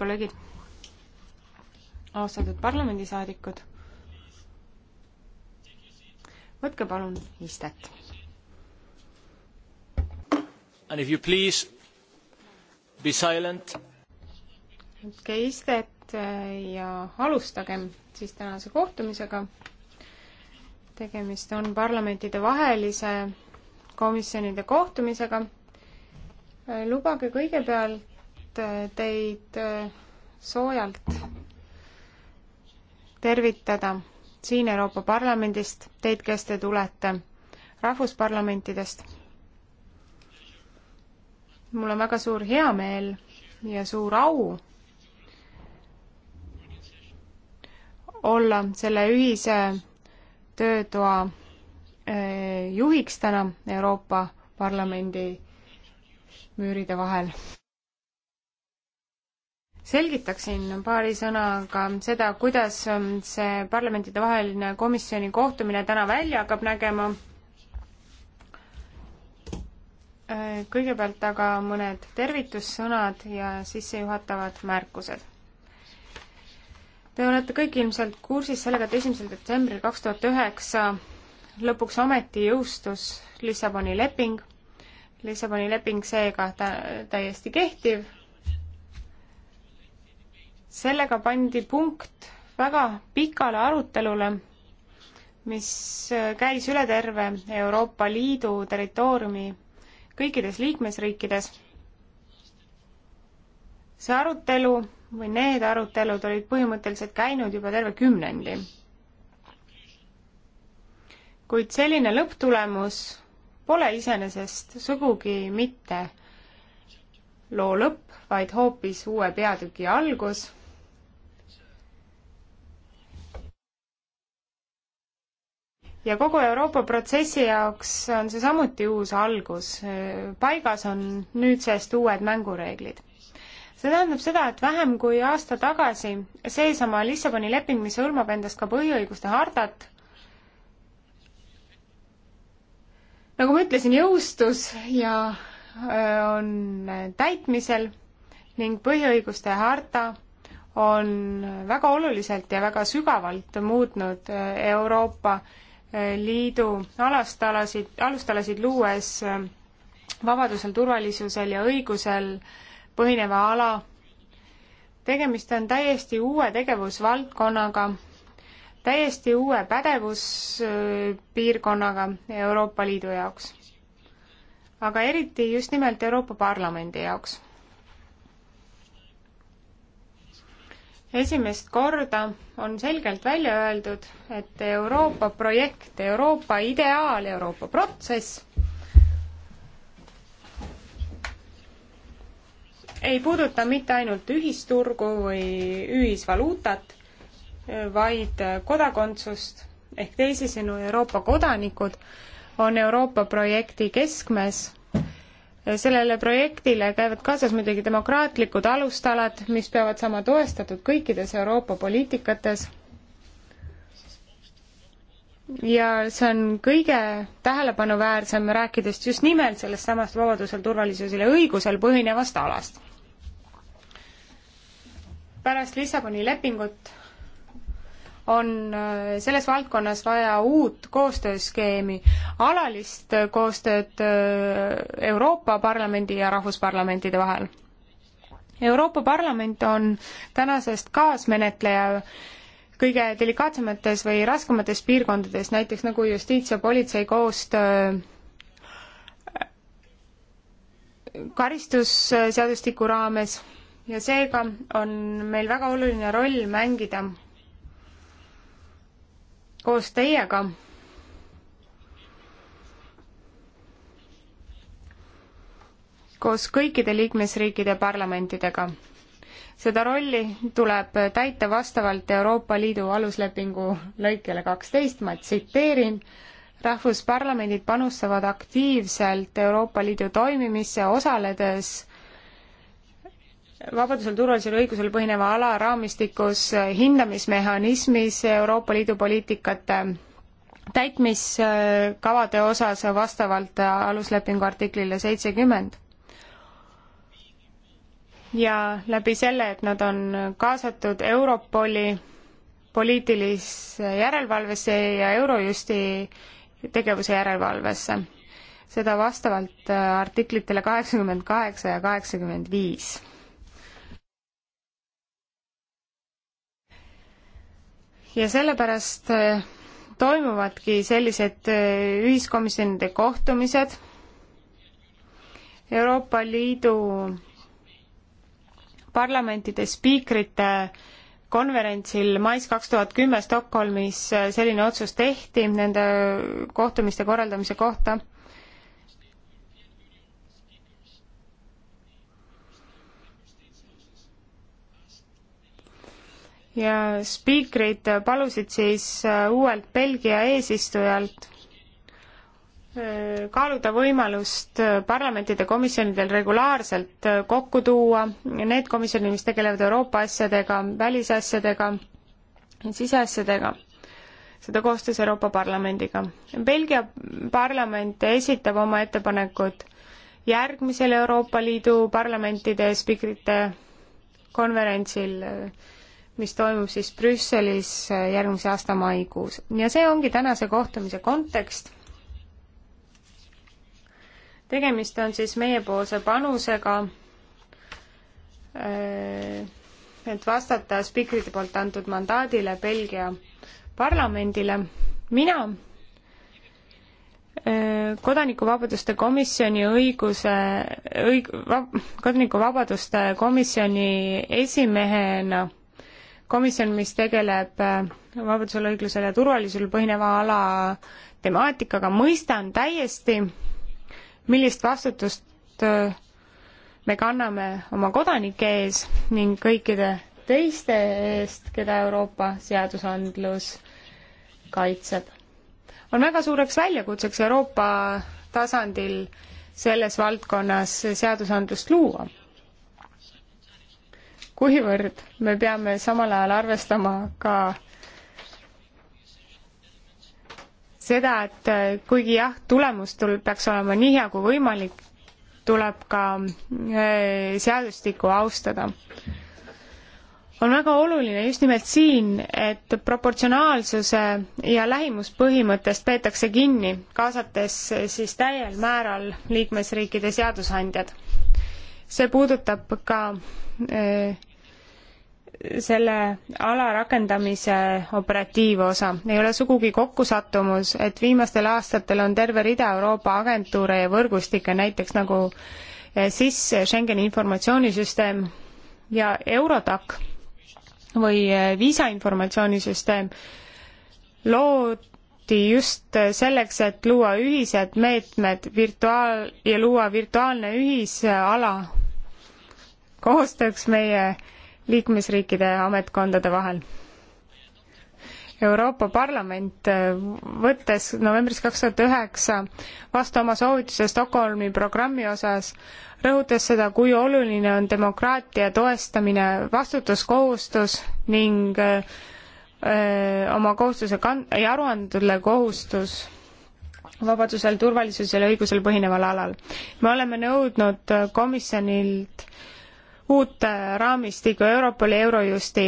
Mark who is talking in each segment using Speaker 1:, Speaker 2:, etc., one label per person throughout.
Speaker 1: kolleegid, austatud parlamendisaadikud, võtke palun istet.
Speaker 2: And if you please be silent.
Speaker 1: võtke istet äh, ja alustagem siis tänase kohtumisega. tegemist on parlamentidevahelise komisjonide kohtumisega äh, lubage kõigepealt et äh, teid äh, soojalt tervitada siin Euroopa Parlamendist, teid, kes te tulete rahvusparlamentidest. mul on väga suur heameel ja suur au olla selle ühise töötoa äh, juhiks täna Euroopa Parlamendi müüride vahel selgitaksin paari sõnaga seda, kuidas ähm, see parlamentidevaheline komisjoni kohtumine täna välja hakkab nägema. Äh, kõigepealt aga mõned tervitussõnad ja sissejuhatavad märkused. Te olete kõik ilmselt kursis sellega, et esimesel detsembril kaks tuhat üheksa lõpuks ometi jõustus Lissaboni leping. Lissaboni leping seega tä-, täiesti kehtiv sellega pandi punkt väga pikale arutelule, mis äh, käis üle terve Euroopa Liidu territooriumi kõikides liikmesriikides. see arutelu või need arutelud olid põhimõtteliselt käinud juba terve kümnendi. kuid selline lõpptulemus pole iseenesest sugugi mitte loo lõpp, vaid hoopis uue peatüki algus ja kogu Euroopa protsessi jaoks on see samuti uus algus. paigas on nüüdsest uued mängureeglid. see tähendab seda, et vähem kui aasta tagasi seesama Lissaboni leping, mis hõlmab endas ka põhiõiguste hardat, nagu ma ütlesin, jõustus ja äh, on täitmisel ning põhiõiguste harta on väga oluliselt ja väga sügavalt muutnud äh, Euroopa Liidu alastalasid, alustalasid luues ähm, vabadusel, turvalisusel ja õigusel põhineva ala. tegemist on täiesti uue tegevusvaldkonnaga, täiesti uue pädevuspiirkonnaga Euroopa Liidu jaoks. aga eriti just nimelt Euroopa Parlamendi jaoks esimest korda on selgelt välja öeldud, et Euroopa projekt, Euroopa ideaal, Euroopa protsess ei puuduta mitte ainult ühisturgu või ühisvaluutat, vaid kodakondsust ehk teisisõnu Euroopa kodanikud on Euroopa projekti keskmes sellele projektile käivad kaasas muidugi demokraatlikud alustalad, mis peavad saama toestatud kõikides Euroopa poliitikates. ja see on kõige tähelepanuväärsem, rääkides just nimelt sellest samast vabadusel, turvalisusel ja õigusel põhinevast alast. pärast Lissaboni lepingut on äh, selles valdkonnas vaja uut koostööskeemi, alalist koostööd äh, Euroopa Parlamendi ja rahvusparlamentide vahel. Euroopa Parlament on tänasest kaasmenetleja kõige delikaatsemates või raskemates piirkondades, näiteks nagu justiits- ja politsei koostöö äh, karistusseadustiku raames ja seega on meil väga oluline roll mängida koos teiega. koos kõikide liikmesriikide parlamentidega. seda rolli tuleb täita vastavalt Euroopa Liidu aluslepingu lõikele kaksteist, ma tsiteerin, rahvusparlamendid panustavad aktiivselt Euroopa Liidu toimimisse, osaledes vabadusel, turvalisel õigusel põhineva ala raamistikus eh, hindamismehhanismis Euroopa Liidu poliitikate täitmiskavade osas vastavalt eh, aluslepingu artiklile seitsekümmend. ja läbi selle, et nad on kaasatud Europoli poliitilisse järelevalvesse ja Eurojusti tegevuse järelevalvesse. seda vastavalt eh, artiklitele kaheksakümmend kaheksa ja kaheksakümmend viis ja sellepärast äh, toimuvadki sellised äh, ühiskomisjonide kohtumised Euroopa Liidu parlamentide spiikrite konverentsil mais kaks tuhat kümme Stockholmis äh, selline otsus tehti nende kohtumiste korraldamise kohta ja spiikrid palusid siis äh, uuelt Belgia eesistujalt äh, kaaluda võimalust äh, parlamentide komisjonidel regulaarselt kokku tuua, need komisjonid, mis tegelevad Euroopa asjadega, välisasjadega, siseasjadega, seda koostöös Euroopa Parlamendiga. Belgia parlament esitab oma ettepanekud järgmisel Euroopa Liidu parlamentide spiikrite konverentsil mis toimub siis Brüsselis äh, järgmise aasta maikuus. ja see ongi tänase kohtumise kontekst. tegemist on siis meiepoolse panusega, äh, et vastata spikrite poolt antud mandaadile Belgia parlamendile. mina äh, kodanikuvabaduste komisjoni õiguse, õig-, kodanikuvabaduste komisjoni esimehena komisjon, mis tegeleb äh, vabadusel, õiglusel ja turvalisusel põhineva ala temaatikaga, mõistan täiesti, millist vastutust äh, me kanname oma kodanike ees ning kõikide teiste eest, keda Euroopa seadusandlus kaitseb. on väga suureks väljakutseks Euroopa tasandil selles valdkonnas seadusandlust luua kuivõrd me peame samal ajal arvestama ka seda, et äh, kuigi jah, tulemus tul-, peaks olema nii hea kui võimalik, tuleb ka äh, seadustikku austada. on väga oluline just nimelt siin, et proportsionaalsuse ja lähimuspõhimõttest peetakse kinni, kaasates äh, siis täiel määral liikmesriikide seadusandjad. see puudutab ka äh, selle ala rakendamise operatiivosa. ei ole sugugi kokkusattumus, et viimastel aastatel on terve rida Euroopa agentuure ja võrgustikke, näiteks nagu eh, SIS, Schengeni informatsioonisüsteem ja Eurodac või eh, viisa informatsioonisüsteem, loodi just selleks, et luua ühised meetmed virtuaal- ja luua virtuaalne ühisala koostööks meie äh, liikmesriikide ametkondade vahel. Euroopa Parlament, äh, võttes novembris kaks tuhat üheksa vastu oma soovituse Stockholmi programmi osas, rõhutas seda, kui oluline on demokraatia toestamine, vastutuskohustus ning öö, äh, äh, oma kohustuse kan-, ja aruandele kohustus vabadusel, turvalisusel ja õigusel põhineval alal. me oleme nõudnud komisjonilt öö, uut raamistikku Europoli Eurojusti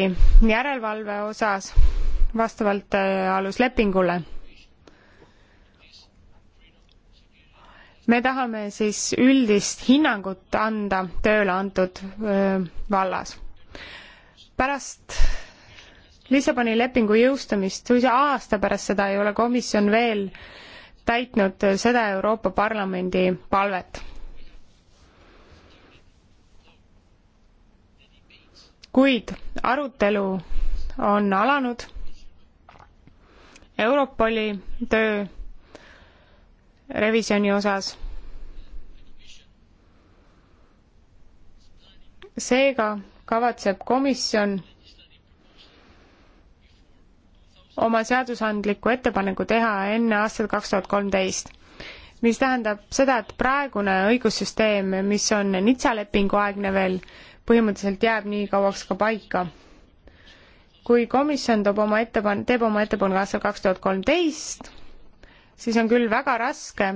Speaker 1: järelevalve osas vastavalt äh, aluslepingule. me tahame siis üldist hinnangut anda tööle antud öö, äh, vallas. pärast Lissaboni lepingu jõustumist, suisa aasta pärast seda ei ole komisjon veel täitnud äh, seda Euroopa Parlamendi palvet kuid arutelu on alanud. Europoli töö revisjoni osas. seega kavatseb komisjon oma seadusandliku ettepaneku teha enne aastat kaks tuhat kolmteist, mis tähendab seda, et praegune õigussüsteem, mis on Nitsa lepingu aegne veel, põhimõtteliselt jääb nii kauaks ka paika. kui komisjon toob oma ettepan-, teeb oma ettepaneku aastal kaks tuhat kolmteist, siis on küll väga raske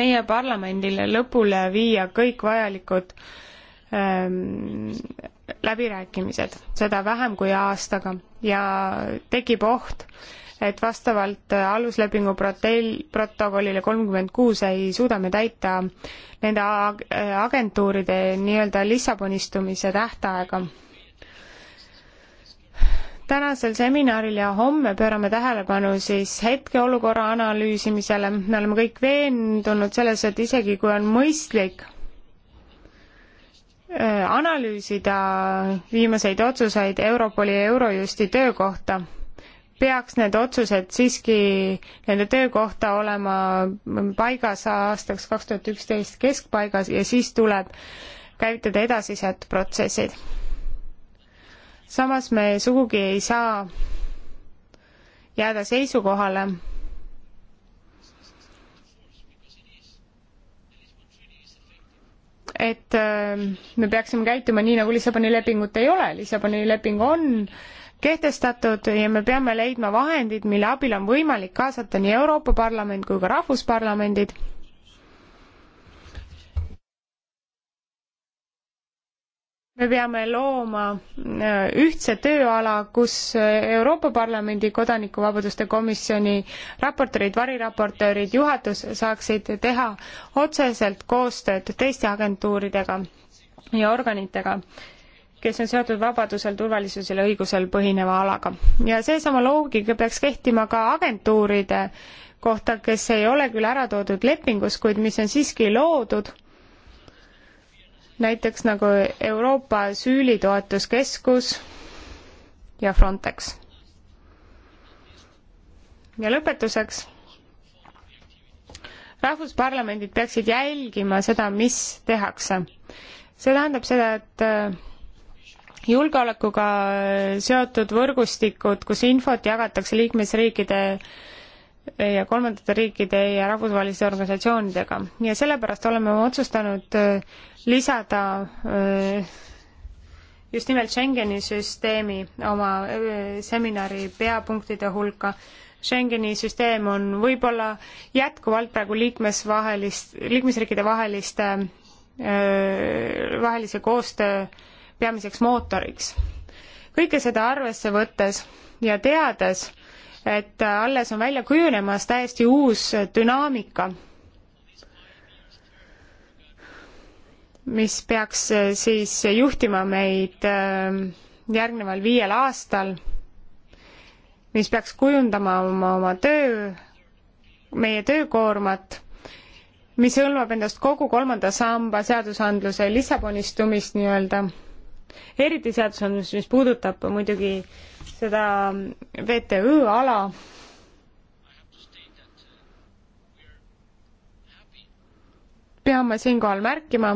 Speaker 1: meie parlamendile lõpule viia kõik vajalikud ähm, läbirääkimised, seda vähem kui aastaga ja tekib oht, et vastavalt aluslepingu protell-, protokollile kolmkümmend kuus ei suuda me täita nende ag-, agentuuride nii-öelda Lissabonistumise tähtaega. tänasel seminaril ja homme pöörame tähelepanu siis hetkeolukorra analüüsimisele, me oleme kõik veendunud selles, et isegi kui on mõistlik äh, analüüsida viimaseid otsuseid Europoli ja Eurojusti töö kohta peaks need otsused siiski nende töökohta olema paigas aastaks kaks tuhat üksteist keskpaigas ja siis tuleb käivitada edasised protsessid. samas me sugugi ei saa jääda seisukohale, et äh, me peaksime käituma nii, nagu Lissaboni lepingut ei ole, Lissaboni leping on äh, kehtestatud ja me peame leidma vahendid, mille abil on võimalik kaasata nii Euroopa Parlament kui ka rahvusparlamendid. me peame looma äh, ühtse tööala, kus Euroopa Parlamendi kodanikuvabaduste komisjoni raportöörid, variraportöörid, juhatus saaksid teha otseselt koostööd teiste agentuuridega ja organitega kes on seotud vabadusel, turvalisusel ja õigusel põhineva alaga. ja seesama loogika peaks kehtima ka agentuuride kohta, kes ei ole küll ära toodud lepingus, kuid mis on siiski loodud, näiteks nagu Euroopa Süülitoetuskeskus ja Frontex. ja lõpetuseks rahvusparlamendid peaksid jälgima seda, mis tehakse. see tähendab seda, et äh, julgeolekuga seotud võrgustikud, kus infot jagatakse liikmesriikide ja kolmandate riikide ja rahvusvaheliste organisatsioonidega ja sellepärast oleme otsustanud äh, lisada äh, just nimelt Schengeni süsteemi oma äh, seminari peapunktide hulka. Schengeni süsteem on võib-olla jätkuvalt praegu liikmesvahelist, liikmesriikide vaheliste, vahelise koostöö peamiseks mootoriks. kõike seda arvesse võttes ja teades, et alles on välja kujunemas täiesti uus dünaamika, mis peaks eh, siis juhtima meid eh, järgneval viiel aastal, mis peaks kujundama oma, oma töö, meie töökoormat mis hõlmab endast kogu kolmanda samba seadusandluse Lissabonistumist nii-öelda eriti seadusandlus, mis puudutab muidugi seda VTÜ ala, peame siinkohal märkima,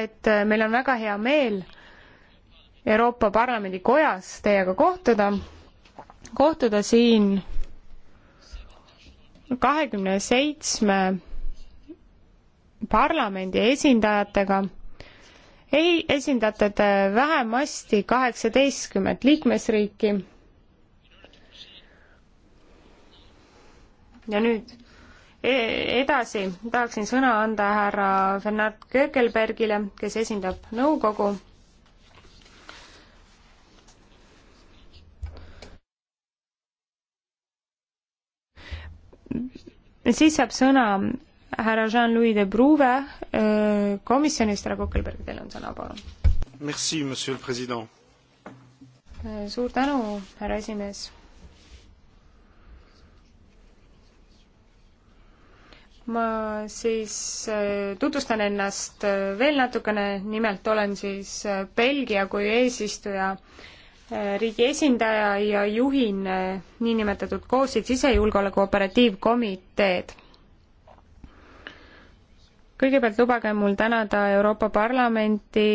Speaker 1: et meil on väga hea meel Euroopa Parlamendi kojas teiega kohtuda, kohtuda siin kahekümne seitsme parlamendi esindajatega ei, esindate te vähemasti kaheksateistkümmet liikmesriiki. ja nüüd e-, edasi tahaksin sõna anda härra Fernand Kökelbergile, kes esindab nõukogu. siis saab sõna härra Jean-Louis de Bruve äh, komisjonist, härra Kokelberg, teil on sõna, palun. Merci, monsieur le president. Äh, suur tänu, härra esimees. ma siis äh, tutvustan ennast veel natukene, nimelt olen siis Belgia kui eesistuja riigi esindaja ja juhin niinimetatud COSID sisejulgeoleku operatiivkomiteed kõigepealt lubage mul tänada Euroopa Parlamenti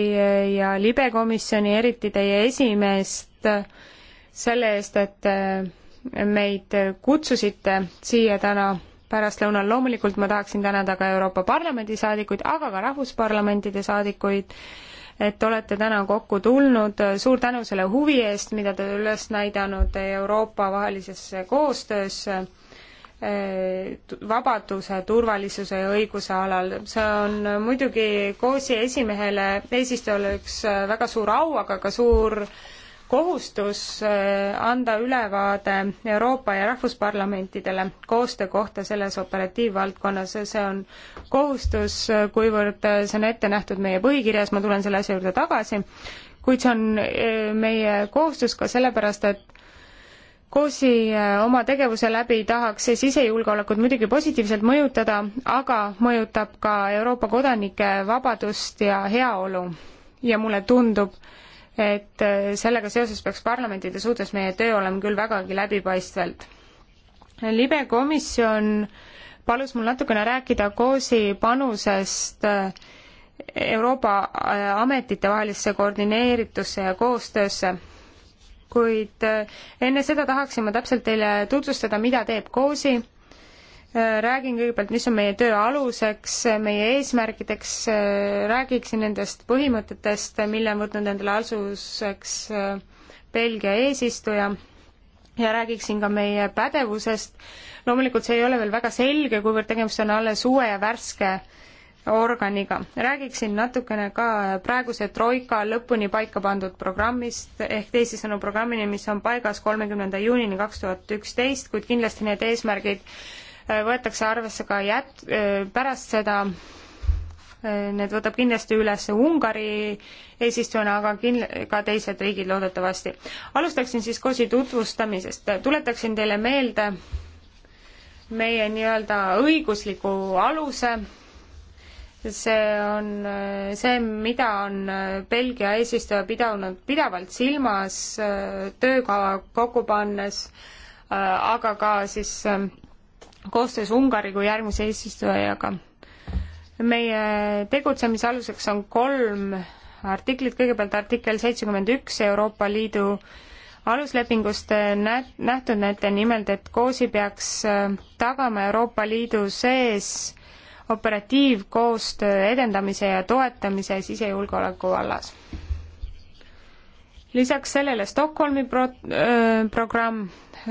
Speaker 1: ja libe komisjoni, eriti teie esimeest, selle eest, et äh, meid kutsusite siia täna pärastlõunal. loomulikult ma tahaksin tänada ka Euroopa Parlamendi saadikuid, aga ka rahvusparlamentide saadikuid, et olete täna kokku tulnud. suur tänu selle huvi eest, mida te üles näidanud Euroopa vahelises koostöös Eh, vabaduse, turvalisuse ja õiguse alal. see on muidugi KOS-i esimehele, eesistujale üks eh, väga suur au, aga ka suur kohustus eh, anda ülevaade Euroopa ja rahvusparlamentidele koostöö kohta selles operatiivvaldkonnas, see on kohustus, kuivõrd see on ette nähtud meie põhikirjas, ma tulen selle asja juurde tagasi, kuid see on meie kohustus ka sellepärast, et COSI äh, oma tegevuse läbi tahaks sisejulgeolekut muidugi positiivselt mõjutada, aga mõjutab ka Euroopa kodanike vabadust ja heaolu. ja mulle tundub, et äh, sellega seoses peaks parlamentide suhtes meie töö olema küll vägagi läbipaistvalt. libe komisjon palus mul natukene rääkida COSI panusest äh, Euroopa ametitevahelisse koordineeritusse ja koostöösse kuid äh, enne seda tahaksin ma täpselt teile tutvustada, mida teeb COSI. Äh, räägin kõigepealt, mis on meie töö aluseks, meie eesmärgideks, äh, räägiksin nendest põhimõtetest, mille on võtnud endale asuseks Belgia eesistuja ja räägiksin ka meie pädevusest. loomulikult see ei ole veel väga selge, kuivõrd tegemist on alles uue ja värske äh, organiga. räägiksin natukene ka praeguse Troika lõpuni paika pandud programmist ehk teisisõnu programmini, mis on paigas kolmekümnenda juunini kaks tuhat üksteist, kuid kindlasti need eesmärgid äh, võetakse arvesse ka jät-, äh, pärast seda äh, need võtab kindlasti üles Ungari eesistujana, aga kin-, ka teised riigid loodetavasti. alustaksin siis KOS-i tutvustamisest, tuletaksin teile meelde meie nii-öelda õigusliku aluse see on see, mida on Belgia eesistuja pidanud pidevalt silmas äh, töökava kokku pannes, äh, aga ka siis äh, koostöös Ungari kui järgmise eesistujaga. meie tegutsemise aluseks on kolm artiklit, kõigepealt artikkel seitsekümmend üks Euroopa Liidu aluslepingust nähtud nende nimelt, et COSI peaks tagama Euroopa Liidu sees operatiivkoostöö edendamise ja toetamise sisejulgeoleku vallas. lisaks sellele Stockholmi pro-, programm,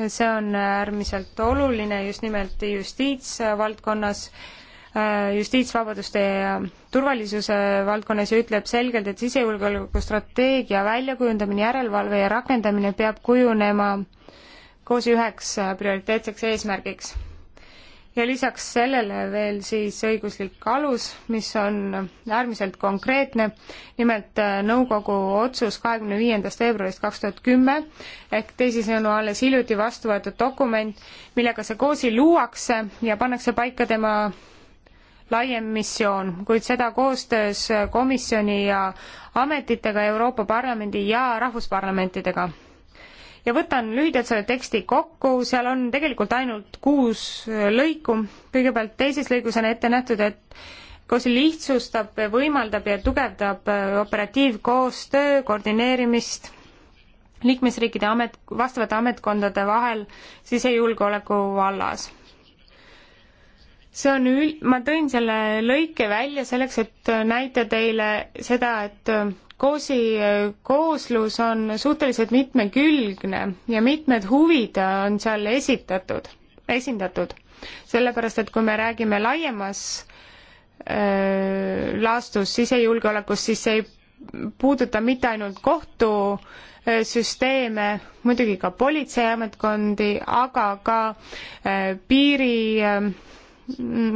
Speaker 1: see on äärmiselt oluline just nimelt justiitsvaldkonnas, justiitsvabaduste ja turvalisuse valdkonnas ja ütleb selgelt, et sisejulgeoleku strateegia väljakujundamine, järelevalve ja rakendamine peab kujunema koos üheks prioriteetseks eesmärgiks ja lisaks sellele veel siis õiguslik alus, mis on äärmiselt konkreetne, nimelt äh, nõukogu otsus kahekümne viiendast veebruarist kaks tuhat kümme ehk teisisõnu alles hiljuti vastu võetud dokument, millega see koosi luuakse ja pannakse paika tema laiem missioon, kuid seda koostöös komisjoni ja ametitega, Euroopa Parlamendi ja rahvusparlamentidega ja võtan lühidalt selle teksti kokku, seal on tegelikult ainult kuus äh, lõiku, kõigepealt teises lõigus on ette nähtud, et KOS lihtsustab, võimaldab ja tugevdab äh, operatiivkoostöö koordineerimist liikmesriikide amet, vastavate ametkondade vahel sisejulgeoleku vallas. see on ül-, ma tõin selle lõike välja selleks, et äh, näita teile seda, et koosi äh, kooslus on suhteliselt mitmekülgne ja mitmed huvid on seal esitatud, esindatud. sellepärast, et kui me räägime laiemas äh, laastus sisejulgeolekust, siis see ei puuduta mitte ainult kohtusüsteeme, äh, muidugi ka politseiametkondi, aga ka äh, piiri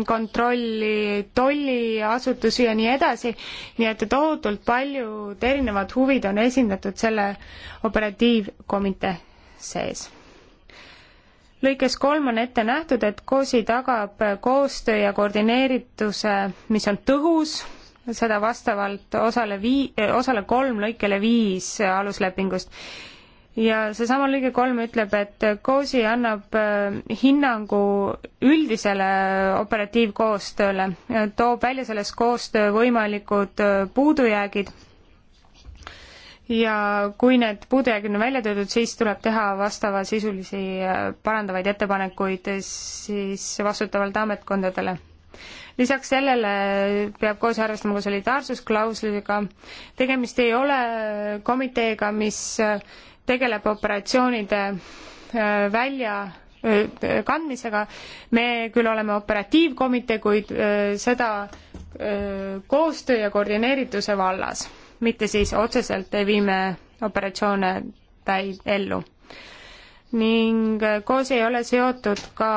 Speaker 1: kontrolli, tolliasutusi ja nii edasi, nii et tohutult paljud erinevad huvid on esindatud selle operatiivkomitee sees. lõikes kolm on ette nähtud, et COSI tagab koostöö ja koordineerituse, mis on tõhus, seda vastavalt osale vii-, osale kolm lõikele viis aluslepingust ja seesama lõige kolm ütleb, et COSI annab äh, hinnangu üldisele operatiivkoostööle, toob välja selles koostöö võimalikud äh, puudujäägid ja kui need puudujäägid on välja töötud, siis tuleb teha vastavasisulisi äh, parandavaid ettepanekuid siis vastutavalt ametkondadele lisaks sellele peab koos arvestama ka solidaarsusklausliga. tegemist ei ole komiteega, mis tegeleb operatsioonide äh, välja äh, kandmisega. me küll oleme operatiivkomitee, kuid äh, seda koostöö ja koordineerituse vallas, mitte siis otseselt ei vii me operatsioone täi-, ellu. ning koos ei ole seotud ka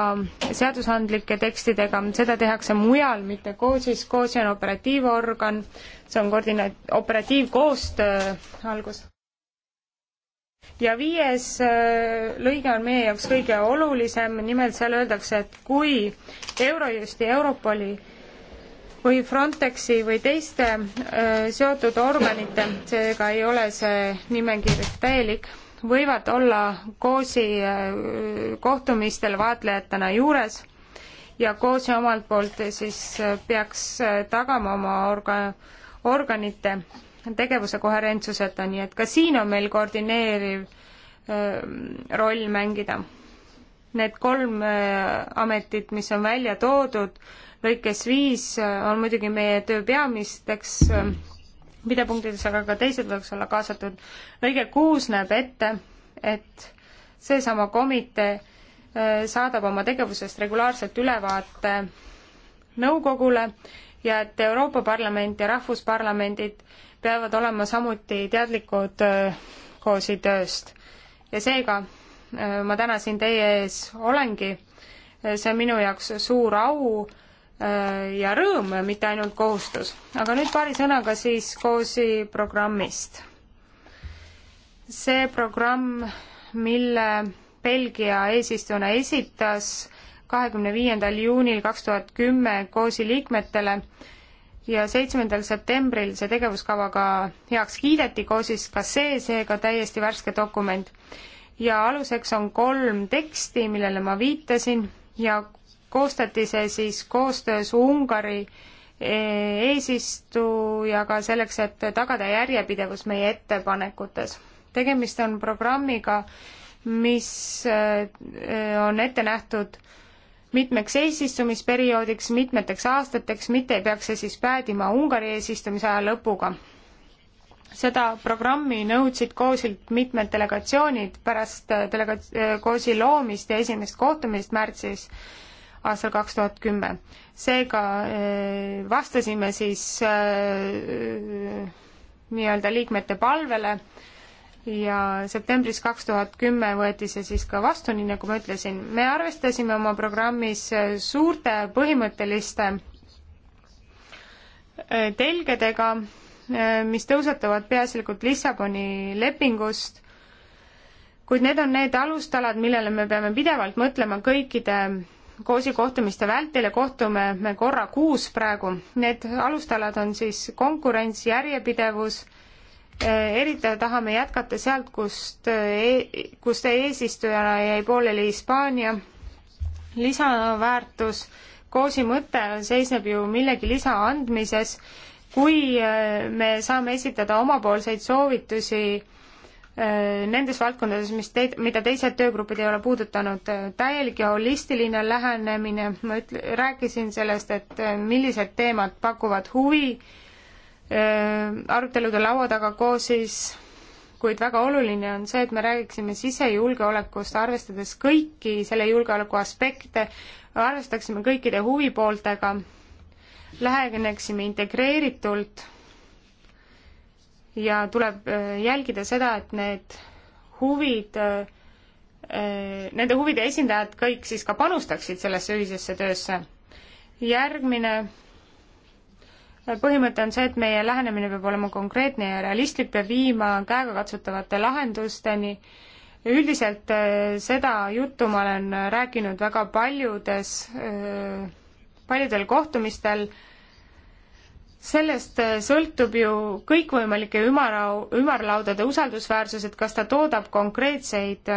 Speaker 1: seadusandlike tekstidega, seda tehakse mujal, mitte koosis, koosi on operatiivorgan, see on koordina-, operatiivkoostöö algus ja viies äh, lõige on meie jaoks kõige olulisem, nimelt seal öeldakse, et kui Eurojusti, Europoli või Frontexi või teiste öö, äh, seotud organite, seega ei ole see nimekiri täielik, võivad olla koosi äh, kohtumistel vaatlejatena juures ja koosi omalt poolt siis peaks tagama oma orga-, organite tegevuse koherentsuseta, nii et ka siin on meil koordineeriv ähm, roll mängida. Need kolm äh, ametit, mis on välja toodud lõikes viis, äh, on muidugi meie töö peamisteks ähm, pidepunktides, aga ka teised võiks olla kaasatud. lõige kuus näeb ette, et seesama komitee äh, saadab oma tegevusest regulaarselt ülevaate nõukogule ja et Euroopa Parlament ja rahvusparlamendid peavad olema samuti teadlikud äh, KOS-i tööst. ja seega äh, ma täna siin teie ees olengi, äh, see on minu jaoks suur au ja rõõm, mitte ainult kohustus. aga nüüd paari sõnaga siis KOS-i programmist. see programm, mille Belgia eesistujana esitas kahekümne viiendal juunil kaks tuhat kümme KOS-i liikmetele, ja seitsmendal septembril see tegevuskava ka heaks kiideti, koosis ka see, seega täiesti värske dokument. ja aluseks on kolm teksti, millele ma viitasin ja koostati see siis koostöös Ungari eesistujaga selleks, et tagada järjepidevus meie ettepanekutes. tegemist on programmiga, mis äh, on ette nähtud mitmeks eesistumisperioodiks, mitmeteks aastateks, mitte ei peaks see siis päädima Ungari eesistumise aja lõpuga. seda programmi nõudsid koosilt mitmed delegatsioonid pärast äh, delega-, äh, koosi loomist ja esimest kohtumist märtsis aastal kaks tuhat kümme. seega äh, vastasime siis nii-öelda liikmete palvele ja septembris kaks tuhat kümme võeti see siis ka vastu, nii nagu ma ütlesin. me arvestasime oma programmis suurte põhimõtteliste äh, telgedega, äh, mis tõusetuvad peaasjalikult Lissaboni lepingust, kuid need on need alustalad, millele me peame pidevalt mõtlema kõikide koosi kohtumiste vältel ja kohtume me korra kuus praegu. Need alustalad on siis konkurents, järjepidevus Eh, eriti tahame jätkata sealt, kust, eh, kust eesistujana jäi pooleli Hispaania. lisaväärtus, koosi mõte seisneb ju millegi lisa andmises, kui eh, me saame esitada omapoolseid soovitusi nendes valdkondades, mis teid, mida teised töögrupid ei ole puudutanud, täielik ja holistiline lähenemine, ma üt-, rääkisin sellest, et millised teemad pakuvad huvi, Äh, arutelude laua taga koos siis, kuid väga oluline on see, et me räägiksime sisejulgeolekust, arvestades kõiki selle julgeoleku aspekte, arvestaksime kõikide huvipooltega, läheneksime integreeritult ja tuleb äh, jälgida seda, et need huvid, äh, nende huvide esindajad kõik siis ka panustaksid sellesse ühisesse töösse. järgmine põhimõte on see, et meie lähenemine peab olema konkreetne ja realistlik, peab viima käegakatsutavate lahendusteni. üldiselt äh, seda juttu ma olen rääkinud väga paljudes, äh, paljudel kohtumistel sellest äh, sõltub ju kõikvõimalike ümarau-, ümarlaudade usaldusväärsus, et kas ta toodab konkreetseid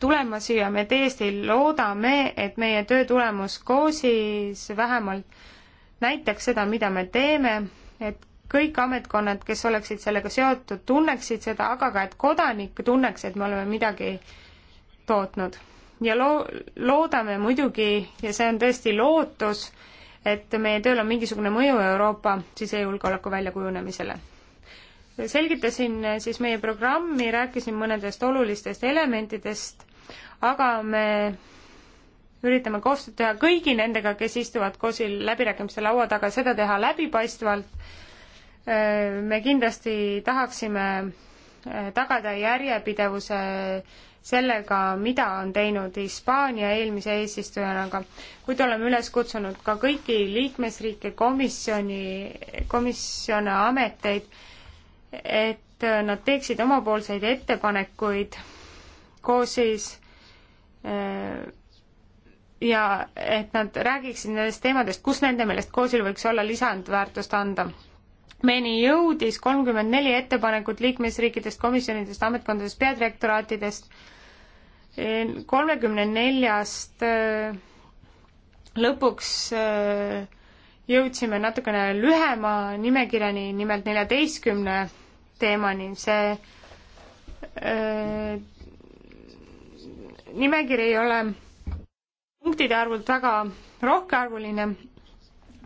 Speaker 1: tulemusi ja me täiesti loodame, et meie töö tulemus koosis vähemalt näiteks seda, mida me teeme, et kõik ametkonnad, kes oleksid sellega seotud, tunneksid seda, aga ka, et kodanik tunneks, et me oleme midagi tootnud. ja loo-, loodame muidugi, ja see on tõesti lootus, et meie tööl on mingisugune mõju Euroopa sisejulgeoleku väljakujunemisele. selgitasin siis meie programmi, rääkisin mõnedest olulistest elementidest, aga me üritame koostööd teha kõigi nendega, kes istuvad KOS-il läbirääkimiste laua taga, seda teha läbipaistvalt. me kindlasti tahaksime tagada järjepidevuse sellega, mida on teinud Hispaania eelmise eesistujanaga, kuid oleme üles kutsunud ka kõiki liikmesriike, komisjoni, komisjone, ameteid, et nad teeksid omapoolseid ettepanekuid koos siis äh, ja et nad räägiksid nendest teemadest, kus nende meelest koosil võiks olla lisandväärtust anda. meieni jõudis kolmkümmend neli ettepanekut liikmesriikidest, komisjonidest, ametkondadest, peadirektoraatidest, kolmekümne neljast äh, lõpuks äh, jõudsime natukene lühema nimekirjani, nimelt neljateistkümne teemani, see öö,
Speaker 3: äh,
Speaker 1: nimekiri ei ole punktide arvult väga rohkearvuline,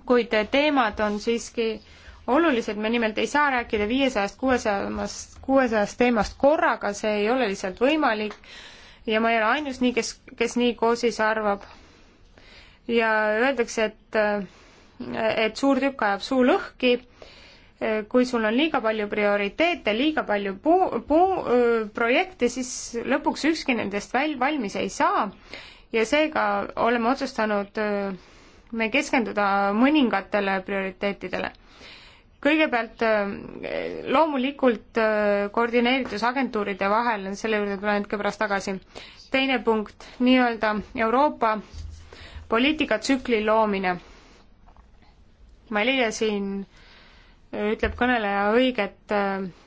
Speaker 1: kuid teemad on siiski olulised, me nimelt ei saa rääkida viiesajast, kuuesajast, kuuesajast teemast korraga, see ei ole lihtsalt võimalik ja ma ei ole ainus nii, kes, kes nii koosis arvab. ja öeldakse, et, et suur tükk ajab suu lõhki, kui sul on liiga palju prioriteete, liiga palju puu, puu, projekte, siis lõpuks ükski nendest väl-, valmis ei saa ja seega oleme otsustanud äh, me keskenduda mõningatele prioriteetidele. kõigepealt äh, loomulikult äh, koordineeritus agentuuride vahel, selle juurde tulen hetke pärast tagasi. teine punkt, nii-öelda Euroopa poliitikatsükli loomine. ma ei leia siin ütleb kõneleja õiget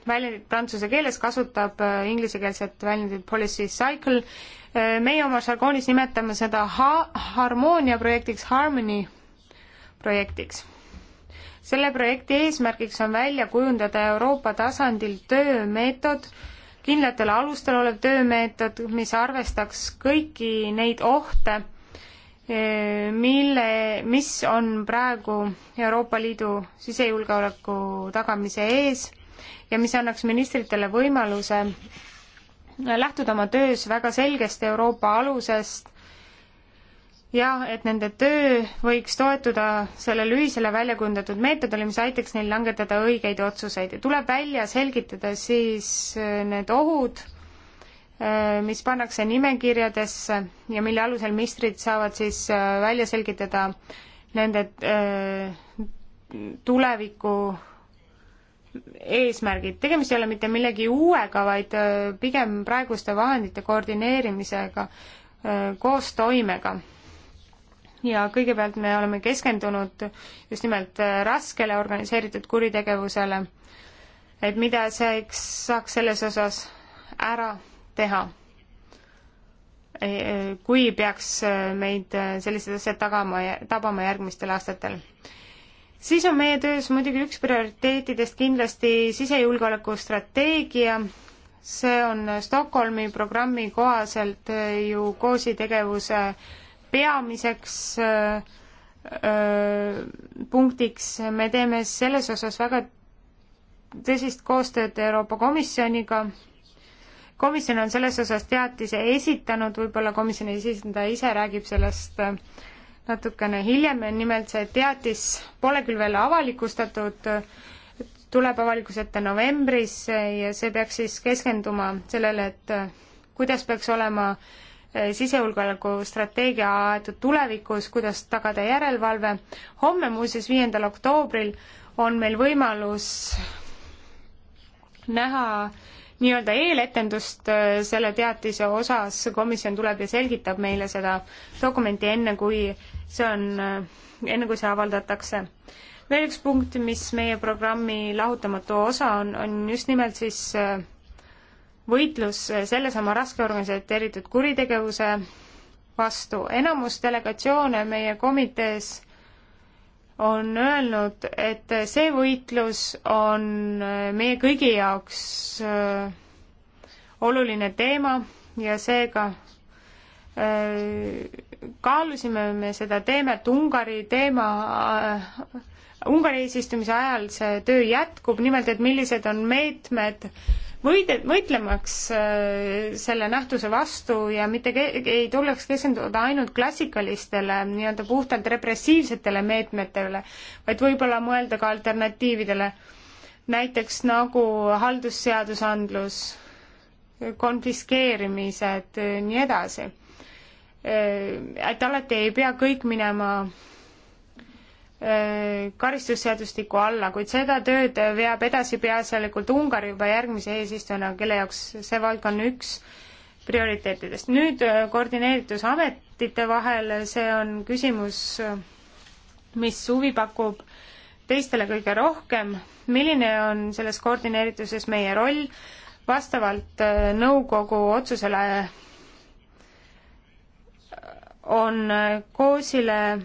Speaker 1: väljendit prantsuse keeles, kasutab inglisekeelset väljendit policy cycle, meie oma žargoonis nimetame seda ha-, harmoonia projektiks, harmony projektiks. selle projekti eesmärgiks on välja kujundada Euroopa tasandil töömeetod, kindlatel alustel olev töömeetod, mis arvestaks kõiki neid ohte, e, mille, mis on praegu Euroopa Liidu sisejulgeoleku tagamise ees ja mis annaks ministritele võimaluse lähtuda oma töös väga selgest Euroopa alusest ja et nende töö võiks toetuda sellele ühisele välja kujundatud meetodile, mis aitaks neil langetada õigeid otsuseid ja tuleb välja selgitada siis äh, need ohud, äh, mis pannakse nimekirjadesse ja mille alusel ministrid saavad siis äh, välja selgitada nende tuleviku eesmärgid, tegemist ei ole mitte millegi uuega, vaid äh, pigem praeguste vahendite koordineerimisega, äh, koostoimega. ja kõigepealt me oleme keskendunud just nimelt äh, raskele organiseeritud kuritegevusele, et mida see saaks selles osas ära teha. E, e, kui peaks meid sellised asjad tagama, tabama järgmistel aastatel siis on meie töös muidugi üks prioriteetidest kindlasti sisejulgeoleku strateegia, see on Stockholmi programmi kohaselt äh, ju KOOS-i tegevuse peamiseks äh, äh, punktiks, me teeme selles osas väga tõsist koostööd Euroopa Komisjoniga, komisjon on selles osas teatise esitanud, võib-olla komisjoni esindaja ise räägib sellest äh, natukene hiljem, nimelt see teatis pole küll veel avalikustatud, tuleb avalikkuse ette novembris ja see peaks siis keskenduma sellele, et kuidas peaks olema eh, sisejulgeoleku strateegia aetud tulevikus, kuidas tagada järelevalve. homme muuseas, viiendal oktoobril on meil võimalus näha nii-öelda eeletendust eh, selle teatise osas, komisjon tuleb ja selgitab meile seda dokumenti enne, kui see on, äh, enne kui see avaldatakse. veel üks punkt, mis meie programmi lahutamatu osa on, on just nimelt siis äh, võitlus äh, sellesama raske organiseeritud kuritegevuse vastu. enamus delegatsioone meie komitees on öelnud, et see võitlus on meie kõigi jaoks oluline teema ja seega kaalusime me seda teemat Ungari teema äh, Ungari eesistumise ajal see töö jätkub, nimelt et millised on meetmed võide, võitlemaks äh, selle nähtuse vastu ja mitte ei tuleks keskenduda ainult klassikalistele nii-öelda puhtalt repressiivsetele meetmetele, vaid võib-olla mõelda ka alternatiividele, näiteks nagu haldusseadusandlus, konfiskeerimised, nii edasi Äh, et alati ei pea kõik minema äh, karistusseadustiku alla, kuid seda tööd veab edasi peaasjalikult Ungari juba järgmise eesistujana, kelle jaoks see valdkond on üks prioriteetidest. nüüd äh, koordineeritus ametite vahel, see on küsimus, mis huvi pakub teistele kõige rohkem, milline on selles koordineerituses meie roll, vastavalt nõukogu otsusele on koosile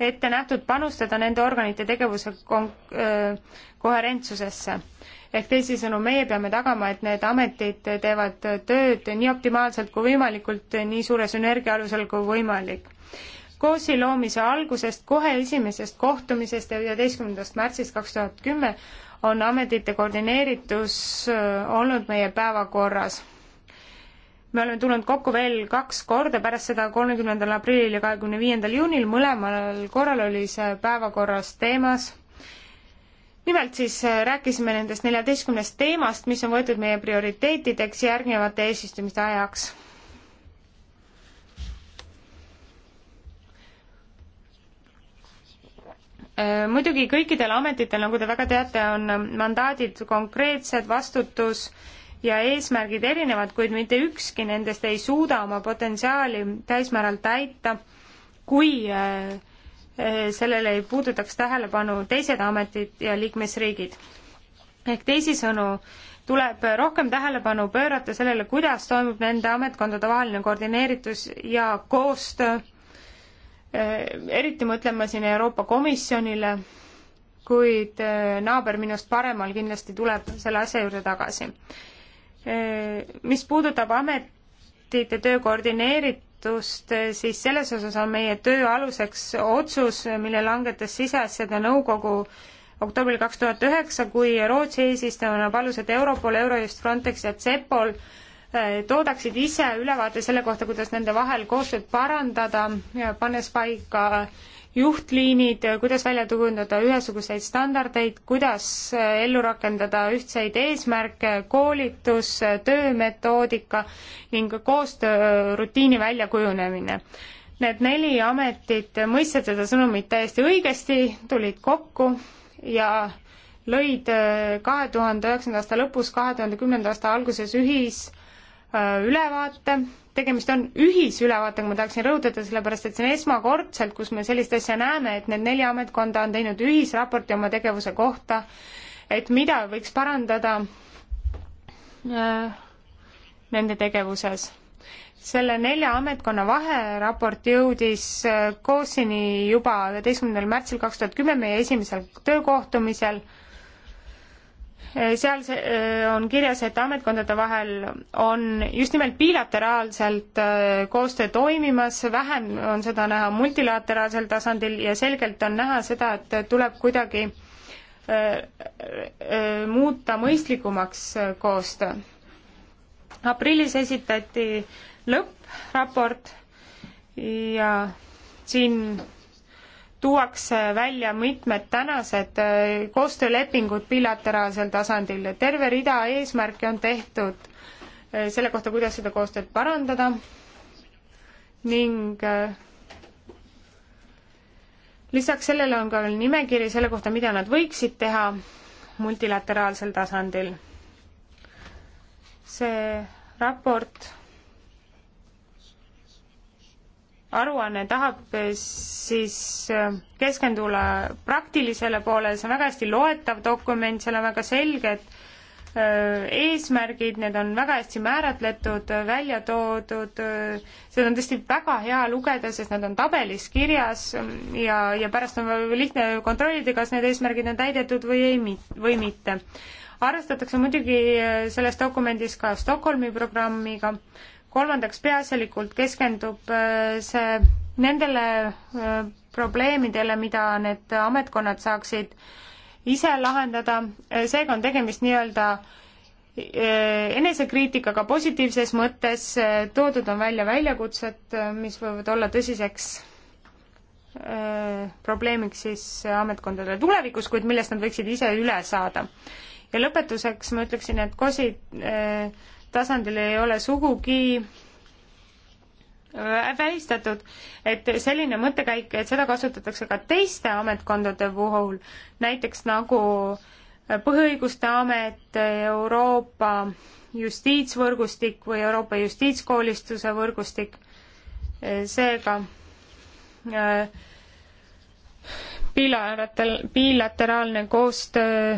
Speaker 1: ette nähtud panustada nende organite tegevuse kon-, äh, koherentsusesse. ehk teisisõnu, meie peame tagama, et need ametid teevad tööd nii optimaalselt kui võimalikult, nii suure sünergia alusel kui võimalik. KOS-i loomise algusest, kohe esimesest kohtumisest ja üheteistkümnendast märtsist kaks tuhat kümme on ametite koordineeritus äh, olnud meie päevakorras me oleme tulnud kokku veel kaks korda pärast seda, kolmekümnendal aprillil ja kahekümne viiendal juunil, mõlemal korral oli see päevakorras teemas. nimelt siis äh, rääkisime nendest neljateistkümnest teemast, mis on võetud meie prioriteetideks järgnevate eesistumiste ajaks äh, muidugi kõikidel ametitel, nagu te väga teate, on mandaadid konkreetsed, vastutus ja eesmärgid erinevad, kuid mitte ükski nendest ei suuda oma potentsiaali täismääral täita, kui äh, äh, sellele ei puudutaks tähelepanu teised ametid ja liikmesriigid. ehk teisisõnu, tuleb rohkem tähelepanu pöörata sellele, kuidas toimub nende ametkondade vaheline koordineeritus ja koostöö, äh, eriti mõtlema siin Euroopa Komisjonile, kuid naaber minust paremal kindlasti tuleb selle asja juurde tagasi. Eh, mis puudutab ametite töö koordineeritust, eh, siis selles osas on meie töö aluseks otsus, mille langetas siseasjade nõukogu oktoobril kaks tuhat üheksa, kui Rootsi eesistujana palus, et Europol, Eurojust, Frontex ja CEPOL eh, toodaksid ise ülevaate selle kohta, kuidas nende vahel koostööd parandada, pannes paika äh, juhtliinid, kuidas välja kujundada ühesuguseid standardeid, kuidas eh, ellu rakendada ühtseid eesmärke, koolitus, eh, töömetoodika ning koostöörutiini eh, väljakujunemine. Need neli ametit mõistsid seda sõnumit täiesti õigesti, tulid kokku ja lõid kahe tuhande üheksanda aasta lõpus, kahe tuhande kümnenda aasta alguses ühis Äh, ülevaate, tegemist on ühisülevaatega, ma tahaksin rõhutada, sellepärast et see on esmakordselt, kus me sellist asja näeme, et need neli ametkonda on teinud ühisraporti oma tegevuse kohta, et mida võiks parandada äh, nende tegevuses. selle nelja ametkonna vaheraport jõudis äh, koosini juba üheteistkümnendal märtsil kaks tuhat kümme meie esimesel töökohtumisel Eh, seal eh, on kirjas, et ametkondade vahel on just nimelt bilateraalselt eh, koostöö toimimas, vähem on seda näha multilateraalsel tasandil ja selgelt on näha seda, et tuleb kuidagi muuta mõistlikumaks koostöö. aprillis esitati lõppraport ja siin tuuakse välja mitmed tänased äh, koostöölepingud bilateraalsel tasandil, terve rida eesmärke on tehtud äh, selle kohta, kuidas seda koostööd parandada ning äh, lisaks sellele on ka veel nimekiri selle kohta, mida nad võiksid teha multilateraalsel tasandil. see raport aruanne tahab eh, siis eh, keskenduda praktilisele poole, see on väga hästi loetav dokument, seal on väga selged eh, eesmärgid, need on väga hästi määratletud, välja toodud, seda on tõesti väga hea lugeda, sest nad on tabelis kirjas mm, ja, ja pärast on lihtne kontrollida, kas need eesmärgid on täidetud või ei, või mitte. arvestatakse muidugi selles dokumendis ka Stockholmi programmiga kolmandaks peaasjalikult keskendub äh, see nendele äh, probleemidele, mida need ametkonnad saaksid ise lahendada, äh, seega on tegemist nii-öelda enesekriitikaga positiivses mõttes, toodud on välja väljakutsed, mis võivad olla tõsiseks probleemiks siis ametkondadele tulevikus, kuid millest nad võiksid ise üle saada. ja lõpetuseks ma ütleksin, et COSI tasandil ei ole sugugi äh, välistatud, et selline mõttekäik, et seda kasutatakse ka teiste ametkondade puhul, näiteks nagu äh, Põhiõiguste Amet, Euroopa justiitsvõrgustik või Euroopa justiitskoolistuse võrgustik, äh, seega bilateraal, bilateraalne koostöö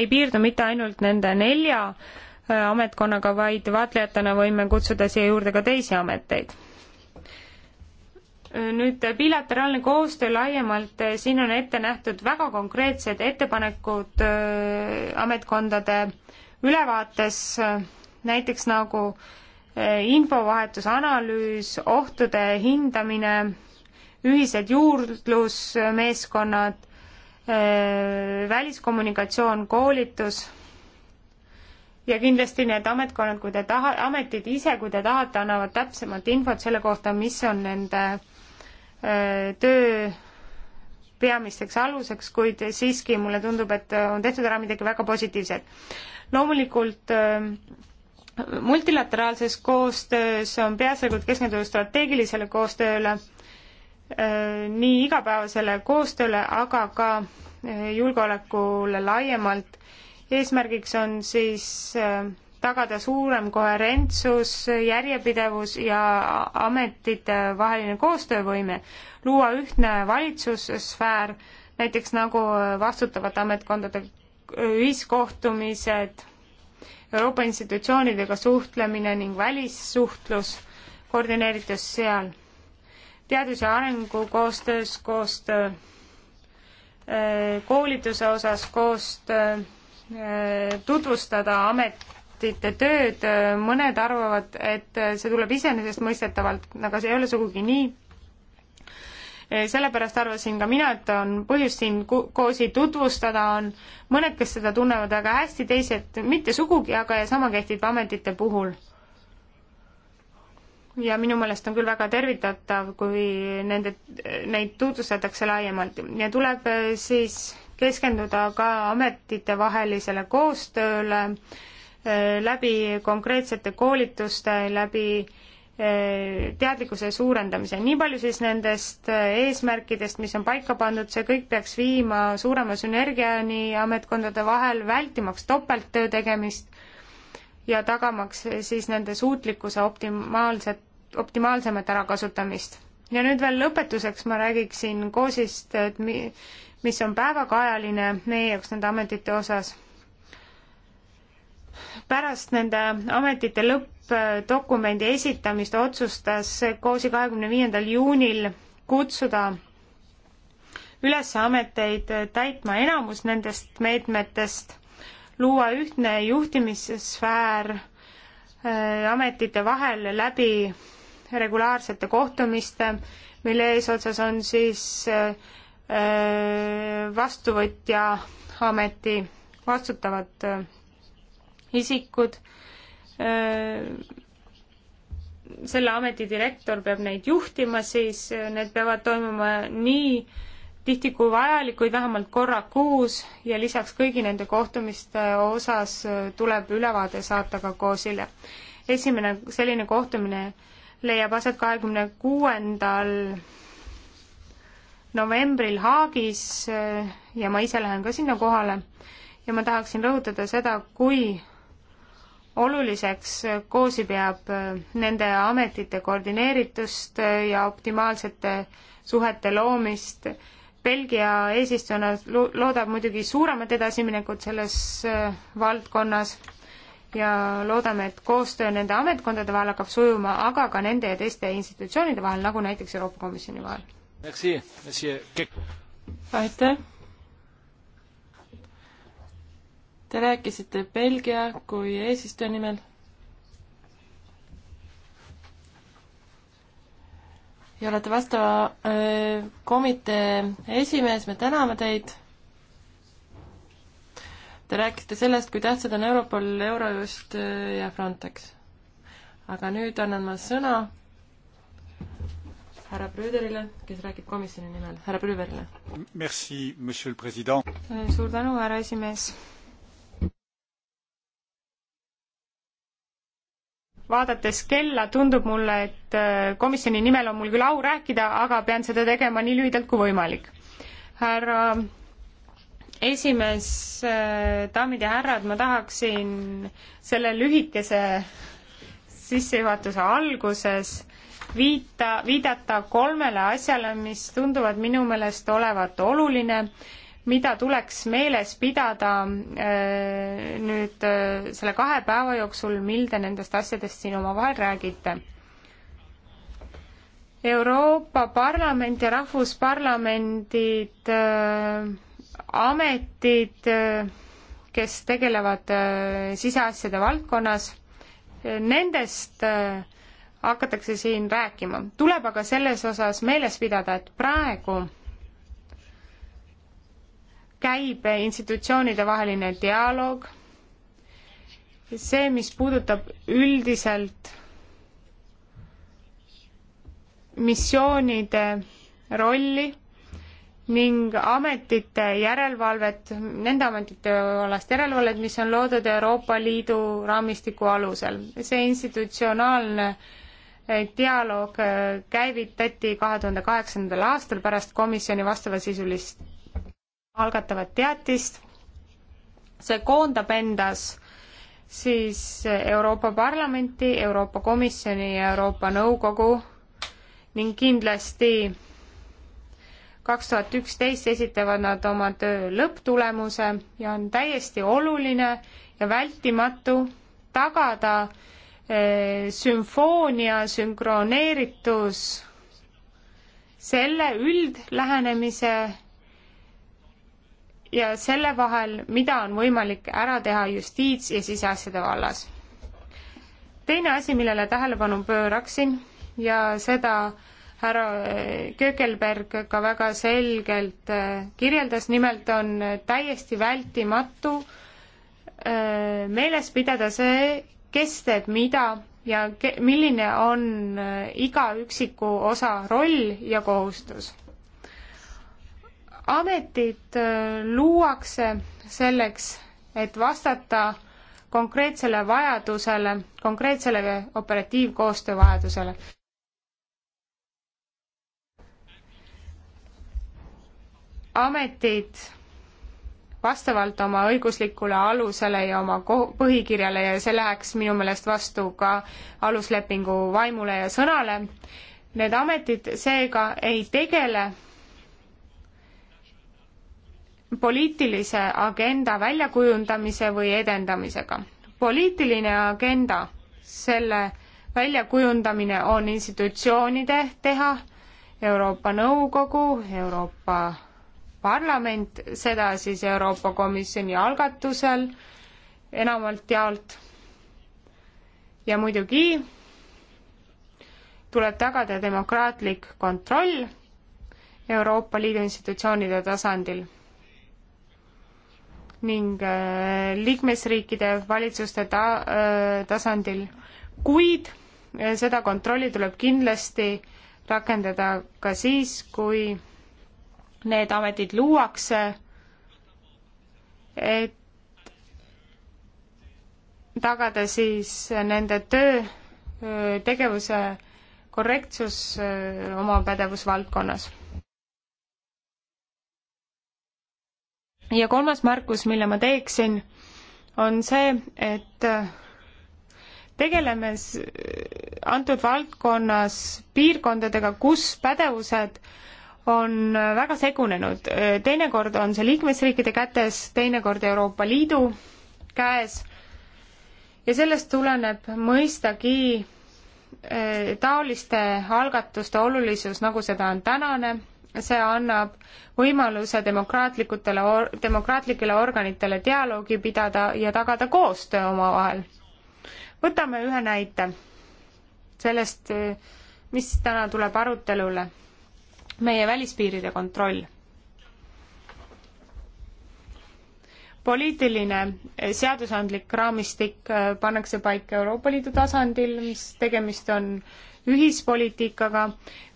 Speaker 1: ei piirdu mitte ainult nende nelja äh, ametkonnaga, vaid vaatlejatena võime kutsuda siia juurde ka teisi ameteid. nüüd bilateraalne koostöö laiemalt, eh, siin on ette nähtud väga konkreetsed ettepanekud eh, ametkondade ülevaates, eh, näiteks nagu infovahetuse analüüs, ohtude hindamine, ühised juurdlusmeeskonnad, väliskommunikatsioon, koolitus ja kindlasti need ametkonnad, kui te taha, ametid ise, kui te tahate, annavad täpsemat infot selle kohta, mis on nende öö, töö peamisteks aluseks, kuid siiski mulle tundub, et on tehtud ära midagi väga positiivset. loomulikult öö, multilateraalses koostöös on peaasjalikult keskendunud strateegilisele koostööle, nii igapäevasele koostööle, aga ka julgeolekule laiemalt eesmärgiks on siis äh, tagada suurem koherentsus, järjepidevus ja ametite vaheline koostöövõime, luua ühtne valitsussfäär, näiteks nagu äh, vastutavate ametkondade äh, ühiskohtumised, Euroopa institutsioonidega suhtlemine ning välissuhtlus, koordineeritus seal, teadus- ja arengukoostöös koostöö, koolituse osas koostöö, Äh, tutvustada ametite tööd, mõned arvavad, et see tuleb iseenesestmõistetavalt, aga see ei ole sugugi nii. Äh, sellepärast arvasin ka mina, et on põhjust siin koosi tutvustada, on mõned, kes seda tunnevad väga hästi, teised mitte sugugi, aga ja sama kehtib ametite puhul ja minu meelest on küll väga tervitatav, kui nende, neid tutvustatakse laiemalt ja tuleb äh, siis keskenduda ka ametitevahelisele koostööle eh, läbi konkreetsete koolituste, läbi eh, teadlikkuse suurendamise. nii palju siis nendest eh, eesmärkidest, mis on paika pandud, see kõik peaks viima suurema sünergiani ametkondade vahel, vältimaks topelttöö tegemist ja tagamaks siis nende suutlikkuse optimaalset, optimaalsemat ärakasutamist. ja nüüd veel lõpetuseks ma räägiksin koosist, et mi-, mis on päevakajaline meie jaoks nende ametite osas. pärast nende ametite lõppdokumendi esitamist otsustas COSI kahekümne viiendal juunil kutsuda üles ameteid täitma enamus nendest meetmetest, luua ühtne juhtimissfäär äh, ametite vahel läbi regulaarsete kohtumiste, mille eesotsas on siis äh, Äh, vastuvõtja ameti vastutavad äh, isikud. Äh, selle ameti direktor peab neid juhtima, siis need peavad toimuma nii tihti kui vajalik, kuid vähemalt korra kuus ja lisaks kõigi nende kohtumiste osas tuleb ülevaade saata ka koosile. esimene selline kohtumine leiab aset kahekümne kuuendal novembril Haagis eh, ja ma ise lähen ka sinna kohale ja ma tahaksin rõhutada seda, kui oluliseks eh, KOOS-i peab eh, nende ametite koordineeritust ja optimaalsete suhete loomist. Belgia eesistujana loodab muidugi suuremat edasiminekut selles valdkonnas ja loodame, et koostöö nende ametkondade vahel hakkab sujuma, aga ka nende ja teiste institutsioonide vahel, nagu
Speaker 3: näiteks Euroopa Komisjoni vahel aitäh. Te rääkisite Belgia kui eesistuja nimel. ja olete vastava komitee esimees, me täname teid Te rääkisite sellest, kui tähtsad on Europol, Eurojust ja Frontex. aga nüüd annan ma sõna härra Brüderile, kes räägib komisjoni nimel, härra Brüderile.
Speaker 2: Merci, monsieur le president.
Speaker 1: Äh, suur tänu, härra esimees. vaadates kella, tundub mulle, et äh, komisjoni nimel on mul küll au rääkida, aga pean seda tegema nii lühidalt kui võimalik. härra esimees, äh, daamid ja härrad, ma tahaksin selle lühikese sissejuhatuse alguses viita, viidata kolmele asjale, mis tunduvad minu meelest olevat oluline, mida tuleks meeles pidada äh, nüüd äh, selle kahe päeva jooksul, mil te nendest asjadest siin omavahel räägite Euroopa Parlament ja rahvusparlamendid äh,, ametid äh,, kes tegelevad äh, siseasjade valdkonnas, äh, nendest äh, hakatakse siin rääkima. tuleb aga selles osas meeles pidada, et praegu käib institutsioonide vaheline dialoog, see, mis puudutab üldiselt missioonide rolli ning ametite järelevalvet, nende ametite alast järelevalvet, mis on loodud Euroopa Liidu raamistiku alusel. see institutsionaalne äh, dialoog äh, käivitati kahe tuhande kaheksandal aastal pärast komisjoni vastavasisulist algatavat teatist. see koondab endas siis Euroopa Parlamenti, Euroopa Komisjoni ja Euroopa Nõukogu ning kindlasti kaks tuhat üksteist esitavad nad oma töö lõpptulemuse ja on täiesti oluline ja vältimatu tagada äh, Eh, sümfoonia, sünkroneeritus, selle üldlähenemise ja selle vahel, mida on võimalik ära teha justiits- ja siseasjade vallas. teine asi, millele tähelepanu pööraksin ja seda härra eh, Kökelberg ka väga selgelt eh, kirjeldas, nimelt on täiesti vältimatu meeles pidada see, kes teeb mida ja ke-, milline on äh, iga üksiku osa roll ja kohustus. ametid äh, luuakse selleks, et vastata konkreetsele vajadusele, konkreetsele operatiivkoostöö vajadusele. ametid vastavalt oma õiguslikule alusele ja oma põhikirjale ja see läheks minu meelest vastu ka aluslepingu vaimule ja sõnale. Need ametid seega ei tegele poliitilise agenda väljakujundamise või edendamisega. poliitiline agenda, selle väljakujundamine on institutsioonide teha, Euroopa Nõukogu, Euroopa parlament, seda siis Euroopa Komisjoni algatusel enamalt jaolt. ja muidugi tuleb tagada demokraatlik kontroll Euroopa Liidu institutsioonide tasandil ning äh, liikmesriikide valitsuste ta-, äh, tasandil, kuid äh, seda kontrolli tuleb kindlasti rakendada ka siis, kui need ametid luuakse, et tagada siis nende töö, tegevuse korrektsus oma pädevusvaldkonnas. ja kolmas märkus, mille ma teeksin, on see, et tegeleme antud valdkonnas piirkondadega, kus pädevused on väga segunenud, teinekord on see liikmesriikide kätes, teinekord Euroopa Liidu käes ja sellest tuleneb mõistagi eh, taoliste algatuste olulisus, nagu seda on tänane, see annab võimaluse demokraatlikutele, demokraatlikele organitele dialoogi pidada ja tagada koostöö omavahel. võtame ühe näite sellest, eh, mis täna tuleb arutelule meie välispiiride kontroll. poliitiline eh, seadusandlik raamistik eh, pannakse paika Euroopa Liidu tasandil, mis tegemist on ühispoliitikaga,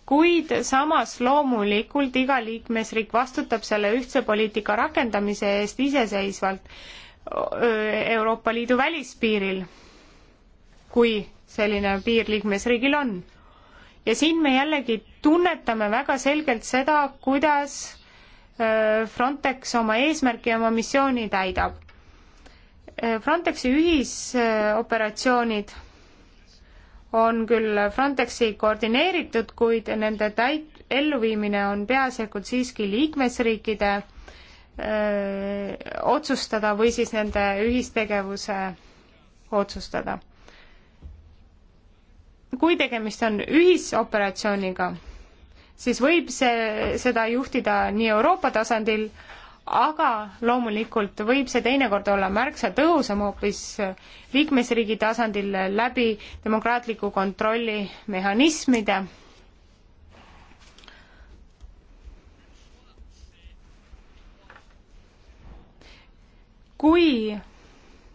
Speaker 1: kuid samas loomulikult iga liikmesriik vastutab selle ühtse poliitika rakendamise eest iseseisvalt eh, Euroopa Liidu välispiiril, kui selline piir liikmesriigil on ja siin me jällegi tunnetame väga selgelt seda, kuidas äh, Frontex oma eesmärki ja oma missiooni täidab. Äh, Frontexi ühisoperatsioonid on küll Frontexi koordineeritud, kuid nende täit-, elluviimine on peaasjalikult siiski liikmesriikide öö, äh, otsustada või siis nende ühistegevuse otsustada kui tegemist on ühisoperatsiooniga, siis võib see, seda juhtida nii Euroopa tasandil, aga loomulikult võib see teinekord olla märksa tõhusam hoopis liikmesriigi tasandil läbi demokraatliku kontrolli mehhanismide. kui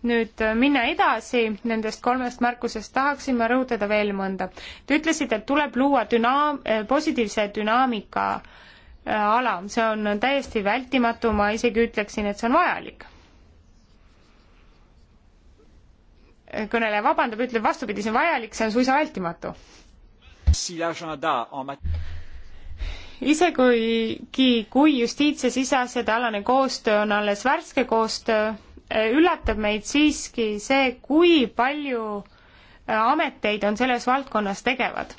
Speaker 1: nüüd äh, minna edasi nendest kolmest märkusest, tahaksin ma rõhutada veel mõnda. Te ütlesite, et tuleb luua dünaam-, äh, positiivse dünaamika äh, ala, see on täiesti vältimatu, ma isegi ütleksin, et see on vajalik. kõneleja vabandab, ütleb vastupidi, see on vajalik, see on suisa vältimatu. isegi kui justiits- ja siseasjade alane koostöö on alles värske koostöö, üllatab meid siiski see, kui palju äh, ameteid on selles valdkonnas tegevad.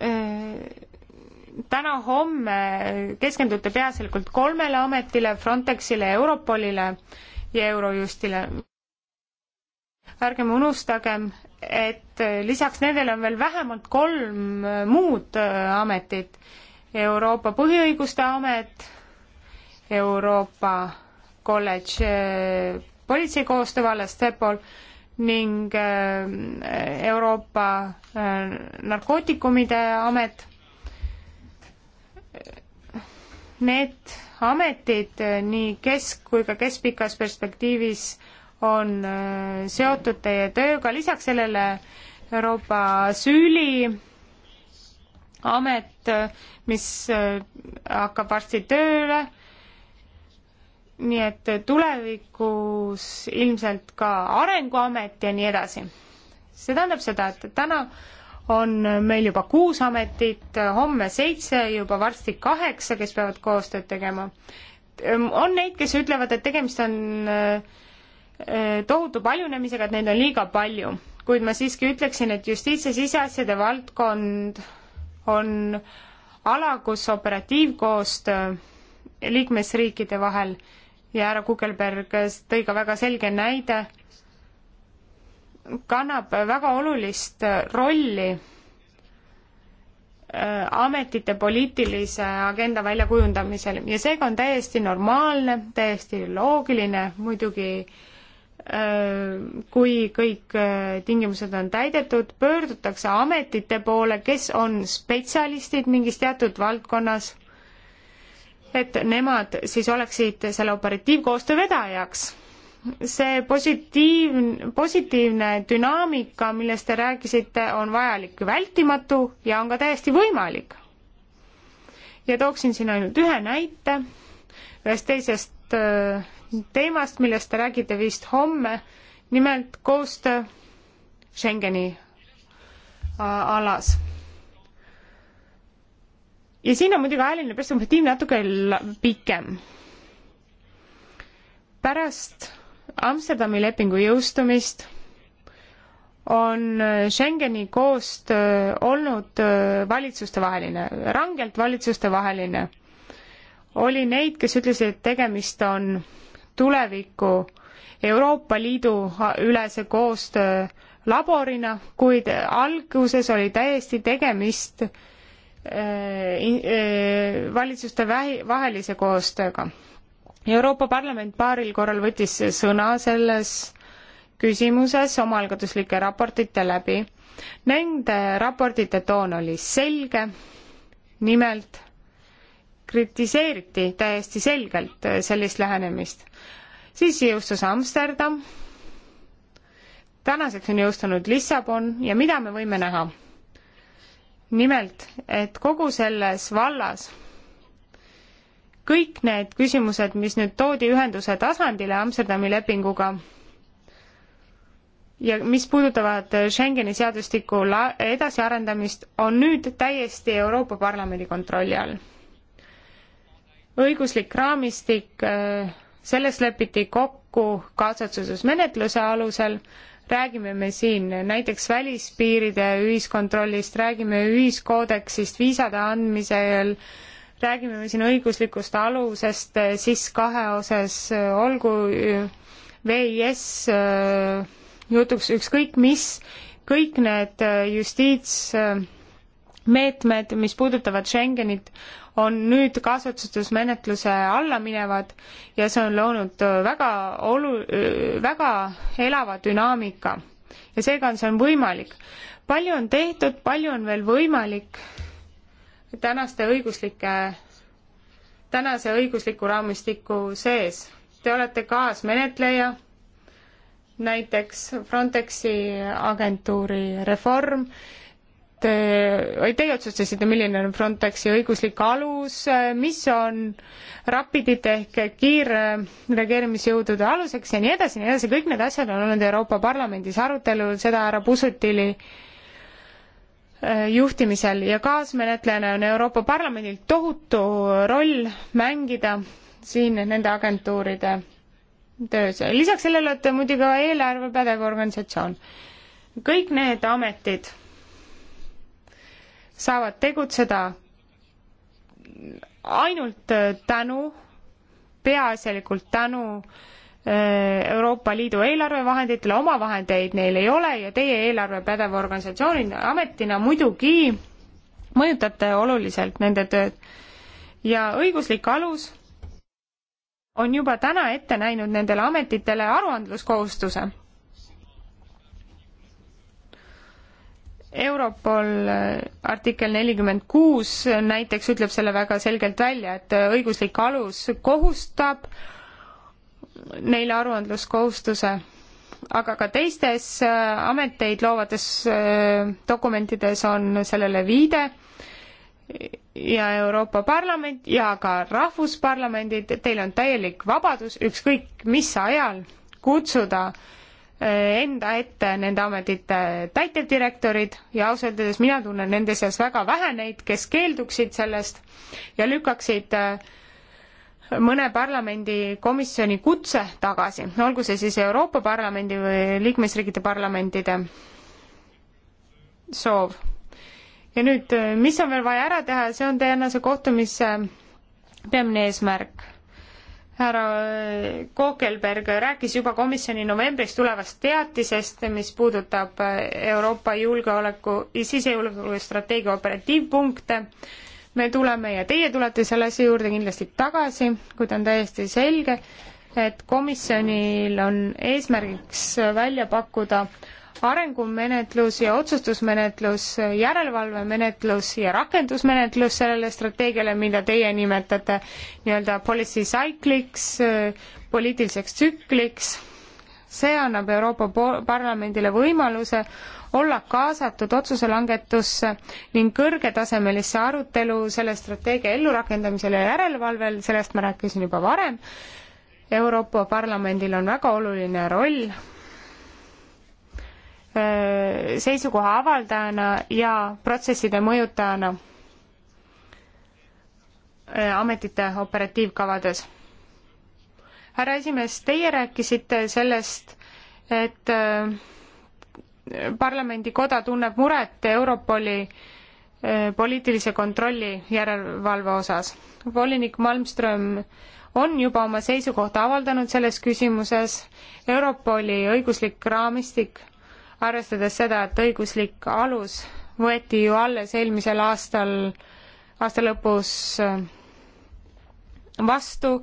Speaker 1: Äh, täna-homme keskendute peaasjalikult kolmele ametile, Frontexile, Europolile ja Eurojustile. ärgem unustagem, et äh, lisaks nendele on veel vähemalt kolm muud ametit. Euroopa Põhiõiguste Amet, Euroopa kolledž eh, politsei koostöövallas CEPOL ning eh, Euroopa eh, narkootikumide amet. Need ametid nii kesk- kui ka keskpikas perspektiivis on seotud teie tööga, lisaks sellele Euroopa süüli amet, mis hakkab varsti tööle nii et tulevikus ilmselt ka Arenguamet ja nii edasi. see tähendab seda, et täna on meil juba kuus ametit, homme seitse, juba varsti kaheksa, kes peavad koostööd tegema. on neid, kes ütlevad, et tegemist on äh, tohutu paljunemisega, et neid on liiga palju, kuid ma siiski ütleksin, et justiits- ja siseasjade valdkond on ala, kus operatiivkoostöö liikmesriikide vahel ja härra Kukelberg tõi ka väga selge näide, kannab väga olulist rolli äh, ametite poliitilise agenda väljakujundamisel ja seega on täiesti normaalne, täiesti loogiline muidugi, äh, kui kõik äh, tingimused on täidetud, pöördutakse ametite poole, kes on spetsialistid mingis teatud valdkonnas et nemad siis oleksid selle operatiivkoostöö vedajaks see positiivne, positiivne dünaamika, millest te rääkisite, on vajalik ja vältimatu ja on ka täiesti võimalik. ja tooksin siin ainult ühe näite ühest teisest äh, teemast, millest te räägite vist homme, nimelt koostöö Schengeni äh, alas ja siin on muidugi ajaline perspektiiv natuke pikem. pärast Amsterdami lepingu jõustumist on Schengeni koostöö olnud valitsustevaheline, rangelt valitsustevaheline. oli neid, kes ütlesid, et tegemist on tuleviku Euroopa Liidu ülese koostöö laborina, kuid alguses oli täiesti tegemist äh, Eh, eh, valitsuste vahelise koostööga. Euroopa Parlament paaril korral võttis sõna selles küsimuses omaalgatuslike raportite läbi. Nende raportite toon oli selge, nimelt kritiseeriti täiesti selgelt sellist lähenemist. siis jõustus Amsterdam, tänaseks on jõustunud Lissabon ja mida me võime näha? nimelt, et kogu selles vallas kõik need küsimused, mis nüüd toodi ühenduse tasandile Amsterdami lepinguga ja mis puudutavad Schengeni seadustiku edasiarendamist, on nüüd täiesti Euroopa Parlamendi kontrolli all. õiguslik raamistik, äh, selles lepiti kokku kaasotsustusmenetluse alusel räägime me siin näiteks välispiiride ühiskontrollist, räägime ühiskoodeksist viisade andmisel, räägime me siin õiguslikust alusest eh, SIS kahe osas, eh, olgu eh, VIS jutuks ükskõik mis, kõik need justiits meetmed, mis puudutavad Schengenit, on nüüd kaasotsustusmenetluse alla minevad ja see on loonud väga olu-, väga elava dünaamika. ja seega on see on võimalik. palju on tehtud, palju on veel võimalik tänaste õiguslike, tänase õigusliku raamistiku sees. Te olete kaasmenetleja, näiteks Frontexi agentuuri reform, või teie otsustasite, milline on Frontexi õiguslik alus, mis on rapidite ehk kiirreageerimisjõudude aluseks ja nii edasi, nii edasi, kõik need asjad on olnud Euroopa Parlamendis arutelul, seda härra Pusutili eh, juhtimisel ja kaasmenetlejana on Euroopa Parlamendil tohutu roll mängida siin nende agentuuride töös. lisaks sellele olete muidugi ka eelarvepädev organisatsioon. kõik need ametid saavad tegutseda ainult tänu, peaasjalikult tänu äh, Euroopa Liidu eelarvevahenditele, omavahendeid neil ei ole ja teie eelarvepädeva organisatsioonina, ametina muidugi mõjutate oluliselt nende tööd. ja õiguslik alus on juba täna ette näinud nendele ametitele aruandluskohustuse Europol äh, artikkel nelikümmend kuus näiteks ütleb selle väga selgelt välja, et äh, õiguslik alus kohustab neile aruandluskohustuse, aga ka teistes äh, ameteid loovates dokumentides on sellele viide ja Euroopa Parlament ja ka rahvusparlamendid, teil on täielik vabadus ükskõik mis ajal kutsuda äh, enda ette nende ametite täitevdirektorid ja ausalt öeldes mina tunnen nende seas väga vähe neid, kes keelduksid sellest ja lükkaksid äh, mõne parlamendikomisjoni kutse tagasi, olgu see siis Euroopa Parlamendi või liikmesriikide parlamentide soov. ja nüüd, äh, mis on veel vaja ära teha, see on tänase kohtumise äh, peamine eesmärk härra Kokelberg rääkis juba komisjoni novembris tulevast teatisest, mis puudutab Euroopa julgeoleku, sisejulgeolekustrateegia operatiivpunkte. me tuleme ja teie tulete selle asja juurde kindlasti tagasi, kuid on täiesti selge, et komisjonil on eesmärgiks välja pakkuda arengumenetlus ja otsustusmenetlus, järelevalvemenetlus ja rakendusmenetlus sellele strateegiale, mida teie nimetate nii-öelda policy cyclics, poliitiliseks tsükliks. see annab Euroopa Parlamendile võimaluse olla kaasatud otsuse langetusse ning kõrgetasemelisse arutelu selle strateegia ellurakendamisel ja järelevalvel, sellest ma rääkisin juba varem. Euroopa Parlamendil on väga oluline roll Äh, seisukoha avaldajana ja protsesside mõjutajana äh, ametite operatiivkavades. härra esimees, teie rääkisite sellest, et äh, parlamendikoda tunneb muret Europoli poliitilise kontrolli järelevalve osas. volinik Malmström on juba oma seisukohta avaldanud selles küsimuses. Europoli õiguslik raamistik arvestades seda, et õiguslik alus võeti ju alles eelmisel aastal, aasta lõpus äh, vastu,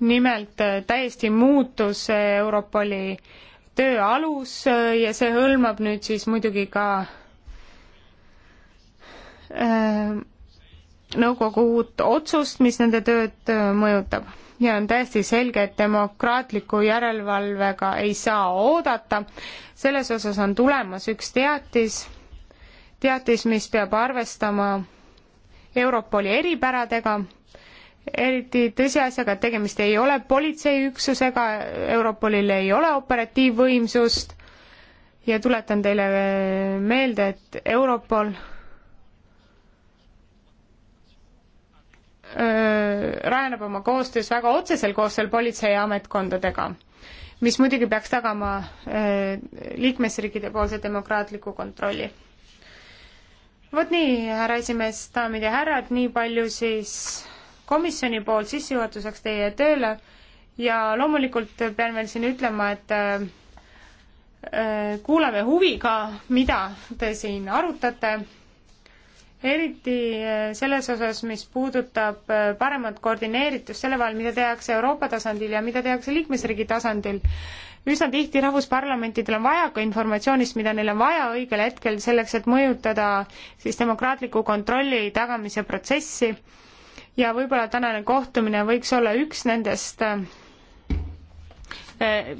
Speaker 1: nimelt äh, täiesti muutus Europoli töö alus äh, ja see hõlmab nüüd siis muidugi ka nõukogu uut otsust, mis nende tööd mõjutab ja on täiesti selge, et demokraatliku järelevalvega ei saa oodata. selles osas on tulemas üks teatis, teatis, mis peab arvestama Europoli eripäradega, eriti tõsiasjaga, et tegemist ei ole politseiüksusega, Europolil ei ole operatiivvõimsust ja tuletan teile meelde, et Europol Äh, rajaneb oma koostöös väga otsesel koostööl politsei ja ametkondadega, mis muidugi peaks tagama äh, liikmesriikide poolse demokraatliku kontrolli. vot nii, härra esimees, daamid ja härrad, nii palju siis komisjoni poolt sissejuhatuseks teie tööle ja loomulikult pean veel siin ütlema, et äh, kuulame huviga, mida te siin arutate eriti eh, selles osas, mis puudutab eh, paremat koordineeritust selle vahel, mida tehakse Euroopa tasandil ja mida tehakse liikmesriigi tasandil. üsna tihti rahvusparlamentidel on vaja ka informatsioonist, mida neil on vaja õigel hetkel selleks, et mõjutada siis demokraatliku kontrolli tagamise protsessi ja võib-olla tänane kohtumine võiks olla üks nendest eh,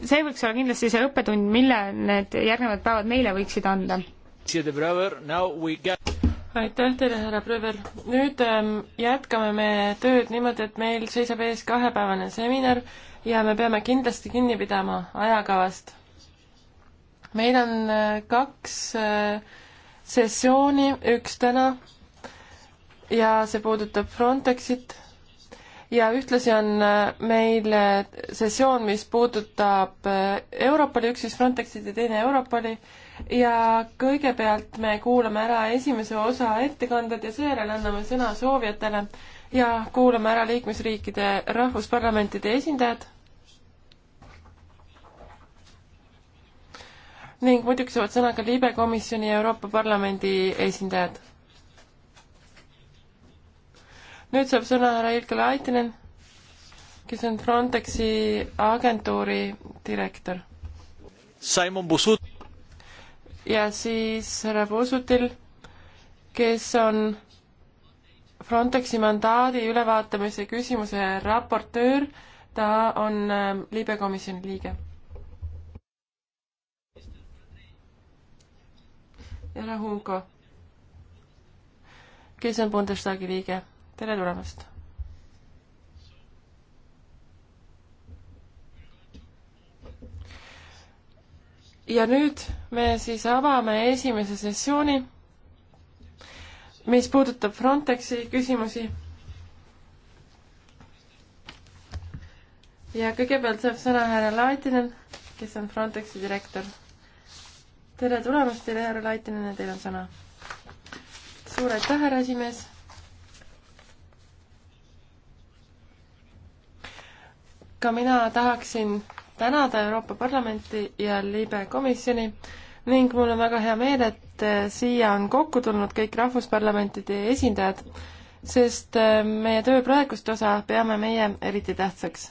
Speaker 1: see võiks olla kindlasti see õppetund, mille need järgnevad päevad meile võiksid anda
Speaker 3: aitäh teile, härra Pröver. nüüd ähm, jätkame me tööd niimoodi, et meil seisab ees kahepäevane seminar ja me peame kindlasti kinni pidama ajakavast. meil on äh, kaks äh, sessiooni, üks täna ja see puudutab Frontexit ja ühtlasi on äh, meil äh, sessioon, mis puudutab äh, Europoli, üks siis Frontexit ja teine Europoli äh, ja kõigepealt me kuulame ära esimese osa ettekanded ja seejärel anname sõna soovijatele ja kuulame ära liikmesriikide rahvusparlamentide esindajad. ning muidugi saavad sõna ka Liibe komisjoni ja Euroopa Parlamendi esindajad. nüüd saab sõna härra Ilka Laitinen, kes on Frontexi agentuuri direktor.
Speaker 2: Simon Busut
Speaker 3: ja siis härra Puusutil, kes on Frontexi mandaadi ülevaatamise küsimuse raportöör, ta on ähm, libe komisjoni liige. härra Hunko, kes on Bundestagi liige, tere tulemast! ja nüüd me siis avame esimese sessiooni, mis puudutab Frontexi küsimusi. ja kõigepealt saab sõna härra Laitinen, kes on Frontexi direktor. tere tulemast teile, härra Laitinen, ja teil on sõna. suur aitäh, härra esimees ka mina tahaksin tänada Euroopa Parlamenti ja Liibe komisjoni ning mul on väga hea meel, et äh, siia on kokku tulnud kõik rahvusparlamentide esindajad, sest äh, meie töö praegust osa peame meie eriti tähtsaks.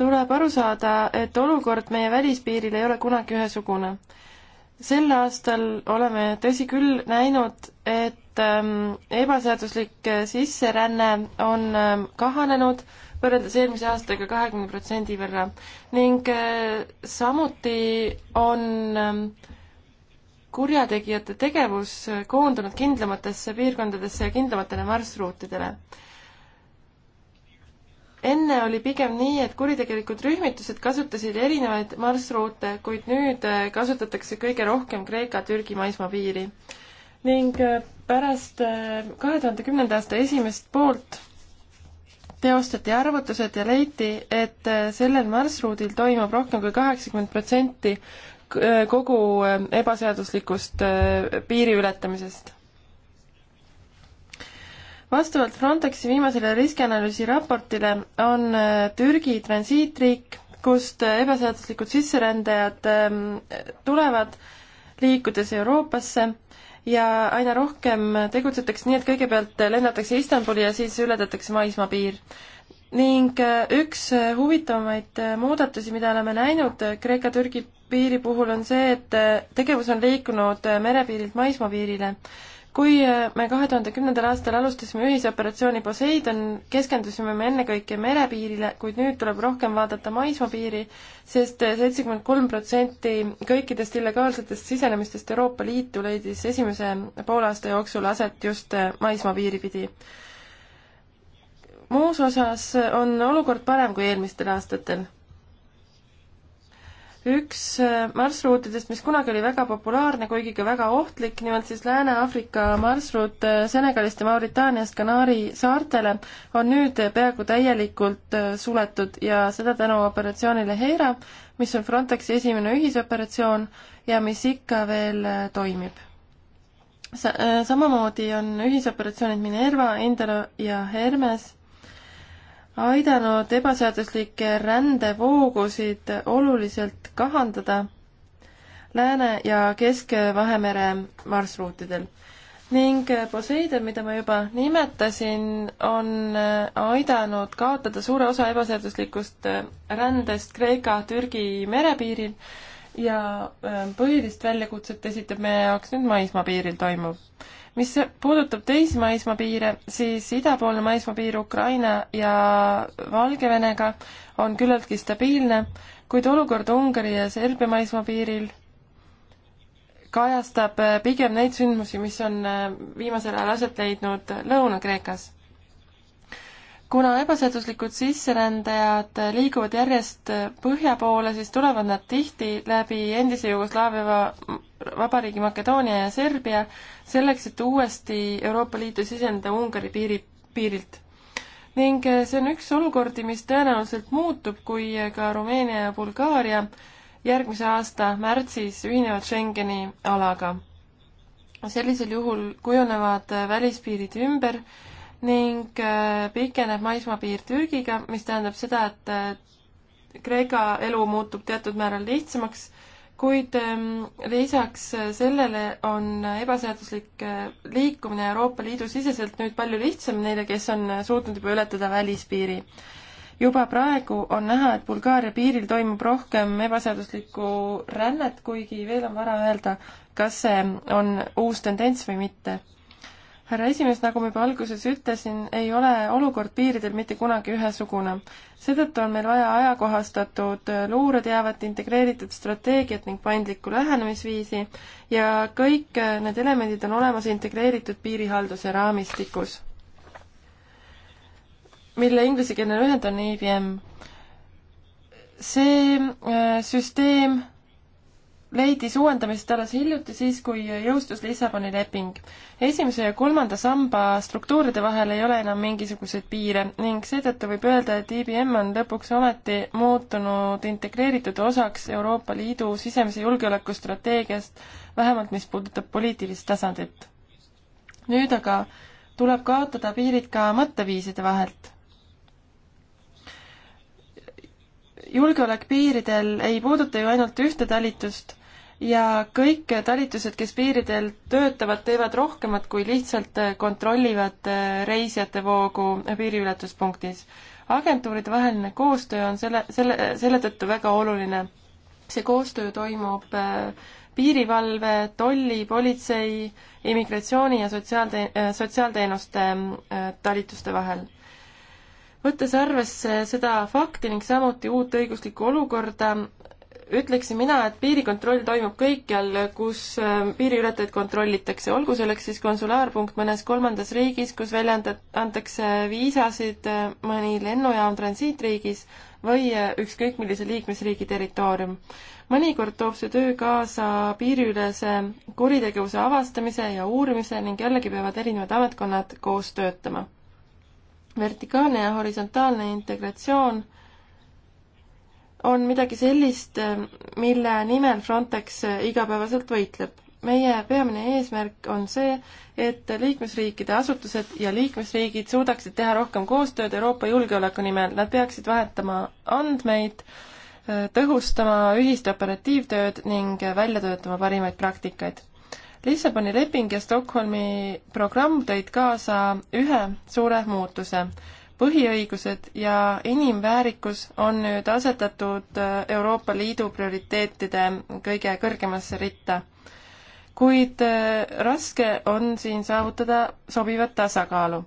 Speaker 3: tuleb aru saada, et olukord meie välispiiril ei ole kunagi ühesugune. sel aastal oleme tõsi küll näinud, et ähm, ebaseaduslik äh, sisseränne on ähm, kahanenud võrreldes eelmise aastaga kahekümne protsendi võrra ning äh, samuti on ähm, kurjategijate tegevus äh, koondunud kindlamatesse piirkondadesse ja kindlamatele marsruutidele. enne oli pigem nii, et kuritegelikud rühmitused kasutasid erinevaid marsruute, kuid nüüd äh, kasutatakse kõige rohkem Kreeka-Türgi maismaapiiri. ning pärast kahe tuhande kümnenda aasta esimest poolt teostati arvutused ja leiti, et äh, sellel marsruudil toimub rohkem kui kaheksakümmend protsenti äh, kogu äh, ebaseaduslikust piiri ületamisest. vastavalt Frontexi viimasele riskianalüüsi raportile on Türgi transiitriik, kust ebaseaduslikud sisserändajad ähm, tulevad, liikudes Euroopasse ja aina rohkem tegutsetakse nii, et kõigepealt lennatakse Istanbuli ja siis ületatakse maismaapiir. ning äh, üks äh, huvitavamaid äh, muudatusi, mida oleme näinud Kreeka-Türgi piiri puhul, on see, et tegevus on liikunud merepiirilt maismaapiirile kui äh, me kahe tuhande kümnendal aastal alustasime ühisoperatsiooni Poseidon, keskendusime me ennekõike merepiirile, kuid nüüd tuleb rohkem vaadata maismaapiiri sest, sest äh, seitsekümmend kolm protsenti kõikidest illegaalsetest sisenemistest Euroopa Liitu leidis esimese poolaasta jooksul aset just äh, maismaapiiri pidi. muus osas on olukord parem kui eelmistel aastatel üks äh, marsruutidest, mis kunagi oli väga populaarne, kuigi ka väga ohtlik, nimelt siis Lääne-Aafrika marsruut äh, Senegalist ja Mauritaaniast Kanaari saartele, on nüüd peaaegu täielikult äh, suletud ja seda tänu operatsioonile Heira, mis on Frontexi esimene ühisoperatsioon ja mis ikka veel toimib. Sa-, samamoodi on ühisoperatsioonid Minerva, Indra ja Hermes aidanud ebaseaduslikke rändevoogusid oluliselt kahandada Lääne- ja Kesk-Vahemere marsruutidel. ning Poseidon, mida ma juba nimetasin, on aidanud kaotada suure osa ebaseaduslikust rändest Kreeka-Türgi merepiiril ja põhilist väljakutset esitab meie jaoks nüüd maismaapiiril toimuv mis puudutab teisi maismaapiire, siis idapoolne maismaapiir Ukraina ja Valgevenega on küllaltki stabiilne, kuid olukord Ungari ja Serbia maismaapiiril kajastab pigem neid sündmusi, mis on äh, viimasel ajal aset leidnud Lõuna-Kreekas kuna ebaseaduslikud sisserändajad liiguvad järjest põhja poole, siis tulevad nad tihti läbi endise Jugoslaavia vabariigi Makedoonia ja Serbia, selleks et uuesti Euroopa Liitu siseneda Ungari piiri, piirilt. ning eh, see on üks olukordi, mis tõenäoliselt muutub, kui eh, ka Rumeenia ja Bulgaaria järgmise aasta märtsis ühinevad Schengeni alaga. sellisel juhul kujunevad eh, välispiirid ümber ning äh, pikeneb maismaapiir Türgiga, mis tähendab seda, et äh, Kreeka elu muutub teatud määral lihtsamaks, kuid ähm, lisaks äh, sellele on ebaseaduslik liikumine Euroopa Liidu siseselt nüüd palju lihtsam neile, kes on suutnud juba ületada välispiiri. juba praegu on näha, et Bulgaaria piiril toimub rohkem ebaseaduslikku rännet, kuigi veel on vara öelda, kas see on uus tendents või mitte härra esimees, nagu ma juba alguses ütlesin, ei ole olukord piiridel mitte kunagi ühesugune. seetõttu on meil vaja ajakohastatud luureteavet, integreeritud strateegiat ning paindlikku lähenemisviisi ja kõik need elemendid on olemas integreeritud piirihalduse raamistikus, mille inglisekeelne lühend on EBM. see äh, süsteem leidis uuendamist alles hiljuti, siis kui jõustus Lissaboni leping. esimese ja kolmanda samba struktuuride vahel ei ole enam mingisuguseid piire ning seetõttu võib öelda, et IBM on lõpuks ometi muutunud integreeritud osaks Euroopa Liidu sisemise julgeolekustrateegiast, vähemalt mis puudutab poliitilist tasandit. nüüd aga tuleb kaotada piirid ka mõtteviiside vahelt julgeolek piiridel ei puuduta ju ainult ühte talitust, ja kõik talitused, kes piiridel töötavad, teevad rohkemat kui lihtsalt äh, kontrollivad äh, reisijate voogu äh, piiriületuspunktis. agentuuride vaheline koostöö on selle, selle, selle tõttu väga oluline. see koostöö toimub piirivalve, tolli, politsei, immigratsiooni ja sotsiaalte-, sotsiaalteenuste talituste vahel võttes arvesse seda fakti ning samuti uut õiguslikku olukorda, ütleksin mina, et piirikontroll toimub kõikjal, kus äh, piiriületajaid kontrollitakse, olgu selleks siis konsulaarpunkt mõnes kolmandas riigis, kus väljanda-, antakse viisasid äh, mõni lennujaam transiitriigis või äh, ükskõik millise liikmesriigi territoorium. mõnikord toob see töö kaasa piiriülese kuritegevuse avastamise ja uurimise ning jällegi peavad erinevad ametkonnad koos töötama. vertikaalne ja horisontaalne integratsioon on midagi sellist, mille nimel Frontex igapäevaselt võitleb. meie peamine eesmärk on see, et liikmesriikide asutused ja liikmesriigid suudaksid teha rohkem koostööd Euroopa julgeoleku nimel, nad peaksid vahetama andmeid, tõhustama ühist operatiivtööd ning välja töötama parimaid praktikaid. Lissaboni leping ja Stockholmi programm tõid kaasa ühe suure muutuse põhiõigused ja inimväärikus on nüüd asetatud äh, Euroopa Liidu prioriteetide kõige kõrgemasse ritta. kuid äh, raske on siin saavutada sobivat tasakaalu.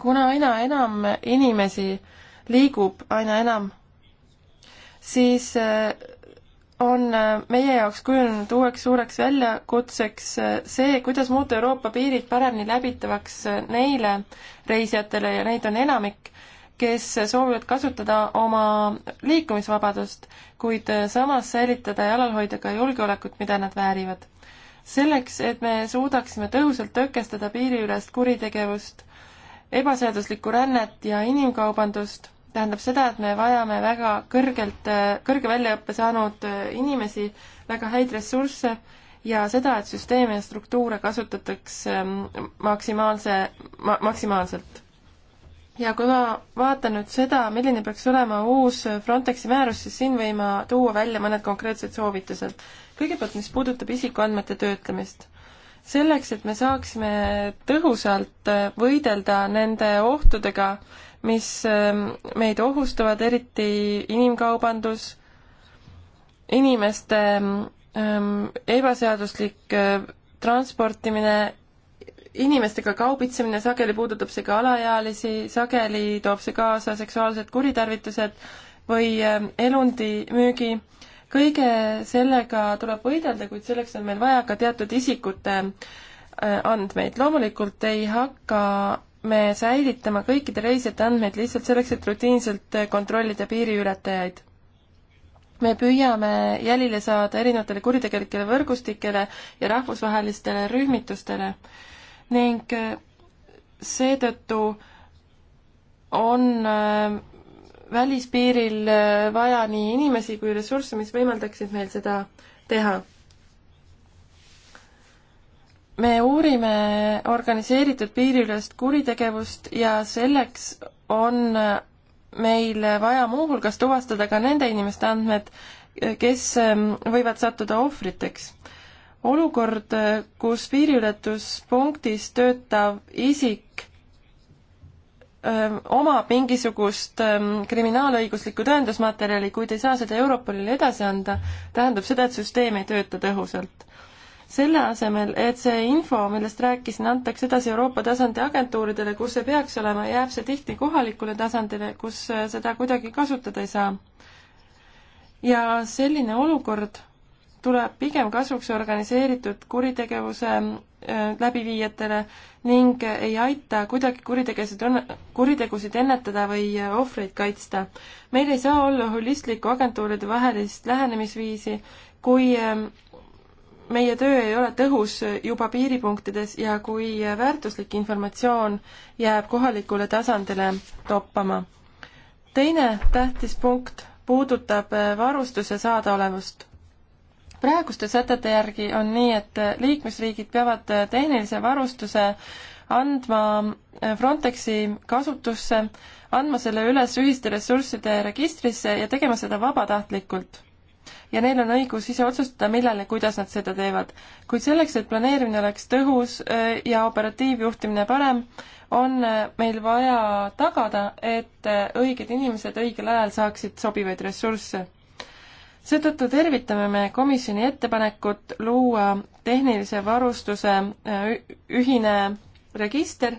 Speaker 3: kuna aina enam inimesi liigub aina enam, siis äh, on äh, meie jaoks kujunenud uueks suureks väljakutseks äh, see, kuidas muuta Euroopa piirid paremini läbitavaks äh, neile reisijatele ja neid on enamik, kes soovivad kasutada oma liikumisvabadust, kuid samas säilitada ja alal hoida ka julgeolekut, mida nad väärivad. selleks, et me suudaksime tõhusalt tõkestada piiriülest kuritegevust, ebaseaduslikku rännet ja inimkaubandust tähendab seda, et me vajame väga kõrgelt, kõrge väljaõppe saanud äh, inimesi, väga häid ressursse ja seda, et süsteeme ja struktuure kasutatakse ähm, maksimaalse ma,, maksimaalselt. ja kui ma vaatan nüüd seda, milline peaks olema uus Frontexi määrus, siis siin võin ma tuua välja mõned konkreetsed soovitused. kõigepealt, mis puudutab isikuandmete töötlemist selleks, et me saaksime tõhusalt äh, võidelda nende ohtudega, mis ähm, meid ohustavad, eriti inimkaubandus, inimeste ähm, ähm, ebaseaduslik äh, transportimine, inimestega kaubitsemine, sageli puudutab see ka alaealisi, sageli toob see kaasa seksuaalsed kuritarvitused või elundi müügi. kõige sellega tuleb võidelda, kuid selleks on meil vaja ka teatud isikute äh, andmeid. loomulikult ei hakka me säilitama kõikide reisijate andmeid lihtsalt selleks, et rutiinselt kontrollida piiriületajaid. me püüame jälile saada erinevatele kuritegelikele võrgustikele ja rahvusvahelistele rühmitustele ning äh, seetõttu on äh, välispiiril äh, vaja nii inimesi kui ressursse, mis võimaldaksid meil seda teha me uurime organiseeritud piiriülest kuritegevust ja selleks on meil vaja muuhulgas tuvastada ka nende inimeste andmed, kes ähm, võivad sattuda ohvriteks. olukord, kus piiriületuspunktis töötav isik ähm, omab mingisugust ähm, kriminaalõiguslikku tõendusmaterjali, kuid ei saa seda Europolile edasi anda, tähendab seda, et süsteem ei tööta tõhusalt selle asemel, et see info, millest rääkisin, antakse edasi Euroopa tasandi agentuuridele, kus see peaks olema, jääb see tihti kohalikule tasandile, kus äh, seda kuidagi kasutada ei saa. ja selline olukord tuleb pigem kasuks organiseeritud kuritegevuse äh, läbiviijatele ning ei aita kuidagi kuritegesid, kuritegusid ennetada või äh, ohvreid kaitsta. meil ei saa olla holistlikku agentuuride vahelist lähenemisviisi, kui ähm, meie töö ei ole tõhus juba piiripunktides ja kui väärtuslik informatsioon jääb kohalikule tasandile toppama. teine tähtis punkt puudutab äh, varustuse saadaolevust. praeguste sätete järgi on nii, et liikmesriigid peavad äh, tehnilise varustuse andma äh, Frontexi kasutusse, andma selle üles ühiste ressursside registrisse ja tegema seda vabatahtlikult ja neil on õigus ise otsustada, millal ja kuidas nad seda teevad. kuid selleks, et planeerimine oleks tõhus äh, ja operatiivjuhtimine parem, on äh, meil vaja tagada, et äh, õiged inimesed õigel ajal saaksid sobivaid ressursse. seetõttu tervitame me komisjoni ettepanekut luua tehnilise varustuse ühine register,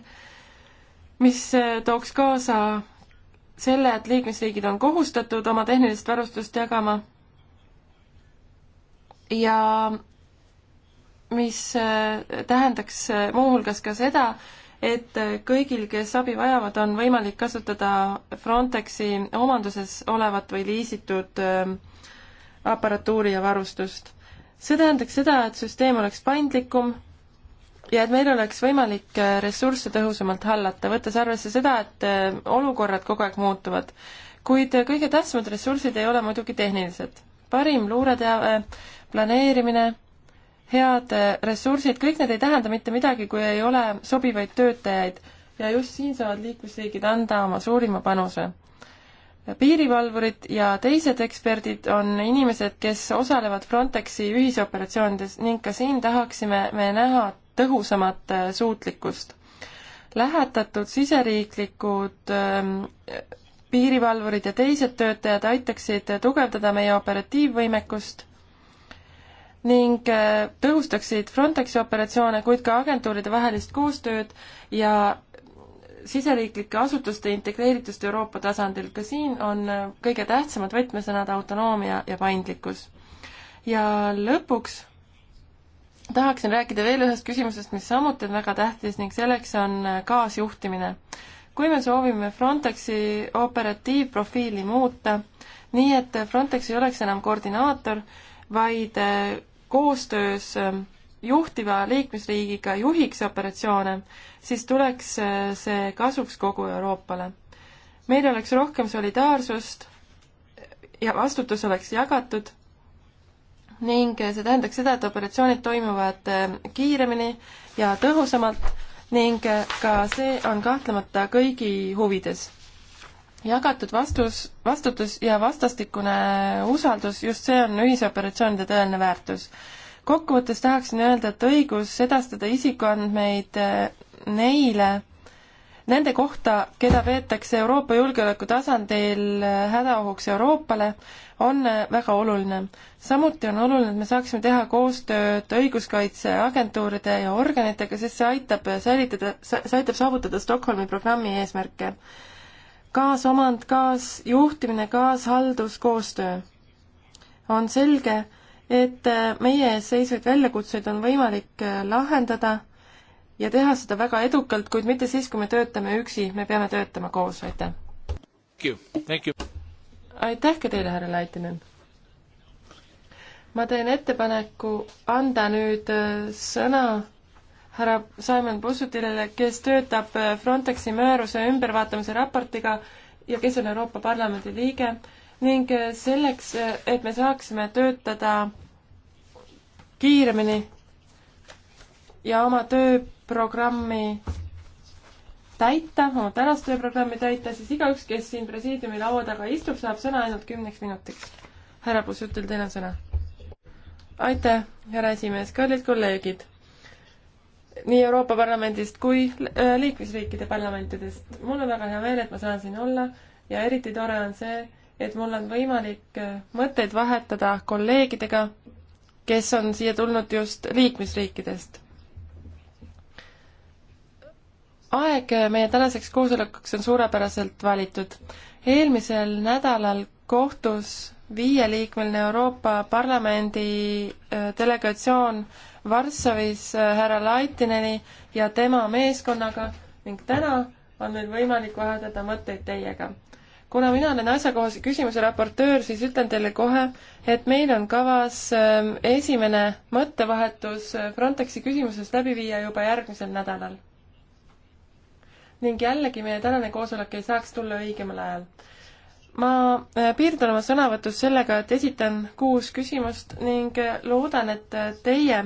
Speaker 3: mis tooks kaasa selle, et liikmesriigid on kohustatud oma tehnilist varustust jagama ja mis äh, tähendaks äh, muuhulgas ka seda, et äh, kõigil, kes abi vajavad, on võimalik kasutada Frontexi omanduses olevat või liisitud aparatuuri ja varustust. see tähendaks seda, et süsteem oleks paindlikum ja et meil oleks võimalik ressursse tõhusamalt hallata, võttes arvesse seda, et olukorrad kogu aeg muutuvad. kuid kõige tähtsamad ressursid ei ole muidugi tehnilised parim luureteave, planeerimine, head äh, ressursid, kõik need ei tähenda mitte midagi, kui ei ole sobivaid töötajaid ja just siin saavad liikmesriigid anda oma suurima panuse. piirivalvurid ja teised eksperdid on inimesed, kes osalevad Frontexi ühisoperatsioonides ning ka siin tahaksime me näha tõhusamat äh, suutlikkust lähetatud siseriiklikud ähm, piirivalvurid ja teised töötajad aitaksid tugevdada meie operatiivvõimekust ning äh, tõhustaksid Frontexi operatsioone, kuid ka agentuuride vahelist koostööd ja siseriiklike asutuste integreeritust Euroopa tasandil. ka siin on äh, kõige tähtsamad võtmesõnad autonoomia ja paindlikkus. ja lõpuks tahaksin rääkida veel ühest küsimusest, mis samuti on väga tähtis ning selleks on äh, kaasjuhtimine kui me soovime Frontexi operatiivprofiili muuta, nii et Frontex ei oleks enam koordinaator, vaid äh, koostöös äh, juhtiva liikmesriigiga juhiks operatsioone, siis tuleks äh, see kasuks kogu Euroopale. meil oleks rohkem solidaarsust ja vastutus oleks jagatud ning see tähendaks seda, et operatsioonid toimuvad kiiremini ja tõhusamalt ning äh, ka see on kahtlemata kõigi huvides. jagatud vastus, vastutus ja vastastikune usaldus, just see on ühisoperatsioonide tõeline väärtus. kokkuvõttes tahaksin öelda, et õigus edastada isikuandmeid äh, neile, nende kohta, keda peetakse Euroopa julgeoleku tasandil hädaohuks Euroopale, on väga oluline. samuti on oluline, et me saaksime teha koostööd õiguskaitseagentuuride ja organitega, sest see aitab säilitada, see aitab saavutada Stockholmi programmi eesmärke. kaasomand, kaasjuhtimine, kaashaldus, koostöö. on selge, et meie ees seisvaid väljakutseid on võimalik lahendada ja teha seda väga edukalt, kuid mitte siis, kui me töötame üksi, me peame töötama koos, aitäh! aitäh ka teile, härra Laitinen! ma teen ettepaneku anda nüüd äh, sõna härra Simon Bussutilele, kes töötab äh, Frontexi määruse ümbervaatamise raportiga ja kes on Euroopa Parlamendi liige ning äh, selleks, et me saaksime töötada kiiremini ja oma töö programmi täita, oma tänast tööprogrammi täita, siis igaüks, kes siin presiidiumi laua taga istub, saab sõna ainult kümneks minutiks. härra Pussutil, teil on sõna. aitäh, härra esimees, kallid kolleegid nii Euroopa Parlamendist kui äh, liikmesriikide parlamentidest. mul on väga hea meel, et ma saan siin olla ja eriti tore on see, et mul on võimalik äh, mõtteid vahetada kolleegidega, kes on siia tulnud just liikmesriikidest aeg meie tänaseks koosolekuks on suurepäraselt valitud. eelmisel nädalal kohtus viieliikmeline Euroopa Parlamendi äh, delegatsioon Varssavis äh, härra Laitineni ja tema meeskonnaga ning täna on meil võimalik vahetada mõtteid teiega. kuna mina olen asjakohase küsimuse raportöör, siis ütlen teile kohe, et meil on kavas ähm, esimene mõttevahetus äh, Frontexi küsimuses läbi viia juba järgmisel nädalal ning jällegi meie tänane koosolek ei saaks tulla õigemal ajal. ma äh, piirdun oma sõnavõtus sellega, et esitan kuus küsimust ning äh, loodan, et äh, teie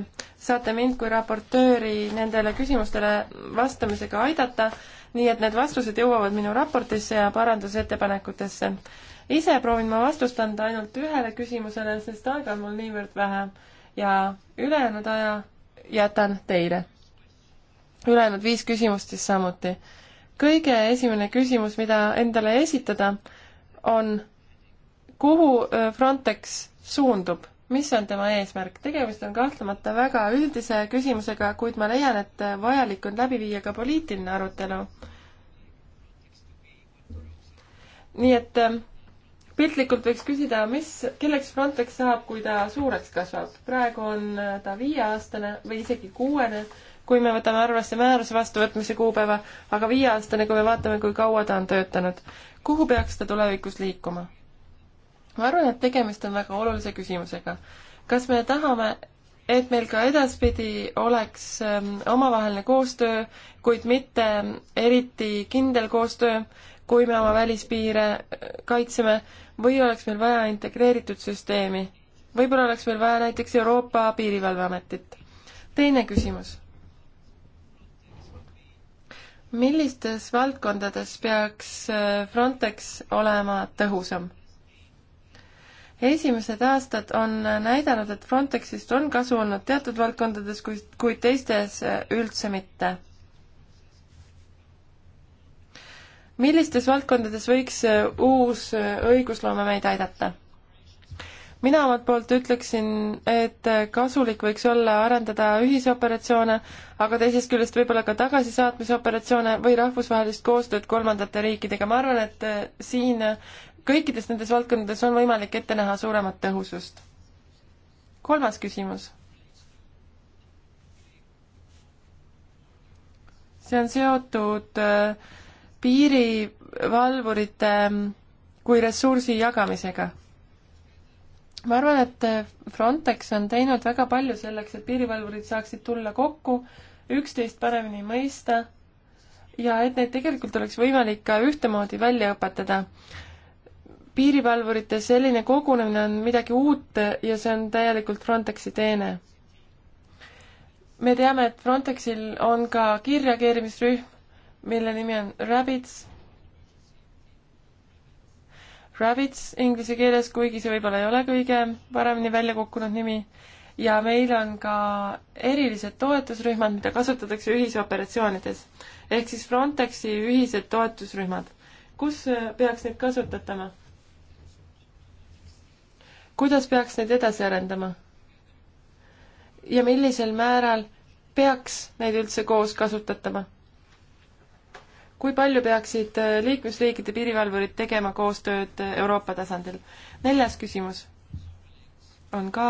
Speaker 3: saate mind kui raportööri nendele küsimustele vastamisega aidata nii et need vastused jõuavad minu raportisse ja parandusettepanekutesse. ise proovin ma vastust anda ainult ühele küsimusele, sest aega on mul niivõrd vähe ja ülejäänud aja jätan teile. ülejäänud viis küsimust siis samuti kõige esimene küsimus, mida endale esitada, on kuhu Frontex suundub, mis on tema eesmärk? tegemist on kahtlemata väga üldise küsimusega, kuid ma leian, et vajalik on läbi viia ka poliitiline arutelu. nii et piltlikult võiks küsida, mis, kelleks Frontex saab, kui ta suureks kasvab? praegu on ta viieaastane või isegi kuuene kui me võtame arvesse määruse vastuvõtmise kuupäeva, aga viieaastane, kui me vaatame, kui kaua ta on töötanud. kuhu peaks ta tulevikus liikuma? ma arvan, et tegemist on väga olulise küsimusega. kas me tahame, et meil ka edaspidi oleks ähm, omavaheline koostöö, kuid mitte eriti kindel koostöö, kui me oma välispiire äh, kaitseme, või oleks meil vaja integreeritud süsteemi? võib-olla oleks meil vaja näiteks Euroopa Piirivalveametit. teine küsimus millistes valdkondades peaks äh, Frontex olema tõhusam? esimesed aastad on äh, näidanud, et Frontexist on kasu olnud teatud valdkondades, kuid, kuid teistes äh, üldse mitte. millistes valdkondades võiks uus õigusloome meid aidata? mina omalt poolt ütleksin, et kasulik võiks olla arendada ühisoperatsioone, aga teisest küljest võib-olla ka tagasisaatmise operatsioone või rahvusvahelist koostööd kolmandate riikidega, ma arvan, et eh, siin kõikides nendes valdkondades on võimalik ette näha suuremat tõhusust. kolmas küsimus. see on seotud eh, piirivalvurite mm, kui ressursi jagamisega ma arvan, et äh, Frontex on teinud väga palju selleks, et piirivalvurid saaksid tulla kokku, üksteist paremini mõista ja et neid tegelikult oleks võimalik ka ühtemoodi välja õpetada. piirivalvurite selline kogunemine on midagi uut ja see on täielikult Frontexi teene. me teame, et Frontexil on ka kiirreageerimisrühm, mille nimi on Rabbits Rabbits inglise keeles, kuigi see võib-olla ei ole kõige paremini välja kukkunud nimi. ja meil on ka erilised toetusrühmad, mida kasutatakse ühisoperatsioonides. ehk siis Frontexi ühised toetusrühmad. kus äh, peaks neid kasutatama? kuidas peaks neid edasi arendama? ja millisel määral peaks neid üldse koos kasutatama? kui palju peaksid äh, liikmesriikide piirivalvurid tegema koostööd äh, Euroopa tasandil? neljas küsimus on ka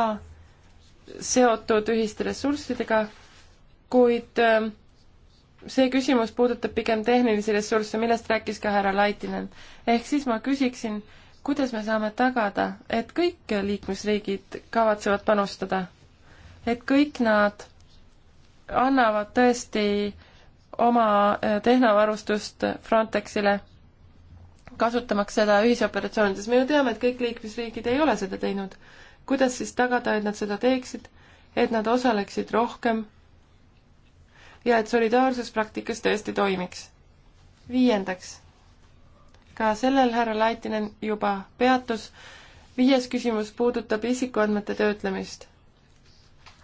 Speaker 3: seotud ühiste ressurssidega, kuid äh, see küsimus puudutab pigem tehnilisi ressursse, millest rääkis ka härra Laitinen. ehk siis ma küsiksin, kuidas me saame tagada, et kõik liikmesriigid kavatsevad panustada, et kõik nad annavad tõesti äh, oma äh, tehnovarustust Frontexile, kasutamaks seda ühisoperatsioonides. me ju teame, et kõik liikmesriigid ei ole seda teinud. kuidas siis tagada, et nad seda teeksid, et nad osaleksid rohkem ja et solidaarsus praktikas tõesti toimiks? viiendaks, ka sellel härra Laitinen juba peatus, viies küsimus puudutab isikuandmete töötlemist.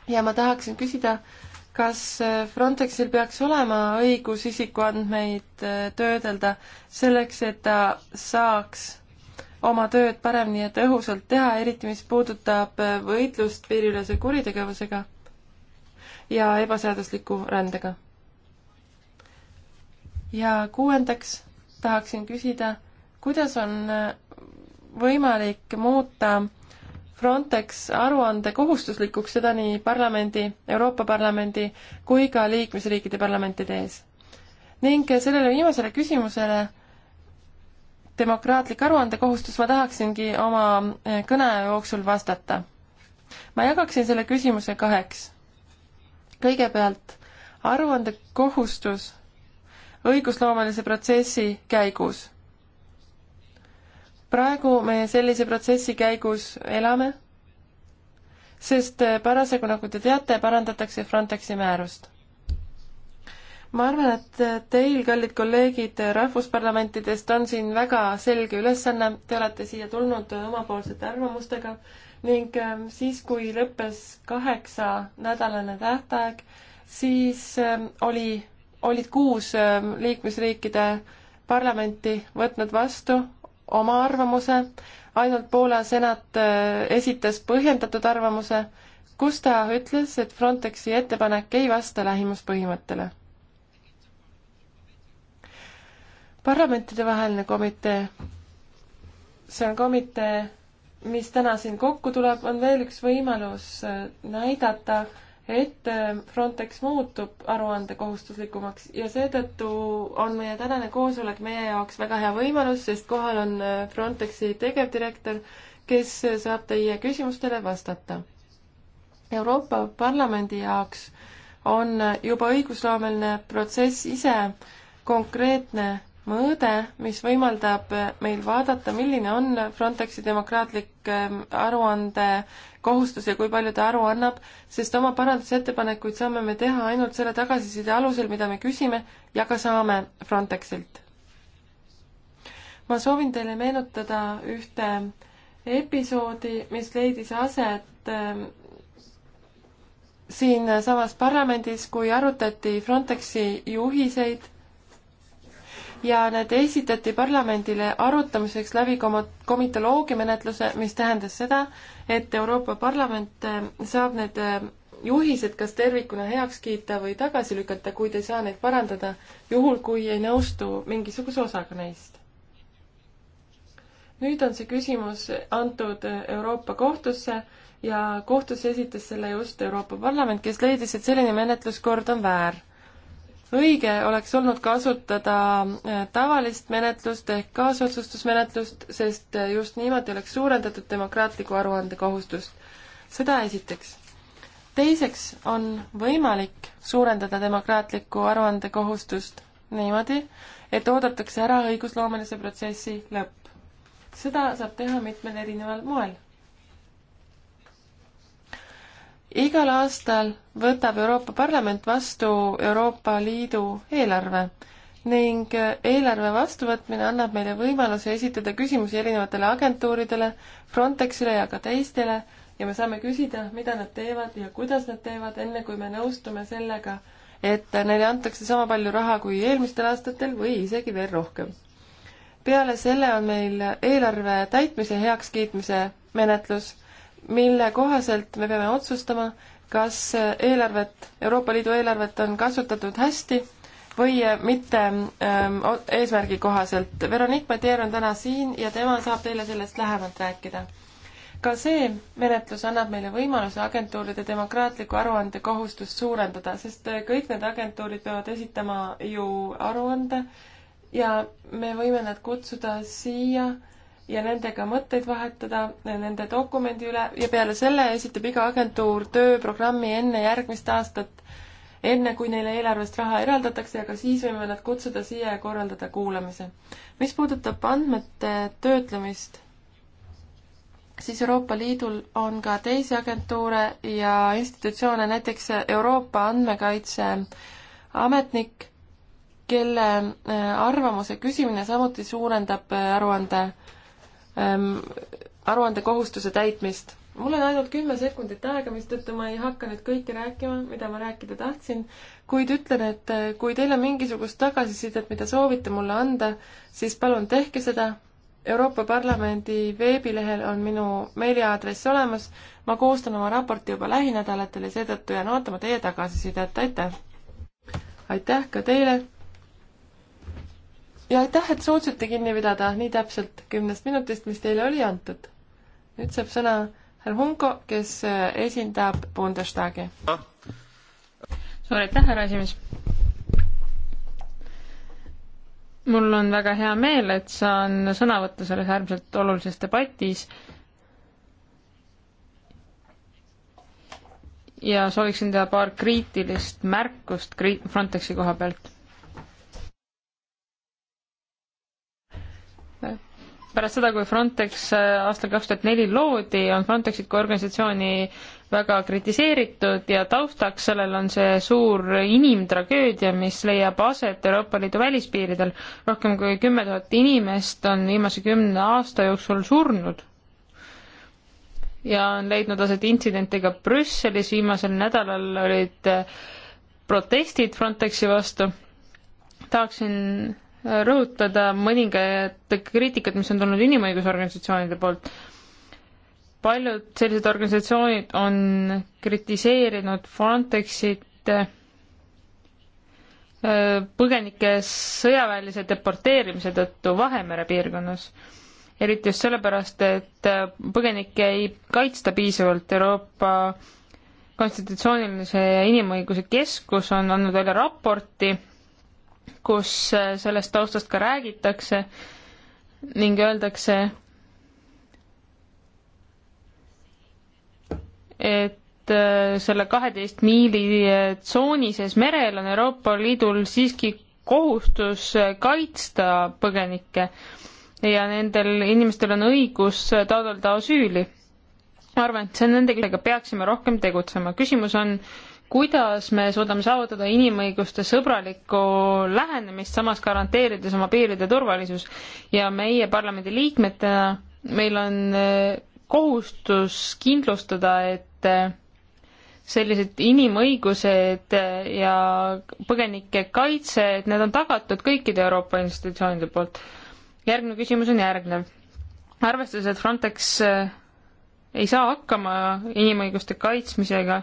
Speaker 3: ja ma tahaksin küsida, kas äh, Frontexil peaks olema õigus isikuandmeid äh, töödelda selleks, et ta saaks oma tööd paremini ja tõhusalt teha, eriti mis puudutab äh, võitlust piiriülese kuritegevusega ja ebaseadusliku rändega. ja kuuendaks tahaksin küsida, kuidas on võimalik muuta Frontex aruande kohustuslikuks, seda nii parlamendi, Euroopa Parlamendi kui ka liikmesriikide parlamentide ees. ning sellele viimasele küsimusele, demokraatlik aruandekohustus, ma tahaksingi oma eh, kõne jooksul vastata. ma jagaksin selle küsimuse kaheks. kõigepealt, aruandekohustus õigusloomelise protsessi käigus praegu me sellise protsessi käigus elame, sest parasjagu, nagu te teate, parandatakse Frontexi määrust. ma arvan, et teil, kallid kolleegid rahvusparlamentidest, on siin väga selge ülesanne, te olete siia tulnud omapoolsete arvamustega ning ähm, siis, kui lõppes kaheksanädalane tähtaeg, siis ähm, oli, olid kuus ähm, liikmesriikide parlamenti võtnud vastu oma arvamuse, ainult Poola senat äh, esitas põhjendatud arvamuse, kus ta ütles, et Frontexi ettepanek ei vasta lähimuspõhimõttele. parlamentidevaheline komitee, see on komitee, mis täna siin kokku tuleb, on veel üks võimalus äh, näidata, et äh, Frontex muutub aruandekohustuslikumaks ja seetõttu on meie tänane koosolek meie jaoks väga hea võimalus, sest kohal on äh, Frontexi tegevdirektor, kes saab teie küsimustele vastata. Euroopa Parlamendi jaoks on äh, juba õigusloomeline protsess ise konkreetne mõõde, mis võimaldab meil vaadata, milline on Frontexi demokraatlik ähm, aruande kohustus ja kui palju ta aru annab, sest oma parandusettepanekuid saame me teha ainult selle tagasiside alusel, mida me küsime ja ka saame Frontexilt. ma soovin teile meenutada ühte episoodi, mis leidis aset ähm, siinsamas parlamendis, kui arutati Frontexi juhiseid ja need esitati parlamendile arutamiseks läbi komitoloogiamenetluse, mis tähendas seda, et Euroopa Parlament äh, saab need äh, juhised kas tervikuna heaks kiita või tagasi lükata, kuid ei saa neid parandada, juhul kui ei nõustu mingisuguse osaga neist. nüüd on see küsimus antud Euroopa Kohtusse ja kohtusse esitas selle just Euroopa Parlament, kes leidis, et selline menetluskord on väär õige oleks olnud kasutada äh, tavalist menetlust ehk kaasotsustusmenetlust, sest äh, just niimoodi oleks suurendatud demokraatliku aruande kohustust. seda esiteks. teiseks on võimalik suurendada demokraatliku aruande kohustust niimoodi, et oodatakse ära õigusloomelise protsessi lõpp. seda saab teha mitmel erineval moel igal aastal võtab Euroopa Parlament vastu Euroopa Liidu eelarve ning eelarve vastuvõtmine annab meile võimaluse esitada küsimusi erinevatele agentuuridele, Frontexile ja ka teistele ja me saame küsida, mida nad teevad ja kuidas nad teevad, enne kui me nõustume sellega, et neile antakse sama palju raha kui eelmistel aastatel või isegi veel rohkem. peale selle on meil eelarve täitmise heakskiitmise menetlus mille kohaselt me peame otsustama, kas eelarvet, Euroopa Liidu eelarvet on kasutatud hästi või mitte ähm, eesmärgi kohaselt. Veronique Matier on täna siin ja tema saab teile sellest lähemalt rääkida. ka see menetlus annab meile võimaluse agentuuride demokraatliku aruande kohustust suurendada, sest kõik need agentuurid peavad esitama ju aruande ja me võime nad kutsuda siia äh, ja nendega mõtteid vahetada nende dokumendi üle ja peale selle esitab iga agentuur tööprogrammi enne järgmist aastat, enne kui neile eelarvest raha eraldatakse, aga siis võime nad kutsuda siia ja korraldada kuulamise. mis puudutab andmete töötlemist, siis Euroopa Liidul on ka teisi agentuure ja institutsioone, näiteks Euroopa andmekaitseametnik, kelle äh, arvamuse küsimine samuti suurendab äh, aruande ähm, aruandekohustuse täitmist. mul on ainult kümme sekundit aega, mistõttu ma ei hakka nüüd kõike rääkima, mida ma rääkida tahtsin, kuid ütlen, et eh, kui teil on mingisugust tagasisidet, mida soovite mulle anda, siis palun tehke seda. Euroopa Parlamendi veebilehel on minu meiliaadress olemas, ma koostan oma raporti juba lähinädalatel ja seetõttu jään ootama teie tagasisidet, aitäh! aitäh ka teile! ja aitäh, et suutsite kinni pidada nii täpselt kümnest minutist, mis teile oli antud. nüüd saab sõna härra Hunko, kes eh, esindab Bundestagi.
Speaker 2: suur
Speaker 3: aitäh, härra esimees!
Speaker 4: mul on väga hea meel, et saan sõna võtta selles äärmiselt olulises debatis. ja sooviksin teha paar kriitilist märkust Frontexi koha pealt. pärast seda, kui Frontex äh, aastal kaks tuhat neli loodi, on Frontexit kui organisatsiooni väga kritiseeritud ja taustaks sellel on see suur inimtragöödia, mis leiab aset Euroopa Liidu välispiiridel. rohkem kui kümme tuhat inimest on viimase kümne aasta jooksul surnud. ja on leidnud aset intsidente ka Brüsselis, viimasel nädalal olid protestid Frontexi vastu. tahaksin rõhutada mõningat kriitikat, mis on tulnud inimõigusorganisatsioonide poolt. paljud sellised organisatsioonid on kritiseerinud Frontexit äh, põgenike sõjaväelise deporteerimise tõttu Vahemere piirkonnas. eriti just sellepärast, et äh, põgenikke ei kaitsta piisavalt, Euroopa konstitutsioonilise ja inimõiguse keskus on andnud välja raporti kus äh, sellest taustast ka räägitakse ning öeldakse, et äh, selle kaheteist miili äh, tsooni sees merel on Euroopa Liidul siiski kohustus kaitsta põgenikke ja nendel inimestel on õigus taotleda asüüli. ma arvan, et see on nendega, peaksime rohkem tegutsema. küsimus on äh, kuidas me suudame saavutada inimõiguste sõbralikku lähenemist, samas garanteerides oma piiride turvalisus. ja meie parlamendi liikmetena meil on eh, kohustus kindlustada, et eh, sellised inimõigused eh, ja põgenike kaitse, et need on tagatud kõikide Euroopa institutsioonide poolt. järgmine küsimus on järgnev. arvestades, et Frontex ei saa hakkama inimõiguste kaitsmisega,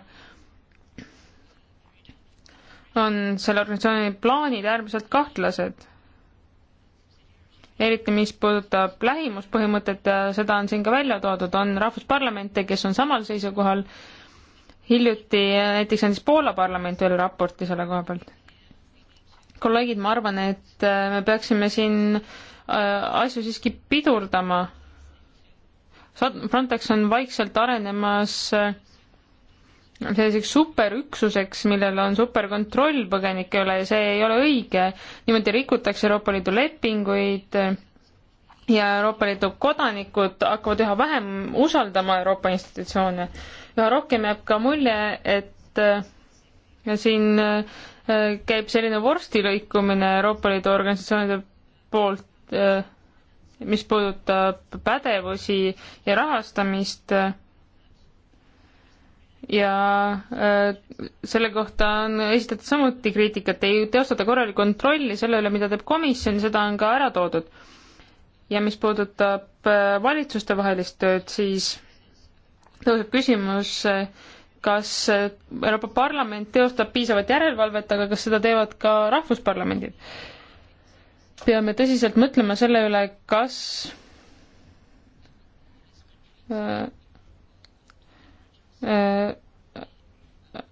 Speaker 4: on selle organisatsiooni plaanid äärmiselt kahtlased. eriti, mis puudutab lähimuspõhimõtet ja seda on siin ka välja toodud, on rahvusparlamente, kes on samal seisukohal. hiljuti näiteks andis Poola parlament veel raporti selle koha pealt. kolleegid, ma arvan, et äh, me peaksime siin äh, asju siiski pidurdama. Frontex on vaikselt arenemas äh, selliseks superüksuseks, millel on superkontroll põgenike üle ja see ei ole õige. niimoodi rikutakse Euroopa Liidu lepinguid ja Euroopa Liidu kodanikud hakkavad üha vähem usaldama Euroopa institutsioone. üha rohkem jääb ka mulje, et siin äh, käib selline vorstilõikumine Euroopa Liidu organisatsioonide poolt, äh, mis puudutab pädevusi ja rahastamist äh, ja äh, selle kohta on esitatud samuti kriitikat, ei teostata korralikku kontrolli selle üle, mida teeb komisjon, seda on ka ära toodud. ja mis puudutab äh, valitsustevahelist tööd, siis tõuseb küsimus, äh, kas Euroopa Parlament teostab piisavat järelevalvet, aga kas seda teevad ka rahvusparlamendid? peame tõsiselt mõtlema selle üle, kas Äh,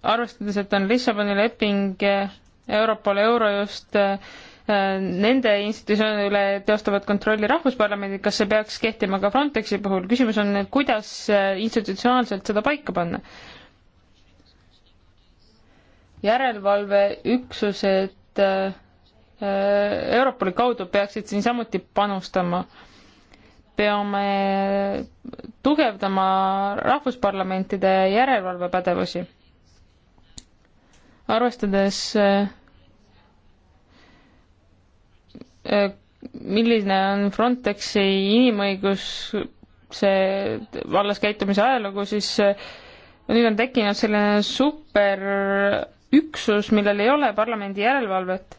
Speaker 4: arvestades, et on Lissaboni leping, äh, Europol, Eurojust, äh, nende institutsioonide üle teostavad kontrolli rahvusparlamendid, kas see peaks kehtima ka Frontexi puhul, küsimus on, kuidas institutsionaalselt seda paika panna? järelevalveüksused Europoli kaudu peaksid siin samuti panustama äh, peame tugevdama rahvusparlamentide järelevalvepädevusi. arvestades äh, äh, milline on Frontexi inimõigus see vallas käitumise ajalugu, siis äh, nüüd on tekkinud selline superüksus, millel ei ole parlamendi järelevalvet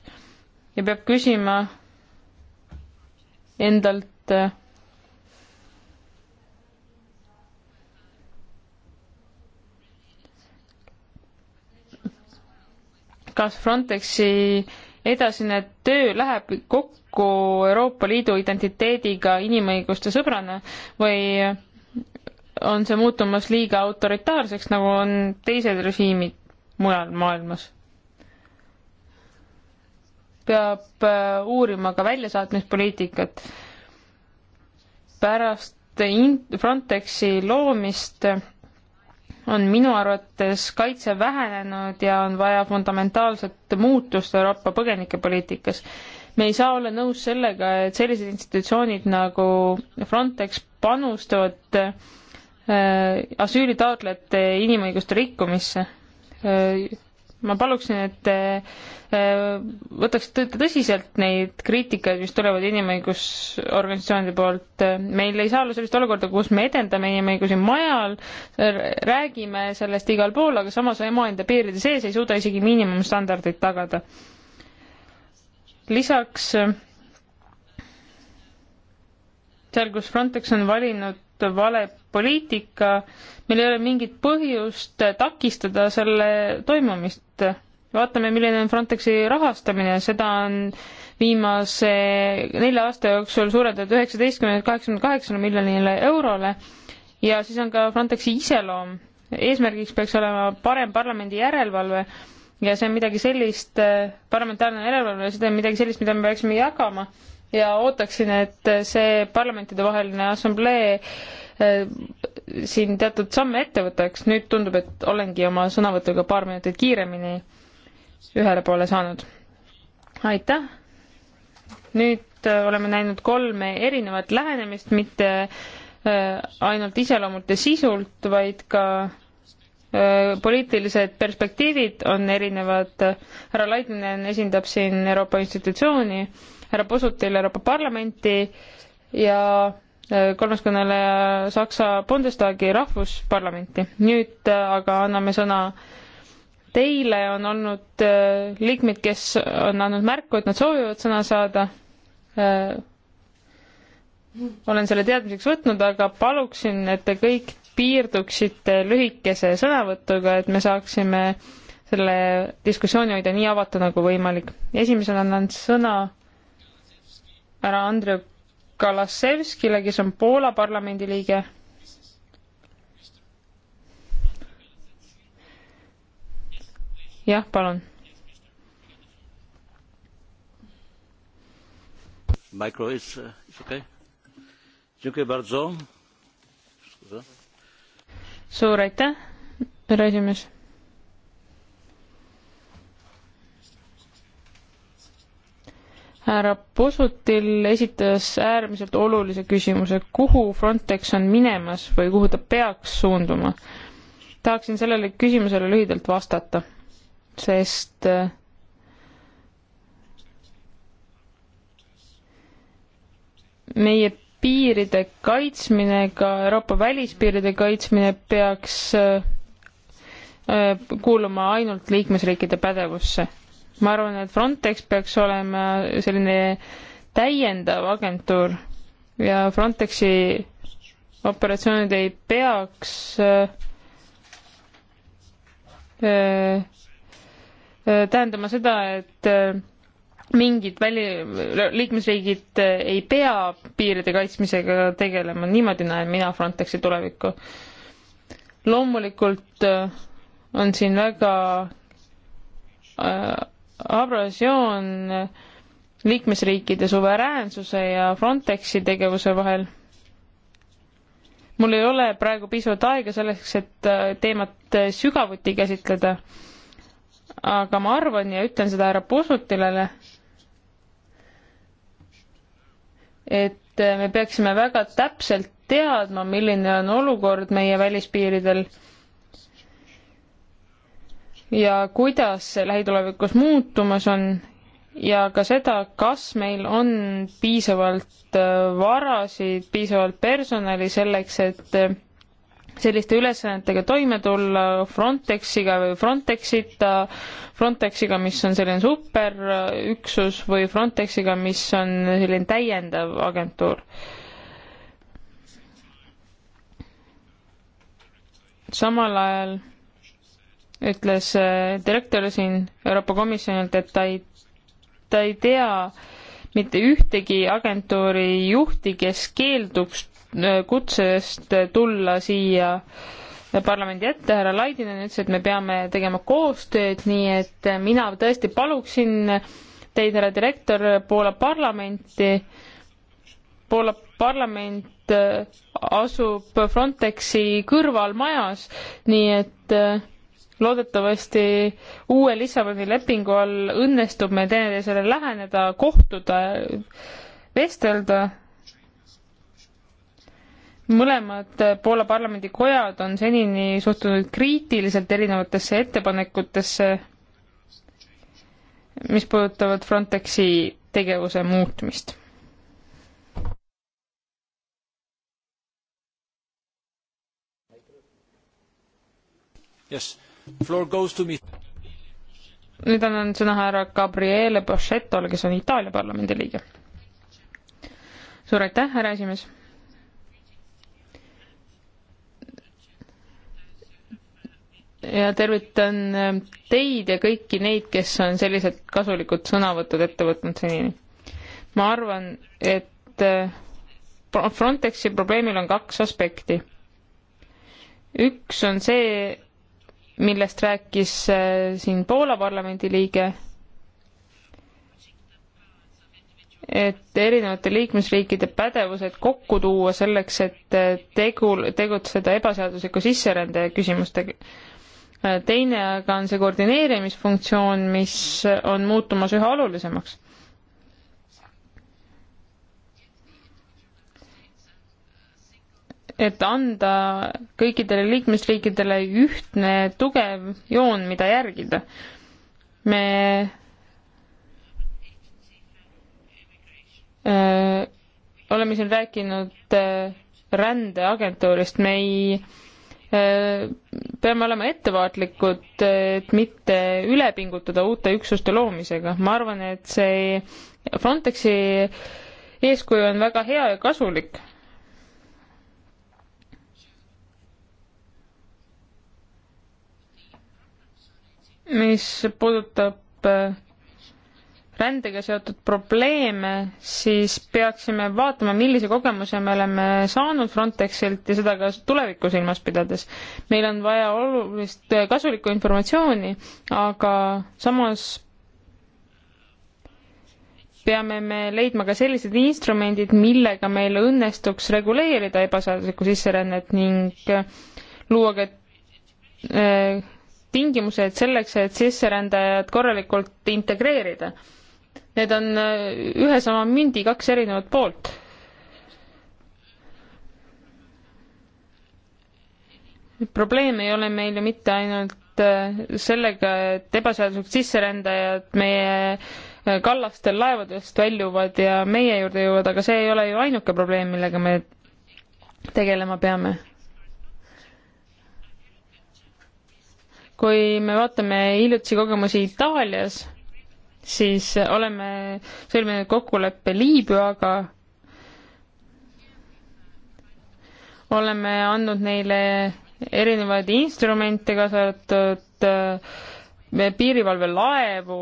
Speaker 4: ja peab küsima endalt äh, kas Frontexi edasine töö läheb kokku Euroopa Liidu identiteediga inimõiguste sõbrana või on see muutumas liiga autoritaarseks, nagu on teised režiimid mujal maailmas? peab äh, uurima ka väljasaatmispoliitikat. pärast Frontexi loomist on minu arvates kaitse vähenenud ja on vaja fundamentaalset muutust Euroopa põgenikepoliitikas. me ei saa olla nõus sellega, et sellised institutsioonid nagu Frontex panustavad äh, asüülitaotlejate inimõiguste rikkumisse äh, ma paluksin, et te äh, võtaksite tõsiselt neid kriitikaid, mis tulevad inimõigusorganisatsioonide poolt. meil ei saa olla sellist olukorda, kus me edendame inimõigusi majal, räägime sellest igal pool, aga samas omaenda piiride sees ei suuda isegi miinimumstandardeid tagada. lisaks äh, seal, kus Frontex on valinud vale poliitika, meil ei ole mingit põhjust takistada selle toimumist. vaatame, milline on Frontexi rahastamine, seda on viimase nelja aasta jooksul suurendatud üheksateistkümnelt kaheksakümne kaheksale miljonile eurole ja siis on ka Frontexi iseloom. eesmärgiks peaks olema parem parlamendi järelevalve ja see on midagi sellist, parlamentaarne järelevalve, see on midagi sellist, mida me peaksime jagama ja ootaksin, et see parlamentidevaheline assamblee eh, siin teatud samme ette võtaks, nüüd tundub, et olengi oma sõnavõtuga paar minutit kiiremini ühele poole saanud. aitäh! nüüd eh, oleme näinud kolme erinevat lähenemist, mitte eh, ainult iseloomult ja sisult, vaid ka poliitilised perspektiivid on erinevad. härra Laidinen esindab siin Euroopa institutsiooni härra Pusutil Euroopa Parlamenti ja äh, kolmas kõneleja Saksa Bundestagi rahvusparlamenti. nüüd äh, aga anname sõna teile, on olnud äh, liikmed, kes on andnud märku, et nad soovivad sõna saada. olen selle teadmiseks võtnud, aga paluksin, et te kõik piirduksite lühikese sõnavõtuga, et me saaksime selle diskussiooni hoida nii avatuna nagu kui võimalik. esimesena annan sõna härra Andrei Kalasevskile, kes on Poola parlamendi liige. jah, palun.
Speaker 2: Micro is, uh, is okay. Dziękuję bardzo.
Speaker 4: Suur aitäh, härra esimees härra Posutil esitas äärmiselt olulise küsimuse, kuhu Frontex on minemas või kuhu ta peaks suunduma. tahaksin sellele küsimusele lühidalt vastata, sest äh, meie piiride kaitsmine, ka Euroopa välispiiride kaitsmine peaks äh, äh, kuuluma ainult liikmesriikide pädevusse ma arvan, et Frontex peaks olema selline täiendav agentuur ja Frontexi operatsioonid ei peaks äh, äh, tähendama seda, et äh, mingid väli-, liikmesriigid ei pea piiride kaitsmisega tegelema, niimoodi näen mina Frontexi tulevikku. loomulikult on siin väga abrasioon liikmesriikide suveräänsuse ja Frontexi tegevuse vahel. mul ei ole praegu piisavalt aega selleks, et äh, teemat äh, sügavuti käsitleda. aga ma arvan ja ütlen seda härra Pusutilele, et äh, me peaksime väga täpselt teadma, milline on olukord meie välispiiridel ja kuidas see lähitulevikus muutumas on ja ka seda, kas meil on piisavalt äh, varasid, piisavalt personali selleks, et äh, selliste ülesannetega toime tulla Frontexiga või Frontexita, Frontexiga, mis on selline superüksus või Frontexiga, mis on selline täiendav agentuur samal ajal ütles äh, direktor siin Euroopa Komisjonilt, et ta ei, ta ei tea mitte ühtegi agentuuri juhti, kes keelduks äh, kutsest tulla siia parlamendi ette, härra Laidinen ütles, et me peame tegema koostööd, nii et äh, mina tõesti paluksin teid, härra direktor, Poola parlamenti, Poola parlament asub Frontexi kõrval majas, nii et äh, loodetavasti uue Lissaboni lepingu all õnnestub meil teineteisele läheneda, kohtuda, vestelda. mõlemad Poola parlamendikojad on senini suhtunud kriitiliselt erinevatesse ettepanekutesse, mis puudutavad Frontexi tegevuse muutmist Yes nüüd annan sõna härra Gabriele Bocchettole, kes on Itaalia parlamendi liige. suur aitäh, härra esimees. ja tervitan äh, teid ja kõiki neid, kes on sellised kasulikud sõnavõtud ette võtnud senini. ma arvan, et äh, Frontexi probleemil on kaks aspekti. üks on see, millest rääkis äh, siin Poola parlamendi liige, et erinevate liikmesriikide pädevused kokku tuua selleks, et äh, tegu, tegutseda ebaseadusliku sisserände küsimustega. Äh, teine aga on see koordineerimisfunktsioon, mis on muutumas üha olulisemaks et anda kõikidele liikmesriikidele ühtne tugev joon, mida järgida. me öö, äh, oleme siin rääkinud öö, äh, rändeagentuurist, me ei öö, äh, peame olema ettevaatlikud, et mitte üle pingutada uute üksuste loomisega. ma arvan, et see Frontexi eeskuju on väga hea ja kasulik mis puudutab äh, rändega seotud probleeme, siis peaksime vaatama, millise kogemuse me oleme saanud Frontexilt ja seda ka tulevikku silmas pidades. meil on vaja olulist äh, kasulikku informatsiooni, aga samas peame me leidma ka sellised instrumendid, millega meil õnnestuks reguleerida ebaseaduslikku sisserännet ning äh, luua ka äh, tingimused selleks, et sisserändajad korralikult integreerida. Need on äh, ühe sama mündi kaks erinevat poolt. probleem ei ole meil ju mitte ainult äh, sellega, et ebaseaduslikud sisserändajad meie äh, kallastel laevadest väljuvad ja meie juurde jõuavad, aga see ei ole ju ainuke probleem, millega me tegelema peame kui me vaatame hiljutisi kogemusi Itaalias, siis oleme sõlminud kokkuleppe Liibüaga, oleme andnud neile erinevaid instrumente, kaasa arvatud äh, piirivalvelaevu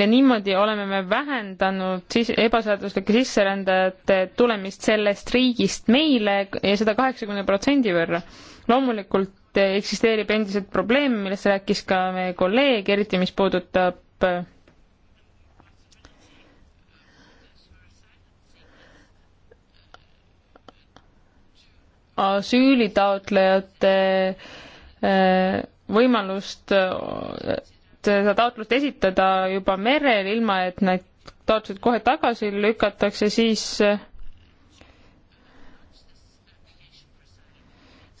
Speaker 4: ja niimoodi oleme me vähendanud siis ebaseaduslike sisserändajate tulemist sellest riigist meile ja seda kaheksakümne protsendi võrra. Võrre loomulikult eksisteerib endiselt probleem, millest rääkis ka meie kolleeg, eriti mis puudutab äh, asüülitaotlejate äh, võimalust seda taotlust esitada juba merel, ilma et need taotlused kohe tagasi lükatakse, siis äh,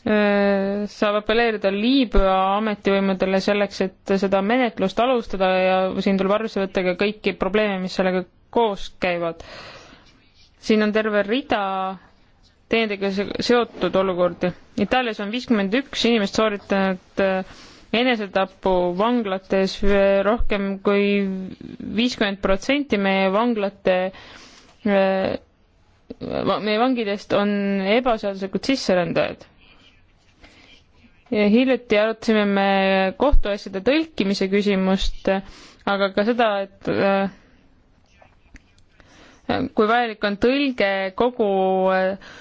Speaker 4: Äh, saab apelleerida Liibüa ametivõimudele selleks, et seda menetlust alustada ja siin tuleb arvesse võtta ka kõiki probleeme, mis sellega koos käivad. siin on terve rida teenindega seotud olukordi. Itaalias on viiskümmend üks inimest sooritanud äh, enesetapu vanglates äh, rohkem kui viiskümmend protsenti meie vanglate meie vangidest on ebaseaduslikud sisserändajad hiljuti arutasime me kohtuasjade tõlkimise küsimust, aga ka seda, et äh, kui vajalik on tõlge kogu äh,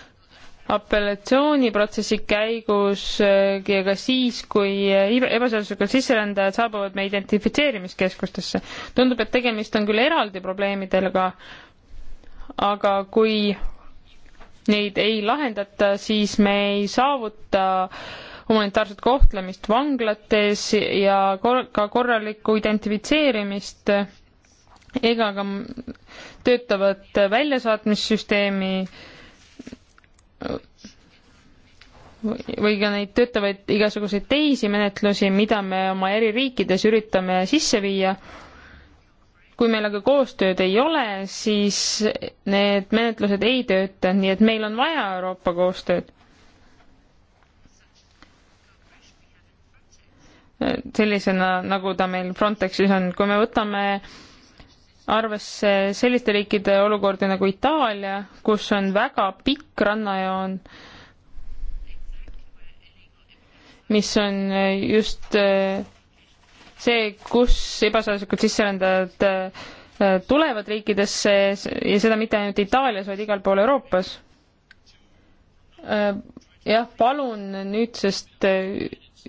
Speaker 4: apellatsiooniprotsessi käigus äh, ja ka siis, kui ebaseaduslikud sisserändajad saabuvad meie identifitseerimiskeskustesse. tundub, et tegemist on küll eraldi probleemidega, aga kui neid ei lahendata, siis me ei saavuta äh, humanitaarset kohtlemist vanglates ja kor-, ka korralikku identifitseerimist ega ka töötavat väljasaatmissüsteemi või ka neid töötavaid igasuguseid teisi menetlusi, mida me oma eri riikides üritame sisse viia. kui meil aga koostööd ei ole, siis need menetlused ei tööta, nii et meil on vaja Euroopa koostööd. sellisena, nagu ta meil Frontexis on. kui me võtame arvesse selliste riikide olukordi nagu Itaalia, kus on väga pikk rannajoon, mis on just eh, see, kus ebaseaduslikud sisserändajad eh, tulevad riikidesse ja seda mitte ainult Itaalias, vaid igal pool Euroopas. Eh, jah, palun nüüdsest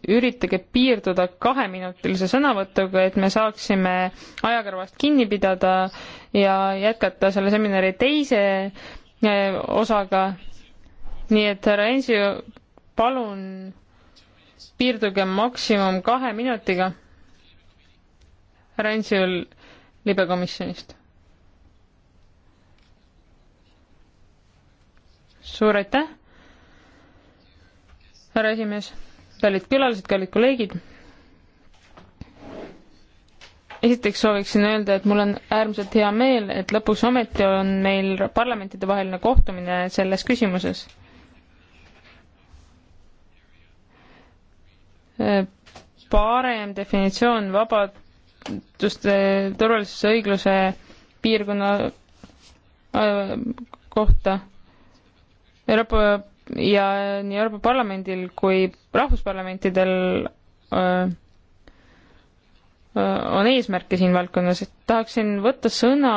Speaker 4: üritage piirduda kaheminutilise sõnavõtuga, et me saaksime ajakõrvast kinni pidada ja jätkata selle seminari teise eh, osaga. nii et härra Ensio, palun piirduge maksimum kahe minutiga. härra Ensiol libekomisjonist. suur aitäh, härra esimees kallid külalised, kallid kolleegid. esiteks sooviksin öelda, et mul on äärmiselt hea meel, et lõpuks ometi on meil parlamentidevaheline kohtumine selles küsimuses parem definitsioon vabaduste, turvalisuse, õigluse piirkonna äh, kohta. Euroopa ja nii Euroopa Parlamendil kui rahvusparlamentidel öö, on eesmärke siin valdkonnas, et tahaksin võtta sõna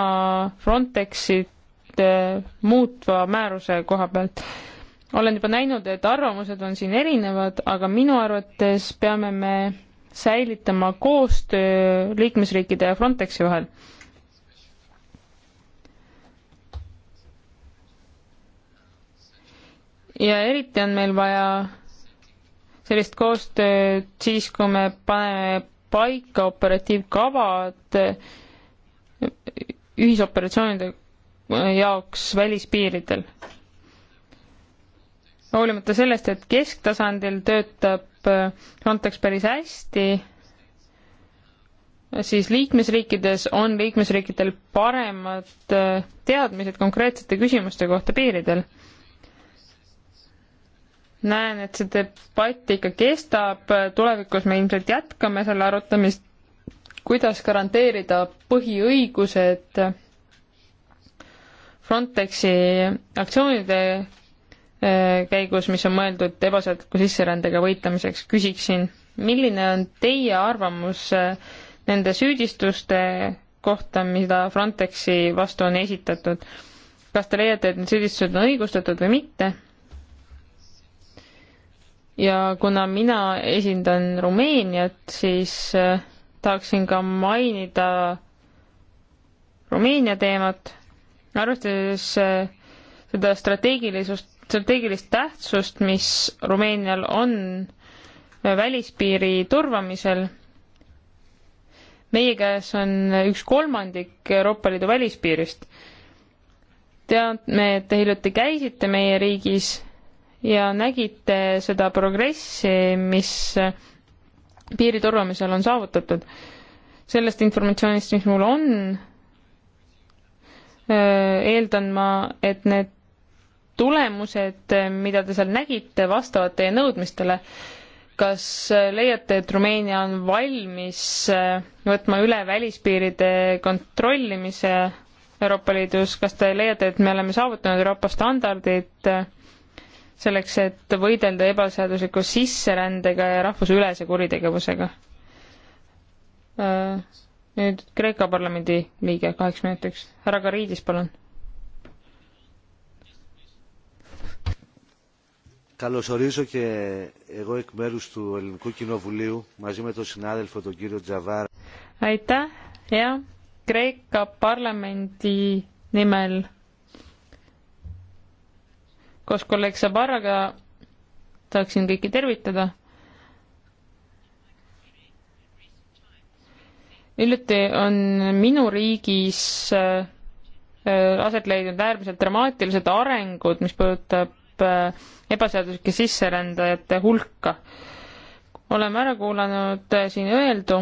Speaker 4: Frontexit muutva määruse koha pealt. olen juba näinud, et arvamused on siin erinevad, aga minu arvates peame me säilitama koostöö liikmesriikide ja Frontexi vahel ja eriti on meil vaja sellist koostööd siis, kui me paneme paika operatiivkavad ühisoperatsioonide jaoks välispiiridel. hoolimata sellest, et kesktasandil töötab Frontex päris hästi, siis liikmesriikides on liikmesriikidel paremad teadmised konkreetsete küsimuste kohta piiridel näen, et see debatt ikka kestab, tulevikus me ilmselt jätkame selle arutamist, kuidas garanteerida põhiõigused Frontexi aktsioonide eh, käigus, mis on mõeldud ebaseadusliku sisserändega võitlemiseks, küsiksin, milline on teie arvamus eh, nende süüdistuste kohta, mida Frontexi vastu on esitatud? kas te leiate, et need süüdistused on õigustatud või mitte? ja kuna mina esindan Rumeeniat, siis äh, tahaksin ka mainida Rumeenia teemat, arvestades äh, seda strateegilisust, strateegilist tähtsust, mis Rumeenial on äh, välispiiri turvamisel. meie käes on üks kolmandik Euroopa Liidu välispiirist. teame, et te hiljuti käisite meie riigis ja nägite seda progressi, mis piiri turvamisel on saavutatud. sellest informatsioonist, mis mul on, eeldan ma, et need tulemused, mida te seal nägite, vastavad teie nõudmistele. kas leiate, et Rumeenia on valmis võtma üle välispiiride kontrollimise Euroopa Liidus, kas te leiate, et me oleme saavutanud Euroopa standardid äh, selleks, et võidelda ebaseadusliku sisserändega ja rahvusülese kuritegevusega. Äh, nüüd Kreeka parlamendi liige kaheks minutiks, härra Kariidis, palun.
Speaker 2: Καλωσορίζω και εγώ εκ μέρους του Ελληνικού Κοινοβουλίου μαζί με τον συνάδελφο τον κύριο Τζαβάρα.
Speaker 4: Aitäh ja Kreeka parlamendi nimel koos kolleeg Sabaraga tahaksin kõiki tervitada. hiljuti on minu riigis äh, aset leidnud äärmiselt dramaatilised arengud, mis puudutab äh, ebaseaduslike sisserändajate hulka. oleme ära kuulanud äh, siin öeldu